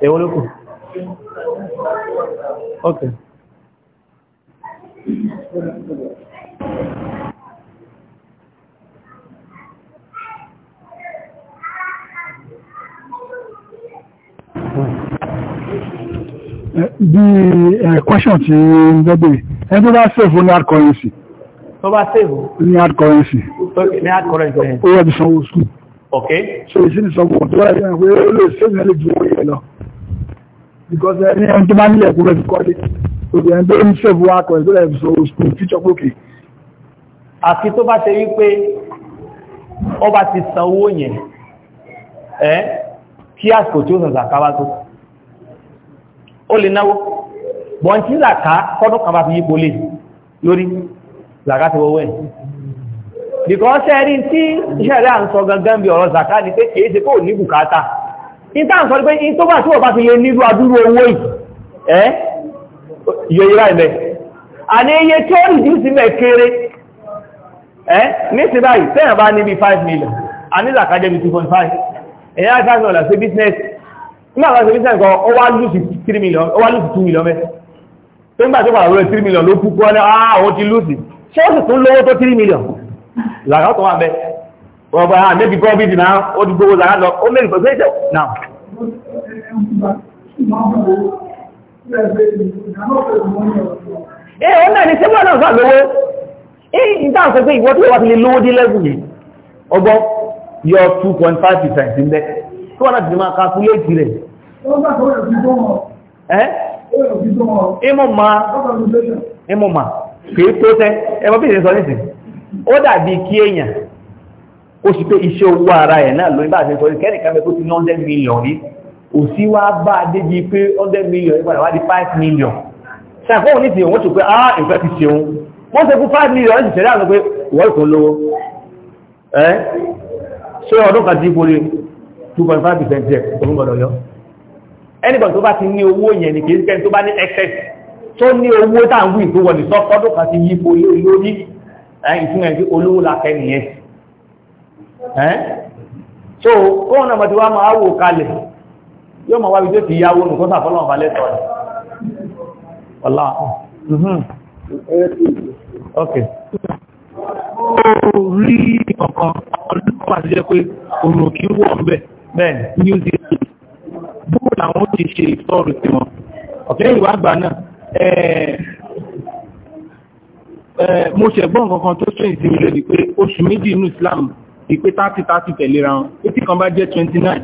èwo ló kù ok bí question tí ń gbẹ́gbẹ̀ ẹni tó bá save ní hard currency tó bá save ní hard currency ní currency ó yẹ bí sanwó school Okay. So you see the song for Tora Ibrahim, we always say that it's one year now. Because ẹni ẹni tó bá nílẹ̀ kó lọ́sí kọ́lé, òbí ẹni tó ń ṣẹ́fù wá kọ̀ ìgbélẹ̀ ìṣò skul fíjọ pókè. Àfi tó bá ṣe wípé ọba ti san owó yẹn, ẹ́ kí àsìkò tí ó sàn zàká wá tó. Ó lè náwó, bọ̀ǹtí zàká kọ́dún kan bá fi yípo lè lórí zàká ti wọ́wọ́ ẹ̀ because ẹ̀rí tí ìṣẹ̀rẹ́ à ń sọ gangan bí ọ̀rọ̀ zaka ni pé kìí ṣe kó ní bùkátà ìta ń sọ pé in tó bá tí wọ́n bá ti lè nílú adúrú owó ẹ̀ yẹ̀yẹ̀rá ilẹ̀ àní iye tó rìdí sí mẹ́ kéré ẹ́ nísì báyìí tẹ́yàn bá níbi 5 million àní zaka jẹ́ bí 2.5 ẹ̀yà 5 million sí business nígbà bá ṣe business kan ó wá lùsì 3 million ó wá lùsì million mẹ́ tó ń gbà tó pàrọ̀ million ló kú kọ́ ní àwọn ah, ti lùsì ṣé ó sì tún lówó tó 3 million zaka tó wà bẹ́ ọba àmẹ́bí profit náà ó ti gbogbo zaka lọ ó mẹ́rin pẹ̀lú ẹ̀ṣẹ̀ eh, náà ẹ̀ ọ́n náà ni sẹ́gbọ́n náà sàgbówó ìyí tá à ń sọ pé ìwọ́ tí wà ti lè lówó dé lẹ́gùn yìí ọgbọ́ yọ 2.5% ń bẹ́ tí wọ́n láti máa kàkúléètì rẹ̀ ìmọ̀ ma kìí tó tẹ́ ẹmọ bí ìrìnsọ nísìnyí ó dàbí kí èèyàn ó sì pé iṣẹ́ owó ara ẹ̀ náà lóyìn bá àti ìtọ́rí kẹ́nìkan mẹ́ tó ti ní 100 million ní ò sí wá bá débi pé 100 million nípa ìwádìí 5 million ṣàkóhùn ní ti òun tó pé ah ìfẹ́ ti ṣeun wọ́n ṣe fún 5 million láti ṣẹ̀dá àwọn pé wọ́n kò lówó ẹ́ ṣé ọdún kan ti borí 2.5 percent jẹ́ òun gbọ́dọ̀ yọ ẹnìkan tó bá ti ní owó yẹn ni kìí kẹ́ni tó bá ní excess tó ní owó táwọn wí tó wọ̀ ní sọ́kọ́dún kan ti yí borí ìtumọ̀ ìfi olówó lakẹ́ nìyẹn so kóhùn náà mọ̀tí wá máa wò kalẹ̀ yóò máa wábi tó ti yáwó nù kọ́sà fọ́lọ́n balẹ̀ sọ rẹ̀ ọ̀la mhm. ok rí ọ̀kan ọdún pàtó jẹ́ pé òun kí wọ̀ ń bẹ̀ bẹ́ẹ̀ ní ó ti bóòlù àwọn ti ṣe ìtọ́rù tiwọn ọ̀kẹ́ ìwà àgbà náà mo ṣẹ̀gbọ́n kankan tó ṣe ìsinmi lórí pé oṣù méjì inú Islam ìpé 30-30 tẹ̀léra wọn pé tí kan bá jẹ́ 29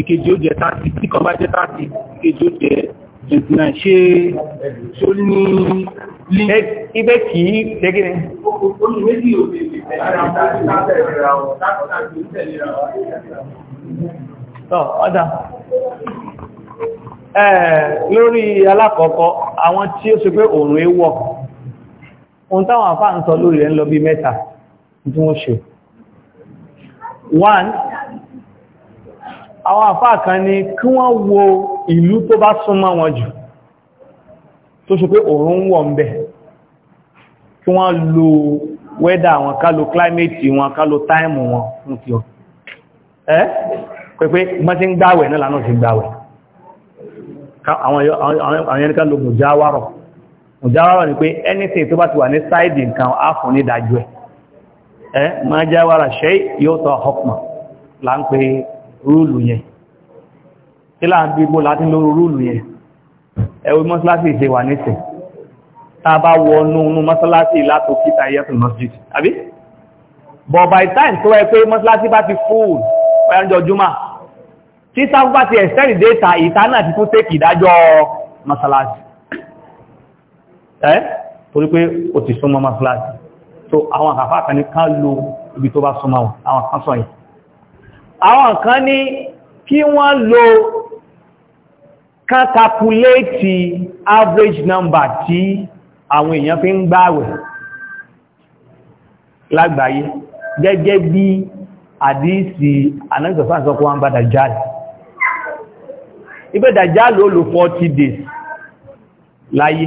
ìkejì ó jẹ́ 30 tí kan bá jẹ́ 30 ìkejì ó jẹ́ 29 ṣé tó ní ibẹ̀ kì í ṣẹ́gẹ́ ni. oṣù méjì ò lè tẹ̀léra wọn látọ̀tàkì tẹ̀léra wọn. tọ́ lórí alákọ̀ọ́kọ́ àwọn tí ó ṣe pé òòrùn èèwọ̀ ohun táwọn àfá ń sọ lórí rẹ̀ ń lọ bí mẹ́ta tí wọ́n ṣe one àwọn àfá kan ni kí wọ́n wo ìlú tó bá súnmọ́ wọn jù tó ṣe pé òòrùn wọ̀ ń bẹ̀ kí wọ́n lo wẹ́dà wọn ká climate wọn ká time wọn fún ti ọ ẹ́ pẹ̀pẹ́ mọ́ ti ń gbáwẹ̀ náà lánàá ti gbáwẹ̀ àwọn ẹni ká lo mùjáwárọ̀ mùjáwárà ni pé anything tó bá ti wà ní sáìdì nǹkan á fún ní dájú ẹ̀ ma jáwárà ṣe yóò tọ́ hukma là ń pè rúùlù yẹn tí láà bí gbó láti lórí rúùlù yẹn ẹwọ mọ́sálásì ṣe wà ní sẹ̀ tá a bá wọnú inú mọ́sálásì látò kíta yẹ́sùn masjid àbí but ẹ́ eh? torí pé o ti súnmọ́ máa fúláàtì so àwọn àkàfà kan ní ká lo ibi tó bá súnmọ́ wọn àwọn kan sọ yìí àwọn kan ní kí wọ́n lo kákàpùléètì average number tí àwọn èèyàn fi ń gbààwẹ̀ lágbàáyé gẹ́gẹ́ bí àdíìsì anájọ̀fà sọ́kọ́ wọn bá dàjáàlì ibẹ̀ dàjáàlì ó lo 40 days láyé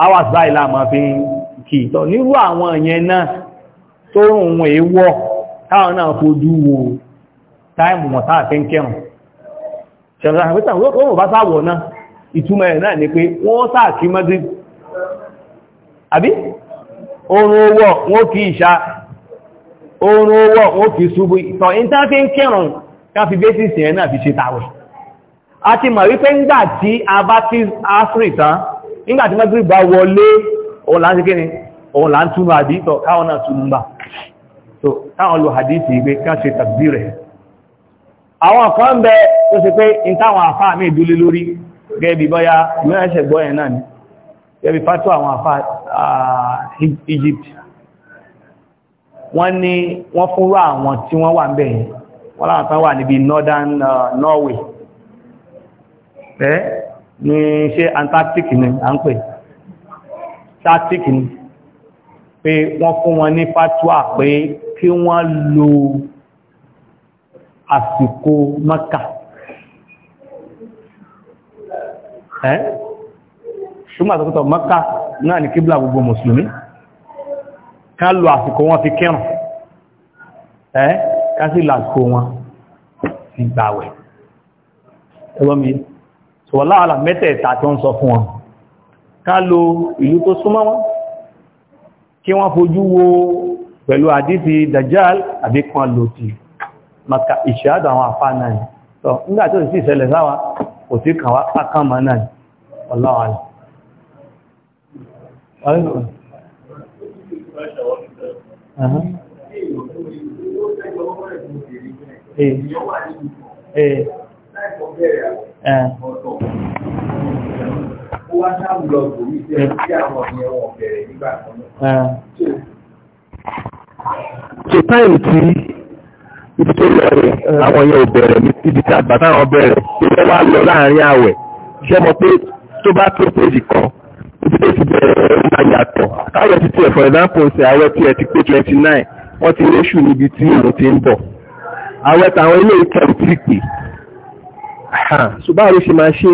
hours báyìí láàmà fi kì tọ́ nírú àwọn ìyẹn náà tó rùn èèwọ̀ táwọn náà fojú wo táìmù wọn táà fi ń kẹrùn ṣẹ̀rọ̀ àpẹta wọ́n bá sáwọ̀ náà ìtumọ̀ ẹ̀ náà ni pé wọ́n sáà kí mọ́dí àbí oòrùn owó wọ́n kí ìṣá oòrùn owó wọ́n kí ṣubú ìtàn ìntàfí ń kẹrùn káfí bẹ́sìsì ẹ̀ náà fi ṣe tàwẹ̀ àti mọ̀ wípé ń gbà tí a bá tí áfírí tán nígbà tí mẹ́gbìrì bá wọlé òun là ń ṣe kíni òun là ń káwọn náà túnú gbà so táwọn lo àdìtì ìgbé ká ṣe tàbí rẹ̀ àwọn kan bẹ tó ṣe pé in táwọn àfáà mi ìdúlé lórí gẹ́bí bọ́yá ìmẹ́rẹ́ṣẹ̀ Egypt wọ́n ní wọ́n fúnrú àwọn tí wọ́n wà ń bẹ̀yìn uh, Norway eh? ní ṣe antarctic ni a ń pè static ni pé wọ́n fún wọn ní fatwa pé kí wọ́n lo àsìkò maka ẹ́ ṣúgbà tọ́tọ̀ maka náà ni kíblà gbogbo mùsùlùmí ká lo àsìkò wọn fi kírùn ẹ́ ká sì lásìkò wọn fi gbàwẹ̀ ẹgbọ́n mi sọ̀láàlà mẹ́tẹ̀ẹ̀ta tó ń sọ fún wọn ká lo ìlú tó súnmọ́ wọn kí wọ́n fojú wo pẹ̀lú àdífi dajjal àbí kan lò tí maka ìṣẹ́adà àwọn afá náà tọ́ nígbà tó sì ṣẹlẹ̀ sáwà kò sí kàn wá pákán mọ́ náà ọláwàlá uh-huh. Eh. Eh. Ó wá sáà blọ́ọ̀gù mi tẹ́ sí àwọn ìyẹn wọn bẹ̀rẹ̀ nígbà kan náà. Ṣé táìmù tí ibi tó lọ àwọn yẹn ò bẹ̀rẹ̀ níbi tí àgbà táwọn bẹ̀rẹ̀ tó fẹ́ wá lọ láàrin àwẹ̀ ṣé mo pé tó bá tó péjì kan ibi tó ti bẹ̀rẹ̀ ó máa yàtọ̀ táwọn ti tiẹ̀ for example ṣe àwẹ̀ tiẹ̀ ti pé twenty nine wọ́n ti rí níbi tí òun ti ń bọ̀ àwẹ̀ táwọn ilé ìkẹ́rù ti pè ṣùgbọ́n àwọn oṣù máa ṣe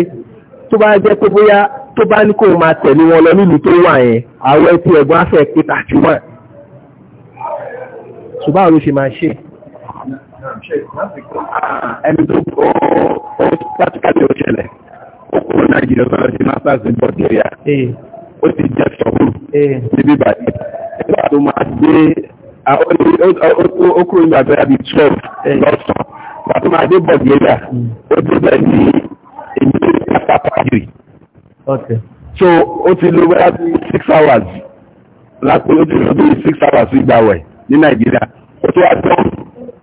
tó bá jẹ́ pé bóyá tó bá ní kó máa tẹ̀lé wọn lọ nílùú tó wà yẹn àwọn ẹtì ẹ̀gbọ́n afẹ́ pé tàjú wà ṣùgbọ́n àwọn oṣù máa ṣe. ẹni tó kọ́ ọ pátákàlẹ̀ ó ṣẹlẹ̀ ó kúrò nàìjíríà tó lọ sí masters in bulgaria eh. ó ti jẹ́ sọ́kùn eh. níbí bàjẹ́ nígbà tó máa gbé ó kúrò nígbà twelve eh. lọ́sàn-án bàtú máa dé bọ̀dìẹ́là ó ti bẹ̀ ní èmi pátápátá yìí. so ó ti lo wẹ́rẹ́ bí six hours lápẹ́ ó ti lo bí six hours gbà wẹ̀ ní nàìjíríà ó ti wá tán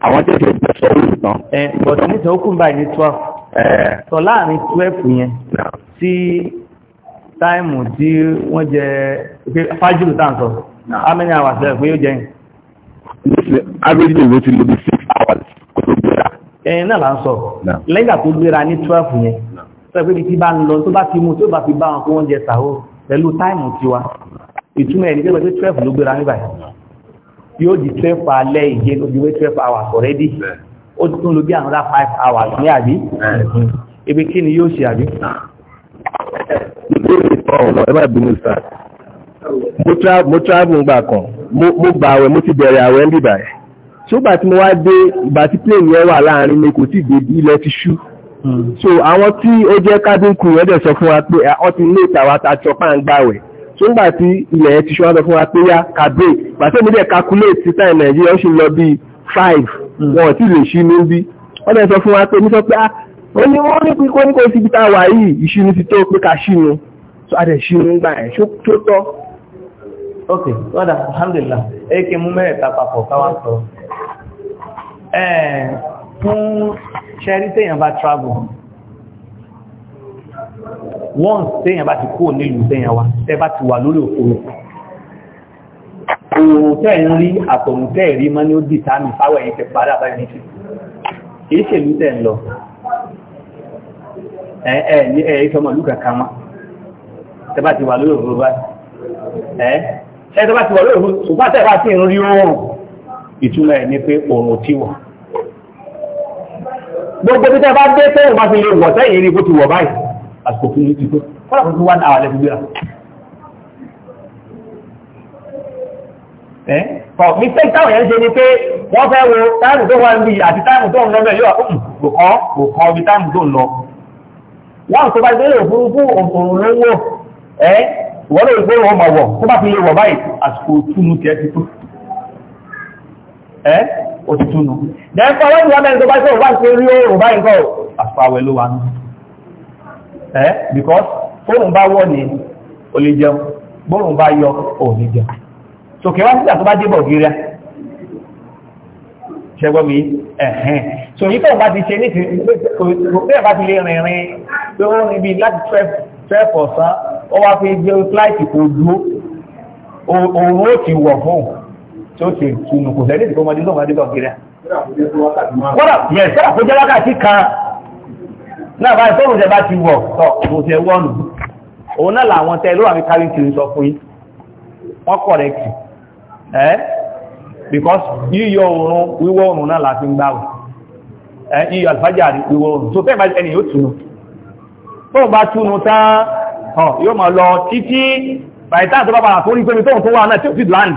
àwọn tẹ̀sán ìgbésọ̀ ó lù tán. ẹ bọ̀dọ̀ níta ó kún báyìí ní twelve. sọ láàrin twelve yẹn sí táìmù tí wọ́n jẹ fájìlù tá à ń sọ how many hours lẹ́yìn pé yóò jẹ́ yìí. average day ló ti lo bí six hours ẹ̀yìn náà là ń sọ lẹ́gbà tó gbéra ní 12 yẹn sẹ́gbẹ́bí tí bá ń lọ tó bá ti mú tó bá fi bá wọn kó wọ́n jẹ sàó pẹ̀lú táìmù tiwa ìtumọ̀ ẹni pé 12 ló gbéra níbà yóò di 12 alẹ́ ìje ló di 12 hours already ó tún lo bí another 5 hours ní àbí ibi kí ni yóò ṣe àbí. ìbéèrè kan ọ̀nà ẹ má bínú sáà mo travel gbà kan mo gbà àwẹ̀ mo ti bẹ̀rẹ̀ àwẹ̀ ń bìbà yẹn ṣùgbà tí mo wá dé ìgbà tí plane yẹn wà láàrin mi kò tí ì débi ilẹ̀ ti ṣú hmm. so àwọn tí ó jẹ́ cabin crew yẹn dẹ̀ sọ fún wa pé ọ ti ní ìtàwá ta sọ pá ń gbàwẹ̀ tó ń gbà tí ilẹ̀ yẹn ti ṣọ́ wọ́n sọ fún wa pé yá kàbé gbàtẹ́ mi dẹ̀ calculate ti time nàìjíríà ó ṣe lọ bí five hmm. wọn ò tí lè ṣí ní bí wọ́n dẹ̀ sọ fún wa pé ní sọ pé ah ó ní wọ́n ní kí kóníkó sí ibi tá a wà yìí ìṣinú ti tó pé ká ṣínú so a dẹ̀ ṣínú gbà ẹ̀ tó tọ́. ok wọ́n dà alhamdulillah ẹ kí mú mẹ́rẹ̀ẹ́ta papọ̀ káwá sọ fún ṣẹ́rí tèèyàn bá travel once tèèyàn bá ti kó nílùú tèèyàn wá tẹ́ bá ti wà lórí òfurufú òòrùn tẹ́ ń rí àtọ̀rùn tẹ́ rí mọ́ ní ó dì sáàmì fáwọ̀ ẹ̀yìn tẹ́ padà báyìí ní kìí ṣèlú tẹ́ ń lọ ẹ̀ẹ́ ìfẹ́ mọ̀lú kankan mọ́ tẹ́ bá ti wà lórí òfurufú báyìí ẹ́ tẹ́ bá ti wà lórí òfurufú ṣùgbọ́n tẹ́ gbogbo bí tẹ́ bá dé tẹ́ ìwọ̀n bá fi lè wọ̀ sẹ́yìn ní kó ti wọ̀ báyìí àsìkò fún yìí ti tó kọ́lá kó tún wá náà lẹ́nu gbéra. ẹ ọ mistake táwọn yẹn ń ṣe ni pé wọ́n fẹ́ wo táìmù tó wà ń bì àti táìmù tó ń lọ bẹ́ẹ̀ yóò wà hmm, kó kọ́ kó kọ́ bí táìmù tó ń lọ. wọ́n tó bá dé lè òfurufú òòrùn ló ń ẹ wọ́n lè gbé wọn mọ̀ wọ̀ tó bá fi lè wọ̀ báyìí àsìkò túnú tiẹ̀ ti tó. ẹ òtútù nù. Dẹ́kọ̀ lọ́dún wọn because bóòrùn bá wọ̀ ní o lè jẹun, bóòrùn bá yọ o lè jẹun. Sòkè wá sígbà tó bá dé Bulgaria. Ṣẹ́gbọ́n mi ẹ̀hẹ́n. Sò yí tóun bá ti ṣe nítorí bẹ́ẹ̀ bá ti lè rìnrìn tó ń rìn láti twelve ọ̀sán, ó wá fi jẹ́ flight kò dúró. Òòrùn ó ti wọ̀ fóun tí ó ṣe ìtùnù kò sẹ́ni tí kò mọdé sọ̀rọ̀ adébọ̀ kiri. kódà yẹn sẹ́dà kó jẹ́ wákàtí kan náà báyìí fóònù tẹ bá ti wọ̀ tọ̀ kò tẹ wọ́nù òun náà làwọn tẹ ló wà ní kárí kiri sọ fún yín wọ́n kọ̀rẹ́kì ẹ́ because yíyọ oòrùn wíwọ̀ oòrùn náà láti ń gbáwẹ̀ yíyọ alfájà rí wíwọ̀ oòrùn tó fẹ́ ẹni yóò túnú tó bá túnú tán yóò mọ̀ lọ títí by the time tó bá bàrà tó rí pé mi tóhun tó wà náà tí ó fi land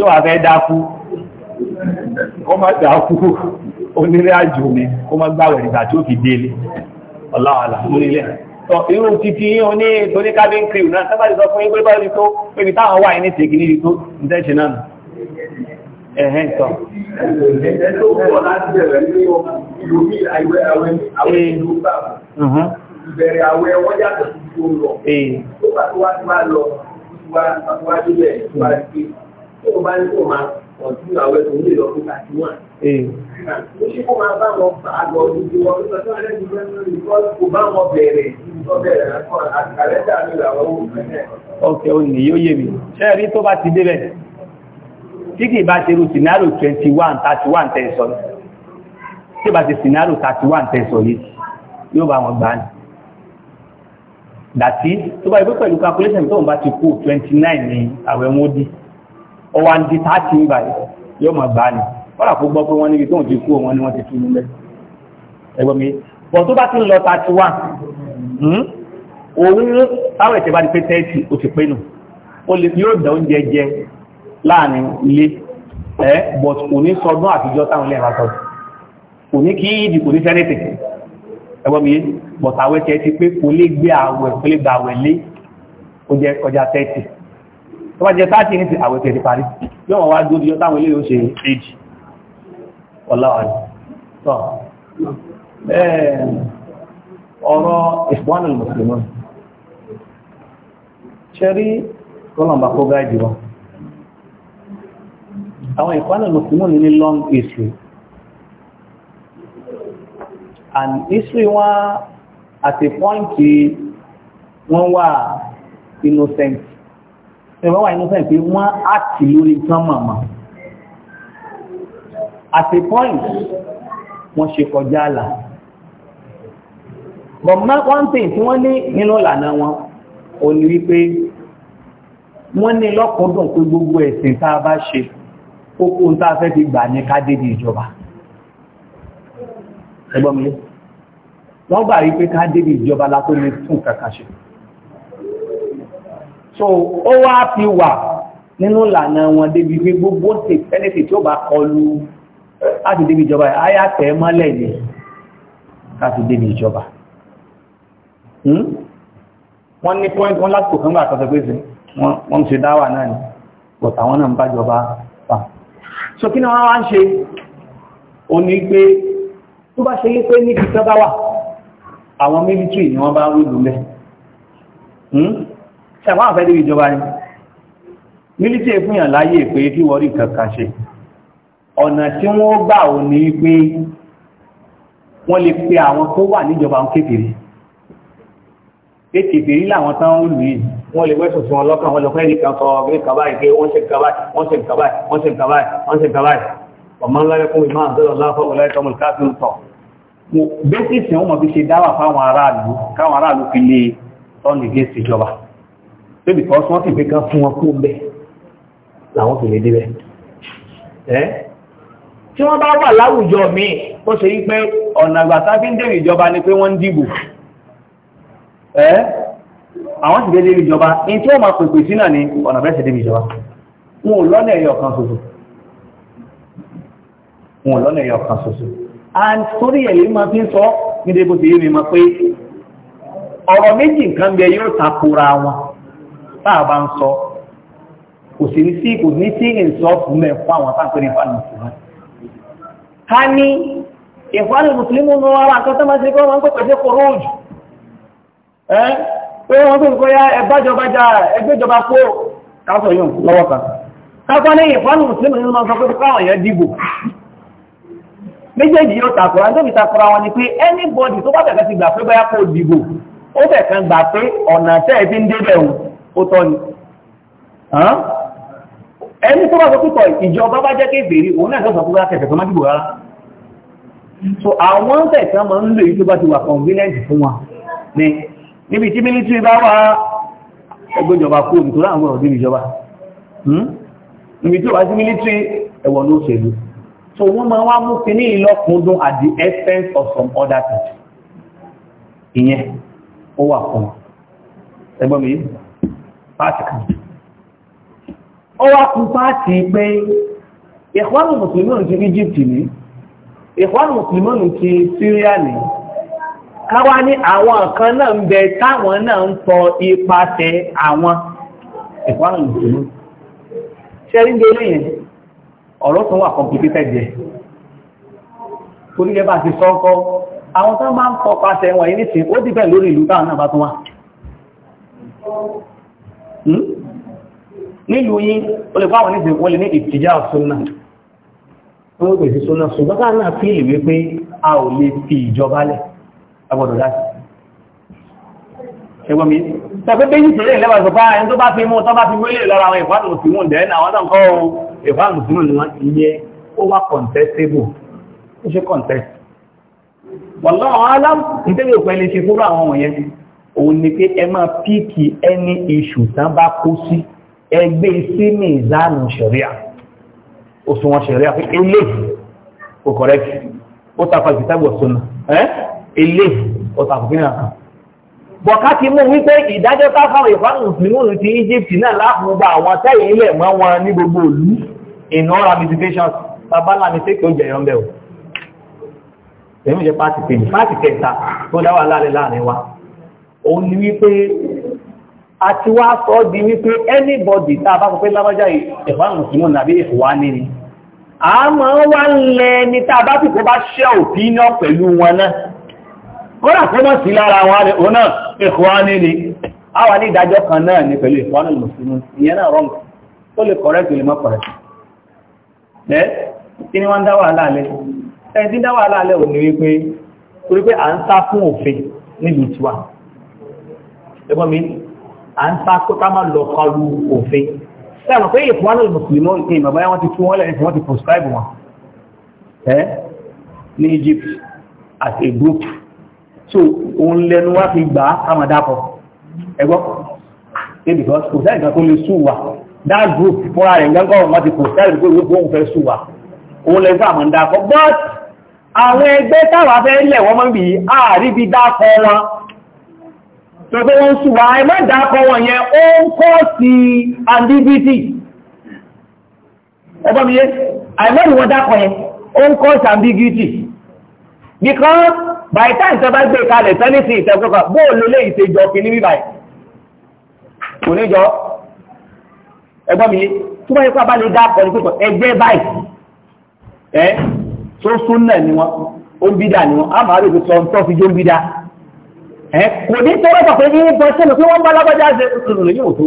a wà fẹ́ dákú kó má dákú onírẹ́ àjò ni kó má gbáwẹ̀ nígbà tí ó fi délé ọláwàlá lórílẹ̀ tọ irú títí oní cabin crew náà sábàdì sọ fún igbé tó pébi táwọn wà ní tèkì níbi tó ń náà ẹ̀hẹ́n tọ́ ìbẹ̀rẹ̀ àwẹ̀ wọ́n yàtọ̀ sí tó lọ tó bá tó wá lọ tí o bá ní kó máa ọ̀dú àwẹ̀ tó ní lọ fún thirty one. ó ṣe kó máa bá wọn fà á lọ níbi wọn nígbà tó alẹ́ ti bẹ́ẹ̀ lórí kọ́ kó bá wọn bẹ̀rẹ̀ tó bẹ̀rẹ̀ lọ́kọ̀ àkàlẹ́dà mi làwọn ò fẹ́ ok ó nìyí ó yé mi ṣé ẹ rí tó bá ti débẹ̀ tí kì í bá ṣe irú scenario twenty one thirty one tí bá ṣe scenario thirty one yìí yóò bá wọn gbà ní dàtí tó bá yẹ pẹ̀lú calculation tó ń bá ti kú twenty nine ní ọwà ń di táàtì ń báyìí yóò máa gbá ni kọ́lá kó gbọ́ pé wọ́n níbi tóun ti kú wọn ni wọ́n ti tú nílẹ̀ ẹgbọ́n mi bọ̀ tó bá ti ń lọ táàtì wà hmm? òun táwọn ìṣẹ̀bá ti pé tẹ́ẹ̀tì ó ti pé nù yóò dá oúnjẹ jẹ láàrin ilé ẹ but kò ní sọdún àtijọ́ táwọn ilé ìrànṣọ́ kò ní kí ìdì kò ní sẹ́nẹ̀tì ẹgbọ́n mi but àwẹ̀ tẹ́ẹ̀tì pé kò lè gbé àwẹ̀ kò lè gbà àwẹ̀ lé ó jẹ́ kọjá tẹ́ẹ̀tì tó bá jẹ táàtì ní ti àwẹ̀ tẹ̀lé parí yóò wọ́n wá dúró yọ táwọn ilé yóò ṣe èjì ọláwàdì tọ́ ọ̀rọ̀ ìfúwánìlì mùsùlùmí ṣẹ́rí kọlọ̀mbà kó gáàjì wọn àwọn ìfúwánìlì mùsùlùmí ní long history and history wọn àti pọ́ǹtì wọn wà innocent ẹ̀rọ wà nínú sẹ́yìn pé wọ́n á tì lórí tán màmá at a point wọ́n ṣe kọjá àlà but one thing tí wọ́n ní nínú ìlànà wọn ò ní wípé wọ́n ní lọ́kùndùn pé gbogbo ẹ̀sìn tá a bá ṣe kókó tá a fẹ́ fi gbà ní kádédì ìjọba ẹgbọ́n mi wọ́n gbà wípé kádédì ìjọba látó ní tún kàkà ṣe so ó wá fi wà nínú ìlànà wọn débi pé gbogbo ṣe fẹ́lẹ́sì tí ó bá kọlu láti débi ìjọba àyà tẹ̀ mọ́lẹ̀ ni láti débi ìjọba hmm? wọ́n ní point wọ́n lásìkò kan gbà àtọ́sọ pé sí wọ́n ń ṣe dáwà náà ni but àwọn náà ń bá jọba pa so kí ni wọ́n wá ń ṣe ó ní pé tó bá ṣe yí pé níbi tó bá wà àwọn military ni wọ́n bá wí lulẹ̀ ṣàwọn àfẹ́ lórí ìjọba ni mílítì fúnyàn láyé pé kí wọ́n rí kankan ṣe ọ̀nà tí wọ́n gbà ò ní pé wọ́n lè pe àwọn tó wà níjọba ń kékeré pé kékeré làwọn tán ń lù yìí wọ́n lè wẹ́sùn sí wọn lọ́kàn wọ́n lọ fẹ́ rí kan sọ ọ̀gbìn kan báyìí pé wọ́n ṣe kan wọ́n ṣe kan wọ́n ṣe kan wọ́n ṣe kan ọmọ ńlá yẹ fún ìmáà tó lọ pé because wọ́n sì fi kan fún wọn kú bẹ́ làwọn fi lè débẹ̀ ẹ́ tí wọ́n bá wà láwùjọ míì wọ́n ṣe wípé ọ̀nà àgbàtà fi ń dèrè ìjọba ni pé wọ́n ń dìbò ẹ́ àwọn sì dédé ìjọba in tí wọ́n máa pèpè sí náà ni ọ̀nà bẹ́sẹ̀ débi ìjọba wọn ò lọ́nà ẹ̀yọ̀ kan ṣoṣo wọn ò lọ́nà ẹ̀yọ̀ kan ṣoṣo and torí ẹ̀ lè máa fi ń sọ ní débò sí yé mi máa pé ọ̀rọ̀ méjì nǹkan bẹ yóò takora wọn tá a bá ń sọ kò sì ní sí kò ní sí ìsọ́ọ̀fù mẹ́ fún àwọn táǹpé ní ìfàlù mùsùlùmí. ká ní mùsùlùmí ara nǹkan tó máa ṣe kọ́ wọn kó pèsè kòrò òjò ẹ́ wọ́n tó ya ẹgbẹ́jọba kó káàtọ̀ yóò lọ́wọ́ kan. kápá ní ìfàlù mùsùlùmí méjèèjì yóò takura nítorí wọn ni pé ó tọ́ ni ẹni tó bá sọ pípọ̀ ìjọba bá jẹ́ kéèbèrè òun náà sọ́sọ́ fún akẹ́kẹ̀ẹ́ tó má dìbò rárá so àwọn ń tẹ̀sán máa ń lò yí tó bá ti wà convenient fún wa ní níbi tí military bá wá ẹgbẹ́jọba kú omi tó láwọn ọ̀rọ̀ ìjọba hmm? níbi tí ó wá sí military ẹ̀wọ̀n ló ṣèlú so wọ́n máa wá mú kíní ìlọ́kùndún at the expense of some other things ìyẹn ó wà fún ẹgbọ́n mi yìí pàtì kan ó wá kú pàtì pé mùsùlùmí ti Egypt ní ìkwánù mùsùlùmí ti Syria ní ní àwọn kan náà ń bẹ táwọn náà ń tọ ipasẹ̀ àwọn mùsùlùmí yẹn ọ̀rọ̀ tó wà ti àwọn tó máa Hmm? nílùú yí o lè fáwọn níbi wọ́n lè ní ìtìjá súnà wọ́n pèsè súnà ṣùgbọ́n ká náà fi lè wípé a ò lè fi ìjọba lẹ̀ agbọ́dọ̀ láti ẹgbọ́n mi tàbí pé yìí tẹ̀lé ìlẹ́wà ìsọ̀pá ah, ẹni tó bá fi mú tó bá fi wílé lára àwọn ìfáàlù òsìmú ǹdẹ́ náà wọ́n náà kọ́ ìfáàlù òsìmú ni wọ́n iye ó wá contestable ó ṣe contest wọ́n lọ́wọ́ alám ìtẹ́lẹ̀ òpẹ́lẹ̀ ṣe fúrú àwọn wọ̀nyẹn òun ni pé ẹ máa píìkì ẹni iṣu tán bá kó sí ẹgbẹ́ e sí ní ìzánù ṣẹ̀ríà òṣùwọ̀n ṣẹ̀ríà pé ilé kò kọ̀rẹ́kì ó tàpá ìgbìtàgbọ̀ sọ́nà ilé ó tàpá ìpínlẹ̀ kan. bọ̀káàkì mú wípé ìdájọ́ táfàwọn ìfáàní mùsùlùmí ti Egypt náà láàmúgbà àwọn tẹ́yìn ilẹ̀ mọ́ wọn ní gbogbo ìlú in all ramifications babalá mi tẹ́kì ó jẹyọ ń bẹ̀ o. èmi jẹ́ pàtì kejì pàtì tó dáwà láàrin láàrin wa òun ni wípé àti wá sọ di wípé anybody tá a bá sọ pé lábájá ìfà mùsùlùmí nàbí ìfòwá ní ni a máa ń wá lẹ ní tá a bá sì kó bá ṣẹ́ opinion pẹ̀lú wọn náà kọ́nà kó mọ̀ sí lára wọn ni òun náà ìfòwá ní ni a wà ní ìdájọ́ kan náà ní wrong tó correct lè mọ́ correct ni wọ́n ń dá wàhálà alẹ́ ẹ̀ tí ń dá wàhálà alẹ́ òní wípé torí pé à ẹgbọ́n mi à ń sá pé ká má lọ kọlu òfin ṣé àwọn pé ìfún wa náà mùsùlùmí náà ìpè ìmọ̀ báyà wọ́n ti fún wọn lẹ́yìn tí wọ́n ti proscribe wọn ẹ́ ní Egypt as a group so òun lẹnu wá fi gbà á ká má dápọ̀ ẹgbọ́n ṣé because kò sáyẹ̀ká tó lè sùn wà that group fúnra rẹ̀ gángan ọ̀rọ̀ wọn ti proscribe pé ìwé fún òun fẹ́ sùn wà òun lẹ́sà àmọ́ ń dápọ̀ but àwọn ẹgbẹ́ táwa fẹ́ lẹ̀ wọ́n mọ́ bí i tọ́gbẹ́ wọn ṣùgbọ́n àìmọ́ ìdákọ̀ wọn yẹn ó ń kọ́ sí ambiguity ẹgbọ́n mi yé àìmọ́ ìwọ̀n dákọ̀ yẹn ó ń kọ́ sí ambiguity because by time tẹ́ bá gbé kalẹ̀ tẹ́lẹ̀ sí ìtẹ́kọ̀ọ́kọ̀ bóòlù lè ìtẹ́jọ́ kìíní bíbá ẹ̀ kò ní jọ ẹgbọ́n mi yé tó bá yẹ kó a bá lè dákọ̀ ní pípọ̀ ẹgbẹ́ báyìí ẹ tó sún náà ni wọn ó ń bídà ni wọn á máa kò ní tó rọ́pàá pé ní bọ́ sínú kí wọ́n bá lágbájá ṣe ìrùn lè yóò tó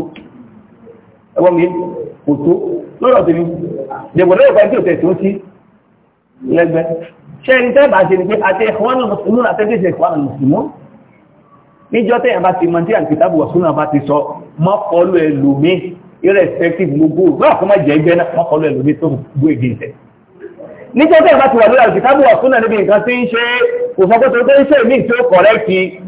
ẹwọ́n mi kò tó lọ́rọ̀ tó ní dẹ̀bọ̀ lọ́rọ̀ kan tí ò tẹ̀ tó sí lẹ́gbẹ́ ṣe ń tẹ́ bá ṣe ni pé àti ẹ̀kọ́nà mùsùlùmí àtẹ́gbẹ́ ṣe ẹ̀kọ́nà mùsùlùmí níjọ́ tẹ́yà bá ti mọ̀tí àti tábù wàsúnà bá ti sọ mọ́kọlù ẹlòmí irrespective gbogbo náà kó má jẹ́ ẹgbẹ́ náà mọ́kọlù ẹlòmí tó gbó èdè ìtẹ́ níjọ́ tẹ́yà bá ti wà lórí àti tábù wàsúnà níbi nǹkan tí ń ṣe kò sọ pé tó ń ṣe mí tí ó kọ̀rẹ́kì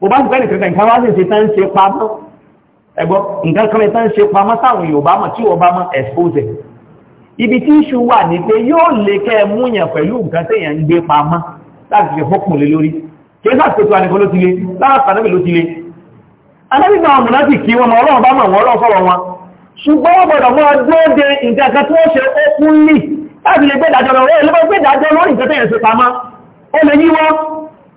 bó bá gbẹ́ nìkan kan wá sì ṣe tán ṣe pamọ́ ẹgbọ́ nǹkan kan tán ṣe pamọ́ sáwọn Yorùbá mọ̀ tí Yorùbá mọ̀ expose ibi tí iṣu wà ní pé yóò lè kẹ́ ẹ mú yàn pẹ̀lú nǹkan téèyàn ń gbé pamọ́ láti fi hókùn lé lórí kí ẹ sàkóso àníkan ló ti le láàpá náà ló ti le alábìgbà àwọn mùnátì kí wọn mọ Ọlọ́run bá mọ̀ wọn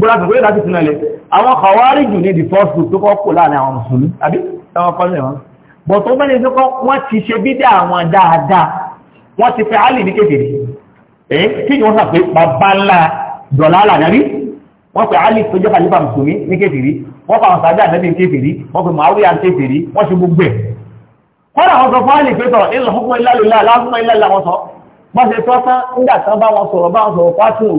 bóra sọ pé láti túnlẹ̀ àwọn kọwàrí jù ní the tó kọ́ kò láàrin àwọn mùsùlùmí àbí ẹwọ́n kọ́ lẹ́wọ́n bọ̀ tó mẹ́rin tó kọ́ wọ́n ti ṣe bídá àwọn dáadáa wọ́n ti fẹ́ alì ní kékeré ẹ̀ kí ni wọ́n sọ pé bàbá ńlá dọ̀là àlà nàbí wọ́n fẹ́ alì tó jẹ́ kàlífà mùsùlùmí ní kékeré wọ́n fẹ́ àwọn sàdá ànábì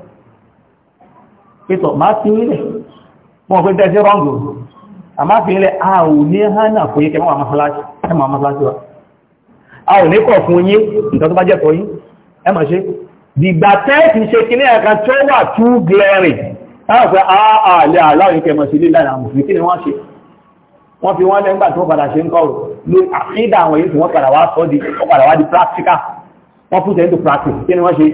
pẹ́tọ̀ máa fi ilẹ̀ wọ́n pẹ́ tẹ́sí rọ́ngù a máa fi ilẹ̀ a ò ní hánà fún yíkẹ́ mọ́ àmọ́síláṣí wa a ò ní kọ̀ fún yí nǹkan tó bá jẹ́ tọ́yí ẹ mọ̀ ṣe dìgbà tẹ́ẹ̀tì ṣe kí ní ẹ̀ka tó wà tú glẹ́rì táwọn pé ààlẹ́ aláwọ̀ kẹ́ mọ̀ sí ilé lára mùsùlùmí kí ni wọ́n ṣe wọ́n fi wọ́n lẹ́ nígbà tí wọ́n padà ṣe ń kọ̀rọ̀ ló àfídà àwọn èyí tí wọ́n padà wá sọ́ di wọ́n padà wá di practical wọ́n fún tẹ̀ into practice kí ni wọ́n ṣe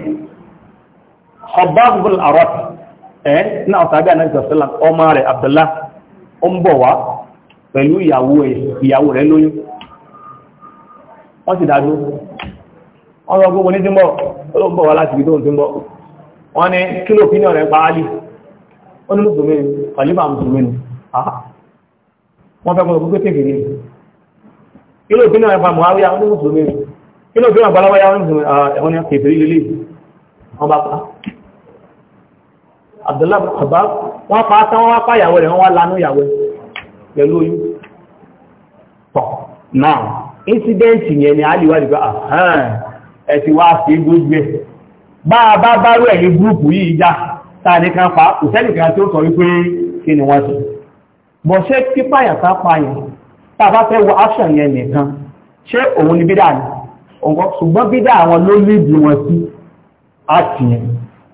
ọ̀bá gbogbo àrọ́tì ẹ́ náà sàbí ànáìsọ̀sọ́lá ọmọ rẹ̀ Abdullah ó ń bọ̀ wá pẹ̀lú ìyàwó rẹ̀ lóyún wọ́n sì dájú wọ́n sọ gbogbo ní tímbọ̀ ó ń bọ̀ wá láti ìdóhùn tímbọ̀ wọ́n ní kí ló pínlẹ̀ rẹ̀ pa álì ó ní mùsùlùmí ni kàlífà mùsùlùmí ni wọ́n fẹ́ mọ̀ gbogbo tèkèrè kí ló pínlẹ̀ rẹ̀ pa Muawiya ó ní mùsùlùmí ni kí ló pínlẹ̀ rẹ̀ pa lọ́wọ́ Abdullahi Abbas wọ́n pa tán wọ́n pa ìyàwó rẹ̀ wọ́n wá lanú ìyàwó pẹ̀lú oyún pọ̀ náà incident yẹn ni aliwa dìbò àhán ẹ ti wá sí gbogbo ẹ̀ bá a bá bá rẹ̀ ní gúrùpù yìí já táà ní kan pa kò sẹ́nìkan tó sọ wípé kí ni wọ́n sọ bọ̀ ṣé pípàyà ká pààyàn tàbá fẹ́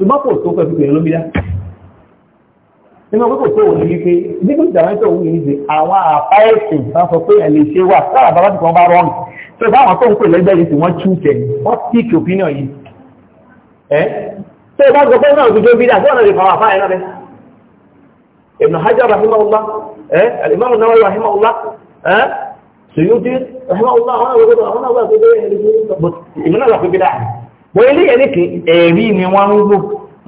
ṣùgbọ́n kò tó pẹ̀lú pẹ̀lú ló bí dá nínú pé kò tó wò ní wípé nígbà ìdáwọn tó wù ní ṣe àwọn àpá ẹ̀sìn bá sọ pé ẹ̀lẹ́ ṣe wà sára bàbá tìkan bá rọrùn tó bá àwọn tó ń pè lẹ́gbẹ́ yìí tí wọ́n tú tẹ̀ wọ́n pick opinion yìí ẹ́ tó bá gbọ́ pé náà òjòjò bí dá tó ọ̀nà lè fà wà fáyẹ̀ náà bẹ́ Ibn Hajar rahimahullah ẹ́ Al-Imam Nawawi rahimahullah ẹ́ Suyuti rahimahullah àwọn àwọn àwọn àwọn àwọn àwọn àwọn àwọn bó ilé yẹn nìkì ẹ̀rí ni wọ́n ń lò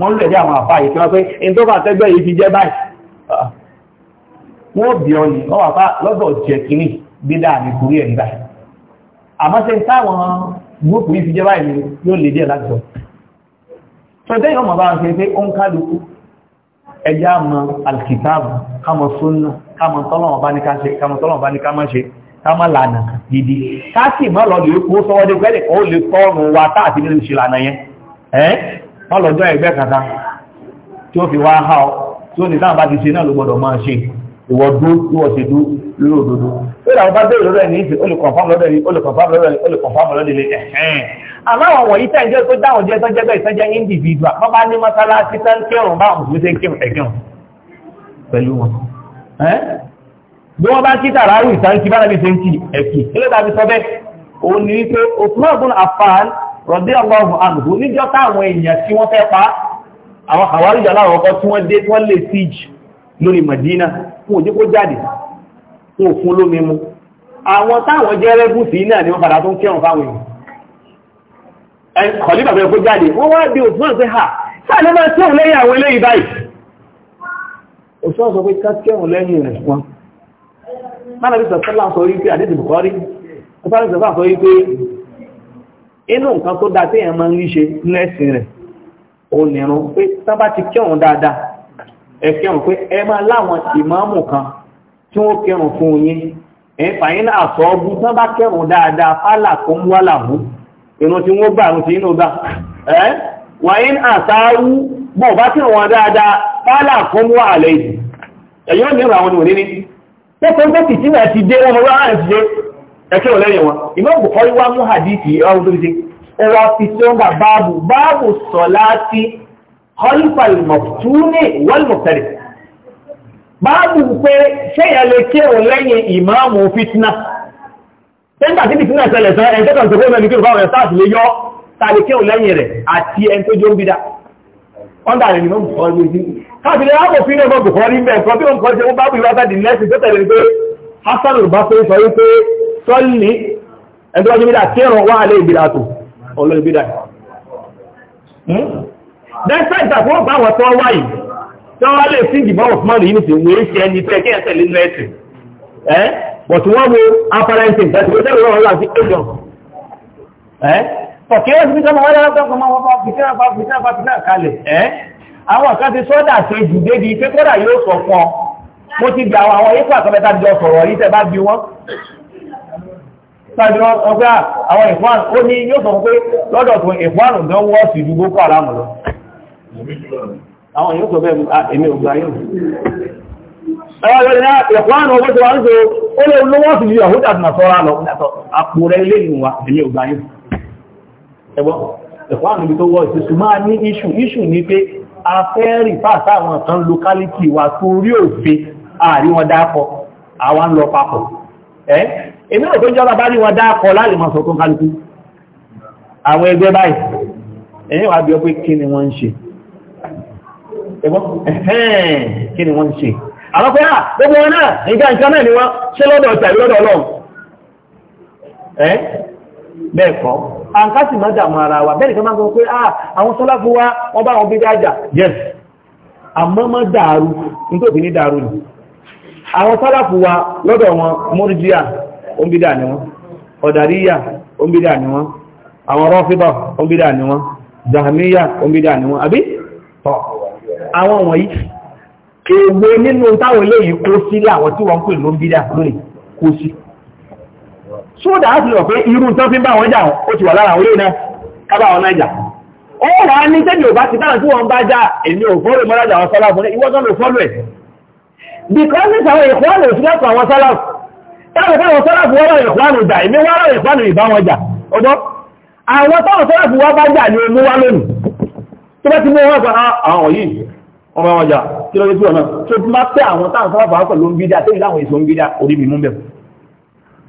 wọ́n ń lẹ̀dí àwọn àfáà ìfẹ́ pé in tó bá tẹ́gbẹ́ yìí fi jẹ́ báyìí ah. wọ́n bí ọ ní wọ́n wà fá lọ́dọ̀ jẹ́ kínní bídà ní kúrí ẹ̀ nígbà àmọ́ ṣe táwọn gúrùpù yìí fi jẹ́ báyìí yóò lè díẹ̀ láti ká lana, Didi. gidi ká sì má lọ lè kó sọ́wọ́ dé pẹ́lẹ̀ kó lè tọ́rùn wa táàtì nínú ìṣìlànà yẹn ẹ́ má lọ jọ ẹgbẹ́ kàkà tí ó fi wá há ọ tí ó ní táwọn bá ti ṣe náà ló gbọdọ̀ máa ṣe ìwọ dúró tí wọ́n ṣe dúró lórí òdodo pé làwọn bá bẹ̀rẹ̀ lọ́dọ̀ ẹ̀ ní ìsìn ó lè confirm lọ́dọ̀ ẹ̀ ó lè confirm lọ́dọ̀ ẹ̀ ó lè confirm lọ́dọ̀ ẹ̀ ẹ̀hẹ́n àmọ́ àwọn wọ̀nyí tẹ̀ ń jẹ́ tó dáhùn jẹ́ tọ́jẹ́ bẹ́ẹ̀ tọ́jẹ́ individual wọ́n bá ní mọ́sálásí tán kírun báwọn mùsùlùmí ṣe ń kírun ẹ̀kírun pẹ̀lú wọn bí wọ́n bá kí tàràwì ìtànkì bá nàbí sẹ́ńtì ẹ̀kì ẹlẹ́ta fi sọ bẹ́ẹ̀ òun ni wípé Usman ibn Affan radiyallahu anhu níjọ́ táwọn èèyàn tí wọ́n fẹ́ pa àwọn àwárí aláwọ̀ tí wọ́n dé tí lè siege lórí Madina fún òjí kó jáde fún òfun lómi mú àwọn táwọn jẹ́ rẹ́gùsì náà ni wọ́n padà tó ń kẹrùn fáwọn èèyàn kọ̀líbà bẹ̀rẹ̀ kó ha sáàlẹ́ máa kẹrùn lẹ́yìn àwọn eléyìí báyìí Usman sọ pé mánàbí sọ̀tọ́lá sọ wípé àdéhùn bùkọ́rí mánàbí sọ̀tọ́lá sọ wípé inú nǹkan tó dáa téèyàn máa ń rí ṣe lẹ́sìn rẹ̀ òun nìrun pé tán bá ti kírun dáadáa ẹ kírun pé ẹ máa láwọn ìmáàmù kan tí wọ́n kírun fún yín ẹ fàyín náà sọ ọ́ bú tán bá kírun dáadáa fálà kó mú wàlà mú irun tí wọ́n gbà irun inú gbà ẹ wàyín àsáárú bọ̀ bá kírun wọn dáadáa fálà kó mú wàlà yìí ẹ̀yọ́ nírun àwọn ènìyàn pẹ́kọ̀ọ́ pé kìtì náà ti dé wọn wá àrùn ti dé ẹ̀kẹ́ ò lẹ́yìn wọn Imam Bukhari wá mú hadithi ọrùn tó fi ṣe ọwọ́ fi tí wọ́n gbà báàbù báàbù salati khalfal maftuni wal muftari báàbù pé ṣẹ́yà lè kí ò lẹ́yìn ìmáàmù fitna tẹ́ńtà sí fitna ṣẹlẹ̀ sọ ẹ̀ ọ́ndà rẹ̀ nínú Bukhari ojú káàkiri láàbò fi ní ọmọ Bukhari ń bẹ̀ nǹkan tí ó ń kọ́ ṣe wọ́n bá wíwá sáà di lẹ́sìn tó tẹ̀lé pé Hassan al-Basri sọ wípé sọ́ọ̀lì ẹni tó wájú bídà kírun wá alẹ́ ìbílà tó ọlọ́ ìbílà dẹ́sẹ̀ hmm? ìtàkùn bá wọn tó wáyì tó wá lè sí ìdìbò Osman yìí nìsín wèé ṣe ẹni tẹ́ kí ẹsẹ̀ nínú ẹ̀sìn eh? ẹ́ bọ̀tún wọ́n wo apparent ọ̀kẹ́wọ́ sí ìjọba wọ́n lọ́pọ̀ ọmọ ọmọ fìtínà pa fìtínà pa fìtínà kalẹ̀ ẹ́ àwọn kan ti sọ́dà ṣe jù débi pé kódà yóò sọ fún ọ mo ti bí àwọn àwọn ikú àkọ́mẹ́ta jọ sọ̀rọ̀ yìí tẹ́ bá bí wọ́n sáájú wọn pé àwọn ìfúnwàn ó ní yóò sọ pé lọ́dọ̀ tó ìfúnwàn ń dánwọ́ sí ju boko haram lọ àwọn yóò sọ bẹ́ẹ̀ ah, èmi ò gbà yóò ẹwà lórí náà ah, ìfúnwàn owó tí wọ́n ń so ó lè lówó sí ju yahoo àti lọ àpò rẹ̀ lè nù èmi ò gbà yóò ẹgbọ́ ẹ̀kọ́ àmìlì tó wọ́ ìsìsù máa ní iṣù iṣù ní pé a fẹ́ rí pàtà àwọn kan lókálítì wà tó rí òfin àrí wọn dákọ̀ àwọn lọ papọ̀ ẹ́ èmi ò tó jọba bá rí wọn dákọ̀ láàrin mọ̀ sọ̀tún kálukú àwọn ẹgbẹ́ báyìí ẹ̀yìn wà bí ọ pé kí ni wọ́n ń ṣe ẹgbọ́n ẹ̀hẹ́n kí ni wọ́n ń ṣe àwọn pé à ah, gbogbo wọn náà nígbà nǹkan náà ni a kọ́ àǹkásì máa dàmú ara wa bẹ́ẹ̀ nìkan máa sọ pé ah, àwọn sọ́láfù wa wọ́n bá wọn bí dájà yes àmọ́ mọ́ dàrú nítòbí ní dàrú ni àwọn sọ́láfù lọ́dọ̀ wọn mọ́rìdíà dà ni wọn ọ̀dàríyà dà ni wọn àwọn rọ́fíbà dà ni wọn jahamiya dà ni wọn àbí tọ́ àwọn wọ̀nyí nínú táwọn eléyìí kó tí wọ́n ń pè ṣóòdà á ti lọ pé irú tán fi ń bá wọn jà wọn ó ti wà lára àwọn olóòrùn náà kábà wọn náà jà ó wà á ní tẹ́lẹ̀ ò bá ti bára tí wọ́n bá já èmi ò fọ́lù mọ́lájà àwọn sọ́lá fún ìwọ́n ló fọ́lù ẹ̀ because àwọn ìfọ́lù ìfúnlẹ̀kùn àwọn sọ́lá táwọn táwọn sọ́lá fún wọ́n ìfúnlẹ̀kùn ìjà èmi wọ́n rọ̀ ìfúnlẹ̀kùn ìbá wọn jà ọjọ́ àwọn táwọn sọ́lá fún wọ́n bá jà ní omú wá lónìí tó bá ti mú wọn sọ ah, àwọn yìí wọ́n bá wọn jà kí lọ́dún tí wọ́n náà tó ti má pẹ́ àwọn táwọn sọ́lá fún wọn pẹ̀lú ń bí dá tó ìlànà ìṣòwò ń bí dá orí mi mú bẹ̀rù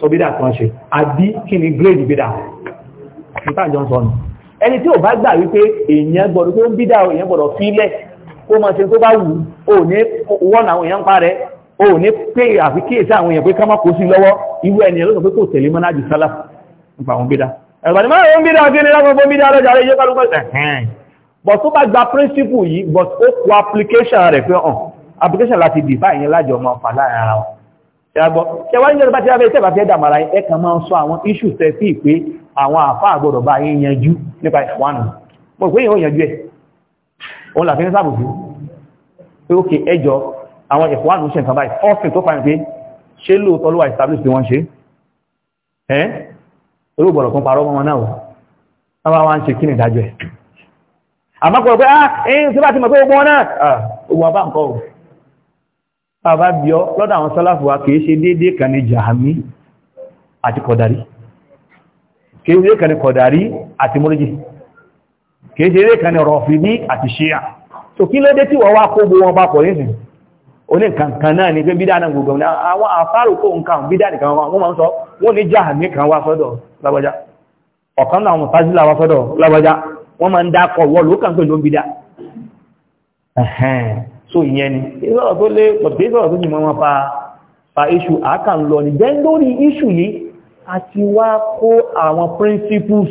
sọ bídà kan ṣe àbí kí ni gírèdì bídà nípa ìjọsọ nù ẹni tí ò bá gbà wípé èèyàn gbọ́dọ̀ tó ń bídà èèyàn gbọ́dọ̀ fílẹ̀ kó mọ̀ ṣe tó bá wù ó ní wọ́n àwọn èèyàn ń pa rẹ̀ ó ní pé àfi kíyèsí àwọn èèyàn pé ká má kó sí lọ́wọ́ irú ẹni ẹ̀ ló sọ pé kò tẹ̀lé mọ́ náà jù sálà nípa àwọn bídà ẹ̀gbọ́n máa ń bídà kí ni lágbègbè bídà lọ́jà rẹ̀ yóò kálukọ́ ẹ̀hẹ́n but tó bá yàgbọ́ ṣẹwà ní ọdún bá ti rá bẹ́ẹ̀ tẹ́bà fẹ́ dàmàrà ẹ kàn máa ń sọ àwọn iṣù tẹ́ sí pé àwọn àfá àgbọ̀dọ̀ bá yín yanjú nípa ìwánù mọ̀ pé yíò yanjú ẹ̀ òun làfẹ́ sábòjú pé ókè ẹjọ́ àwọn ìwánù ṣe nǹkan báyìí ọ́sìn tó fàyàn pé ṣé lóòótọ́ ló wà establish bí wọ́n ṣe ẹ́ bàbá bí ọ lọ́dọ̀ àwọn sálàfù wa kìí ṣe déédé kan ní jahami àti kọ̀dàrí kìí ṣe déédé kan ní kọ̀dàrí àti múríjì kìí ṣe déédé kan ní rọ̀fìdí àti ṣíyà so kí ló dé tí wọ́n wá kó gbogbo wọn bá pọ̀ nísìn oní nǹkan náà ni pé bídá náà gbogbo àwọn àfárò nǹkan bídá nìkan wọn máa ń sọ wọ́n ní jahami kan wá sọ́dọ̀ lágbájá ọ̀kan náà wọn fásílà wá sọ́dọ̀ lágbájá wọ́n máa ń dákọ̀ wọ́n lókàn pẹ̀lú bídá so ìyẹn ni ìsọ̀rọ̀ tó lé pọ̀tẹ́ ìsọ̀rọ̀ tó jùmọ́ wọn fa iṣu àákà ń lọ ní iṣu yìí a ti wá kó àwọn principles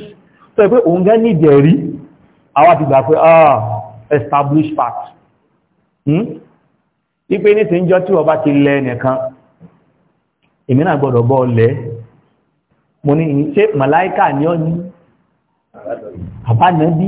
tó ẹ òun gẹ́ ní àwọn gbà ah establish fact ipe hmm? ní ti ń jọ tí wọ́n ti lẹ nìkan èmi náà gbọ́dọ̀ bọ́ mo ní ṣe màláíkà ní ọ́ ní àbánẹ́bí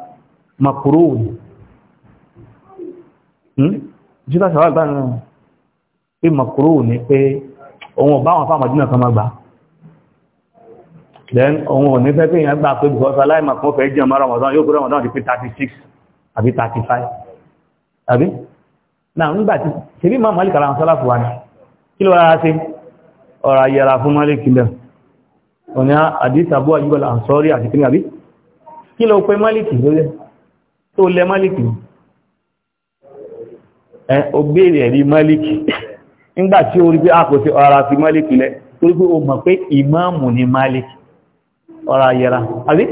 makruh ni hmm? jíta ṣàwà gbà náà pé makruh ni pé òun ọba àwọn fáwọn àdínà kan máa gbà then òun ò ní fẹ́ pé èèyàn gbà pé because aláìmọ̀ kan fẹ́ jẹun mara Ramadan yóò kó Ramadan di pé 36 àbí 35 àbí náà nígbà tí ṣebí máa Malik ara sọ́lá fún wa ní kí ló rárá sí ọ̀rọ̀ ayẹra fún Malik lẹ̀ òní àdìsàbọ̀ àyíbọ̀lá àǹsọ́rí àti kí ló pé Malik lórí tó lẹ málìkì ẹ o béèrè ẹ̀rí málìkì nígbà tí ó rí pé a kò sí ọ̀rá sí málìkì lẹ torí pé o mọ̀ pé ìmáàmù ni málìkì ọ̀rá yẹra àbí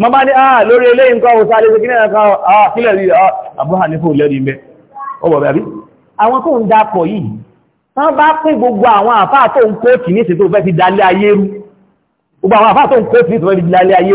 ma bá ní àà lórí ilé nǹkan òsà alẹ́ ìgbìnà Abu Hanifa lẹ́rí mẹ́ ọwọ̀ bẹ̀rí àwọn tó ń dápọ̀ yìí wọ́n bá pín gbogbo àwọn àfáà tó ń kóòtì ní ìsètò fẹ́ fi dalẹ́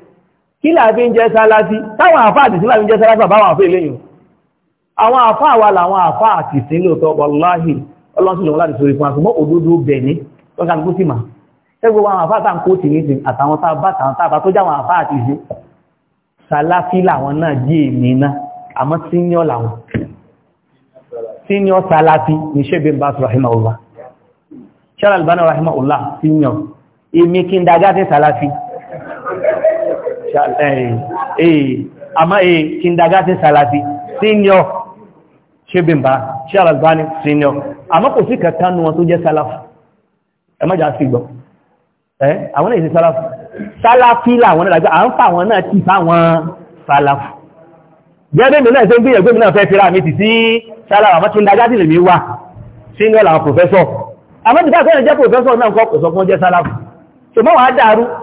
kí làbí ń jẹ́ sálásí táwọn àfáà àti sílàbí ń jẹ́ sálásí àbáwọn àfẹ́ iléyìn àwọn àfáà wà láwọn àfáà àti sí lóòtọ́ wọláhì ọlọ́sílòun láti sórí fún àṣùgbọ́n òdodo bẹ̀ní tọ́kàlùkú sí ma ṣẹ́gbogbo àwọn àfáà tàà ń kó tì ní sí àtàwọn tàbá tàwọn tàbá tó jáwọn àfáà àti sí sálásí làwọn náà jí amma eh kindergarten salafi senior ṣebin ba ṣe albani senior amma kò sí kẹtànù wọn tó jẹ́ salafu ẹ má jà sí gbọ́ ẹ́ àwọn náà ìsẹ́ salafu salafi láwọn náà à ń fà wọn náà ti fà wọn salafu jẹ́bẹ̀mì náà ṣe ń gbìyànjú náà fẹ́ fira mi ti sí salafu àmọ́ kindergarten lè mi wà senior làwọn professor àmọ́ ti ká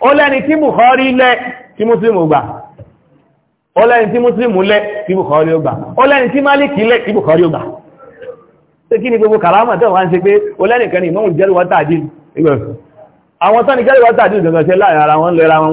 ó lẹ́ni tí Bukhari lẹ́ tí Muslim gbà ó lẹ́ni tí Muslim lẹ́ tí Bukhari gbà ó lẹ́ni tí Maliki lẹ́ tí Bukhari gbà ṣe kí ni gbogbo karama tẹ́ wọ́n ṣe pé ó lẹ́nìkan ni ìmọ̀hún jẹ́rù wátà àdín ìgbẹ̀rẹ̀ àwọn tán ni jẹ́rù wátà àdín ṣe láàrin ara wọn lẹ́ra wọn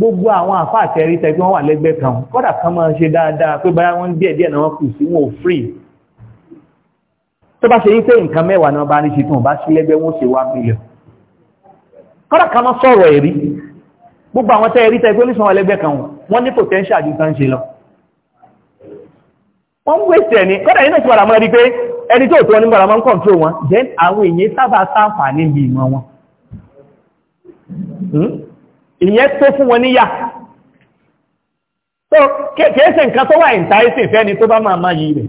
gbogbo àwọn àfá àtẹ́rí tẹ́gbẹ́ wọ́n wà lẹ́gbẹ́ kan kọ́dà kan máa ṣe dáadáa pé báyá wọ́n díẹ̀ díẹ̀ náà wọ́n kù sí wọn ò free tó bá ṣe yí pé nǹkan mẹ́wàá náà bá ní ṣe tún bá sí lẹ́gbẹ́ wọ́n ṣe wá mílẹ̀ kọ́dà kan máa sọ̀rọ̀ ẹ̀rí gbogbo àwọn tẹ́rí tẹ́gbẹ́ olùsàn wà lẹ́gbẹ́ kan wọ́n ní potential ju tán ṣe lọ wọ́n wéṣì ẹni kọ́dà yìí then àwọn èèyàn sábà sáǹfà níbi ìmọ̀ wọn hmm? ìyẹn tó fún wọn níyà tó kẹ́ẹ̀ẹ́sẹ̀ nǹkan tó wà ìntáyẹ́sìn fẹ́ni tó bá máa máa yìí rẹ̀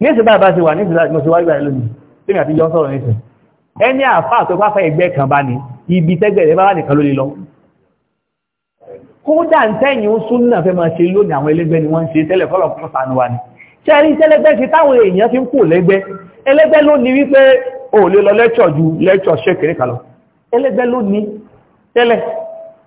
ní ìsìn báyìí bá ti wà ní ìsìn láti wáyé báyìí lónìí tí mi àti yọ sọ̀rọ̀ ní ìsìn ẹni àfáà tó bá fẹ́ ẹgbẹ́ kan bá ní ibi tẹ́gbẹ́ rẹ̀ bá wà nìkan ló lè ni wọ́n ń ṣe tẹ́lẹ̀ fọ́lọ̀ fún sànú wa ju lẹ́tọ̀ ṣẹ́kẹ̀rẹ́ kalọ̀ ẹlẹ́gbẹ́ ló ní tẹ́lẹ̀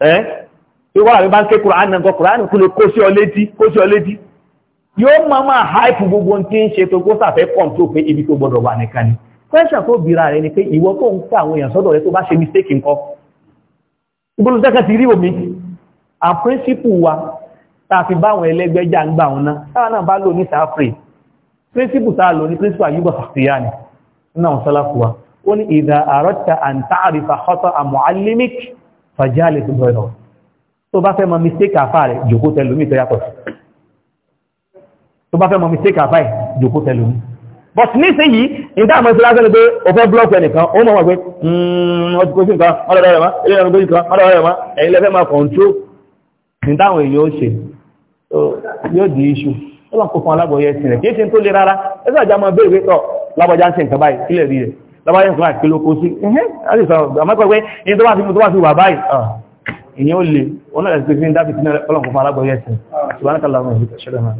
ẹ́ ìwọ́ àrẹ bá ń ké kùrán náà kùrán kú lè kó sí ọ létí kó sí ọ létí yóò máa máa háìpù gbogbo tí ń ṣe tó kó sàfẹ́ pọ̀n tó pé ibi tó gbọdọ̀ wà nìkan ni fẹ́ṣà tó bìíra rẹ ni pé ìwọ tó ń fẹ́ àwọn èèyàn sọ́dọ̀ rẹ tó bá ṣe mistake ńkọ́ ìbúrú sẹ́kẹ̀ ti rí omi a principle wa tá a fi bá àwọn ẹlẹ́gbẹ́ jà ń gbà wọn náà táwọn náà bá lò ní sáfrè fàjálè tó gbọ́ ẹ̀nà tó bá fẹ́ mọ mistake àfá rẹ̀ jòkó tẹlùmí tó yàtọ̀ tó bá fẹ́ mọ mistake àfá rẹ̀ jòkó tẹlùmí but nísìnyí nígbà àmọ́ ìfúnlá sẹ́ni pé o fẹ́ blọ́ọ̀kù ẹnìkan ó mọ̀ wọ́n pé hmm, ọdún kò sí nǹkan ọlọ́dọ̀ rẹ̀ mọ́ ilé ẹ̀rọ gbójú kan ọlọ́dọ̀ rẹ̀ mọ́ ẹ̀yin lẹ́fẹ́ máa control nígbà àwọn èèyàn ó ṣe yóò di iṣu ó lọ́n kó fún alábọ̀yẹ ẹ̀sìn rẹ̀ kì í ṣe tó le rárá ẹ̀sìn àjàmọ́ bẹ́ẹ̀ wé tọ̀ lábọ̀já ń ṣe nǹkan báyìí kílẹ̀ rí rẹ̀ lọ́bàá yẹn fún àti lóko sí ẹ̀hẹ́n àríṣà àmọ́pẹ́ pé ẹni tó wá sí mú tó wá sí wà báyìí ìyẹn ó lè ọ̀nà ẹ̀sì pé fi ń dábì sínú ọlọ́pàá alágbọ̀ọ́yẹ̀sìn ṣùgbọ́n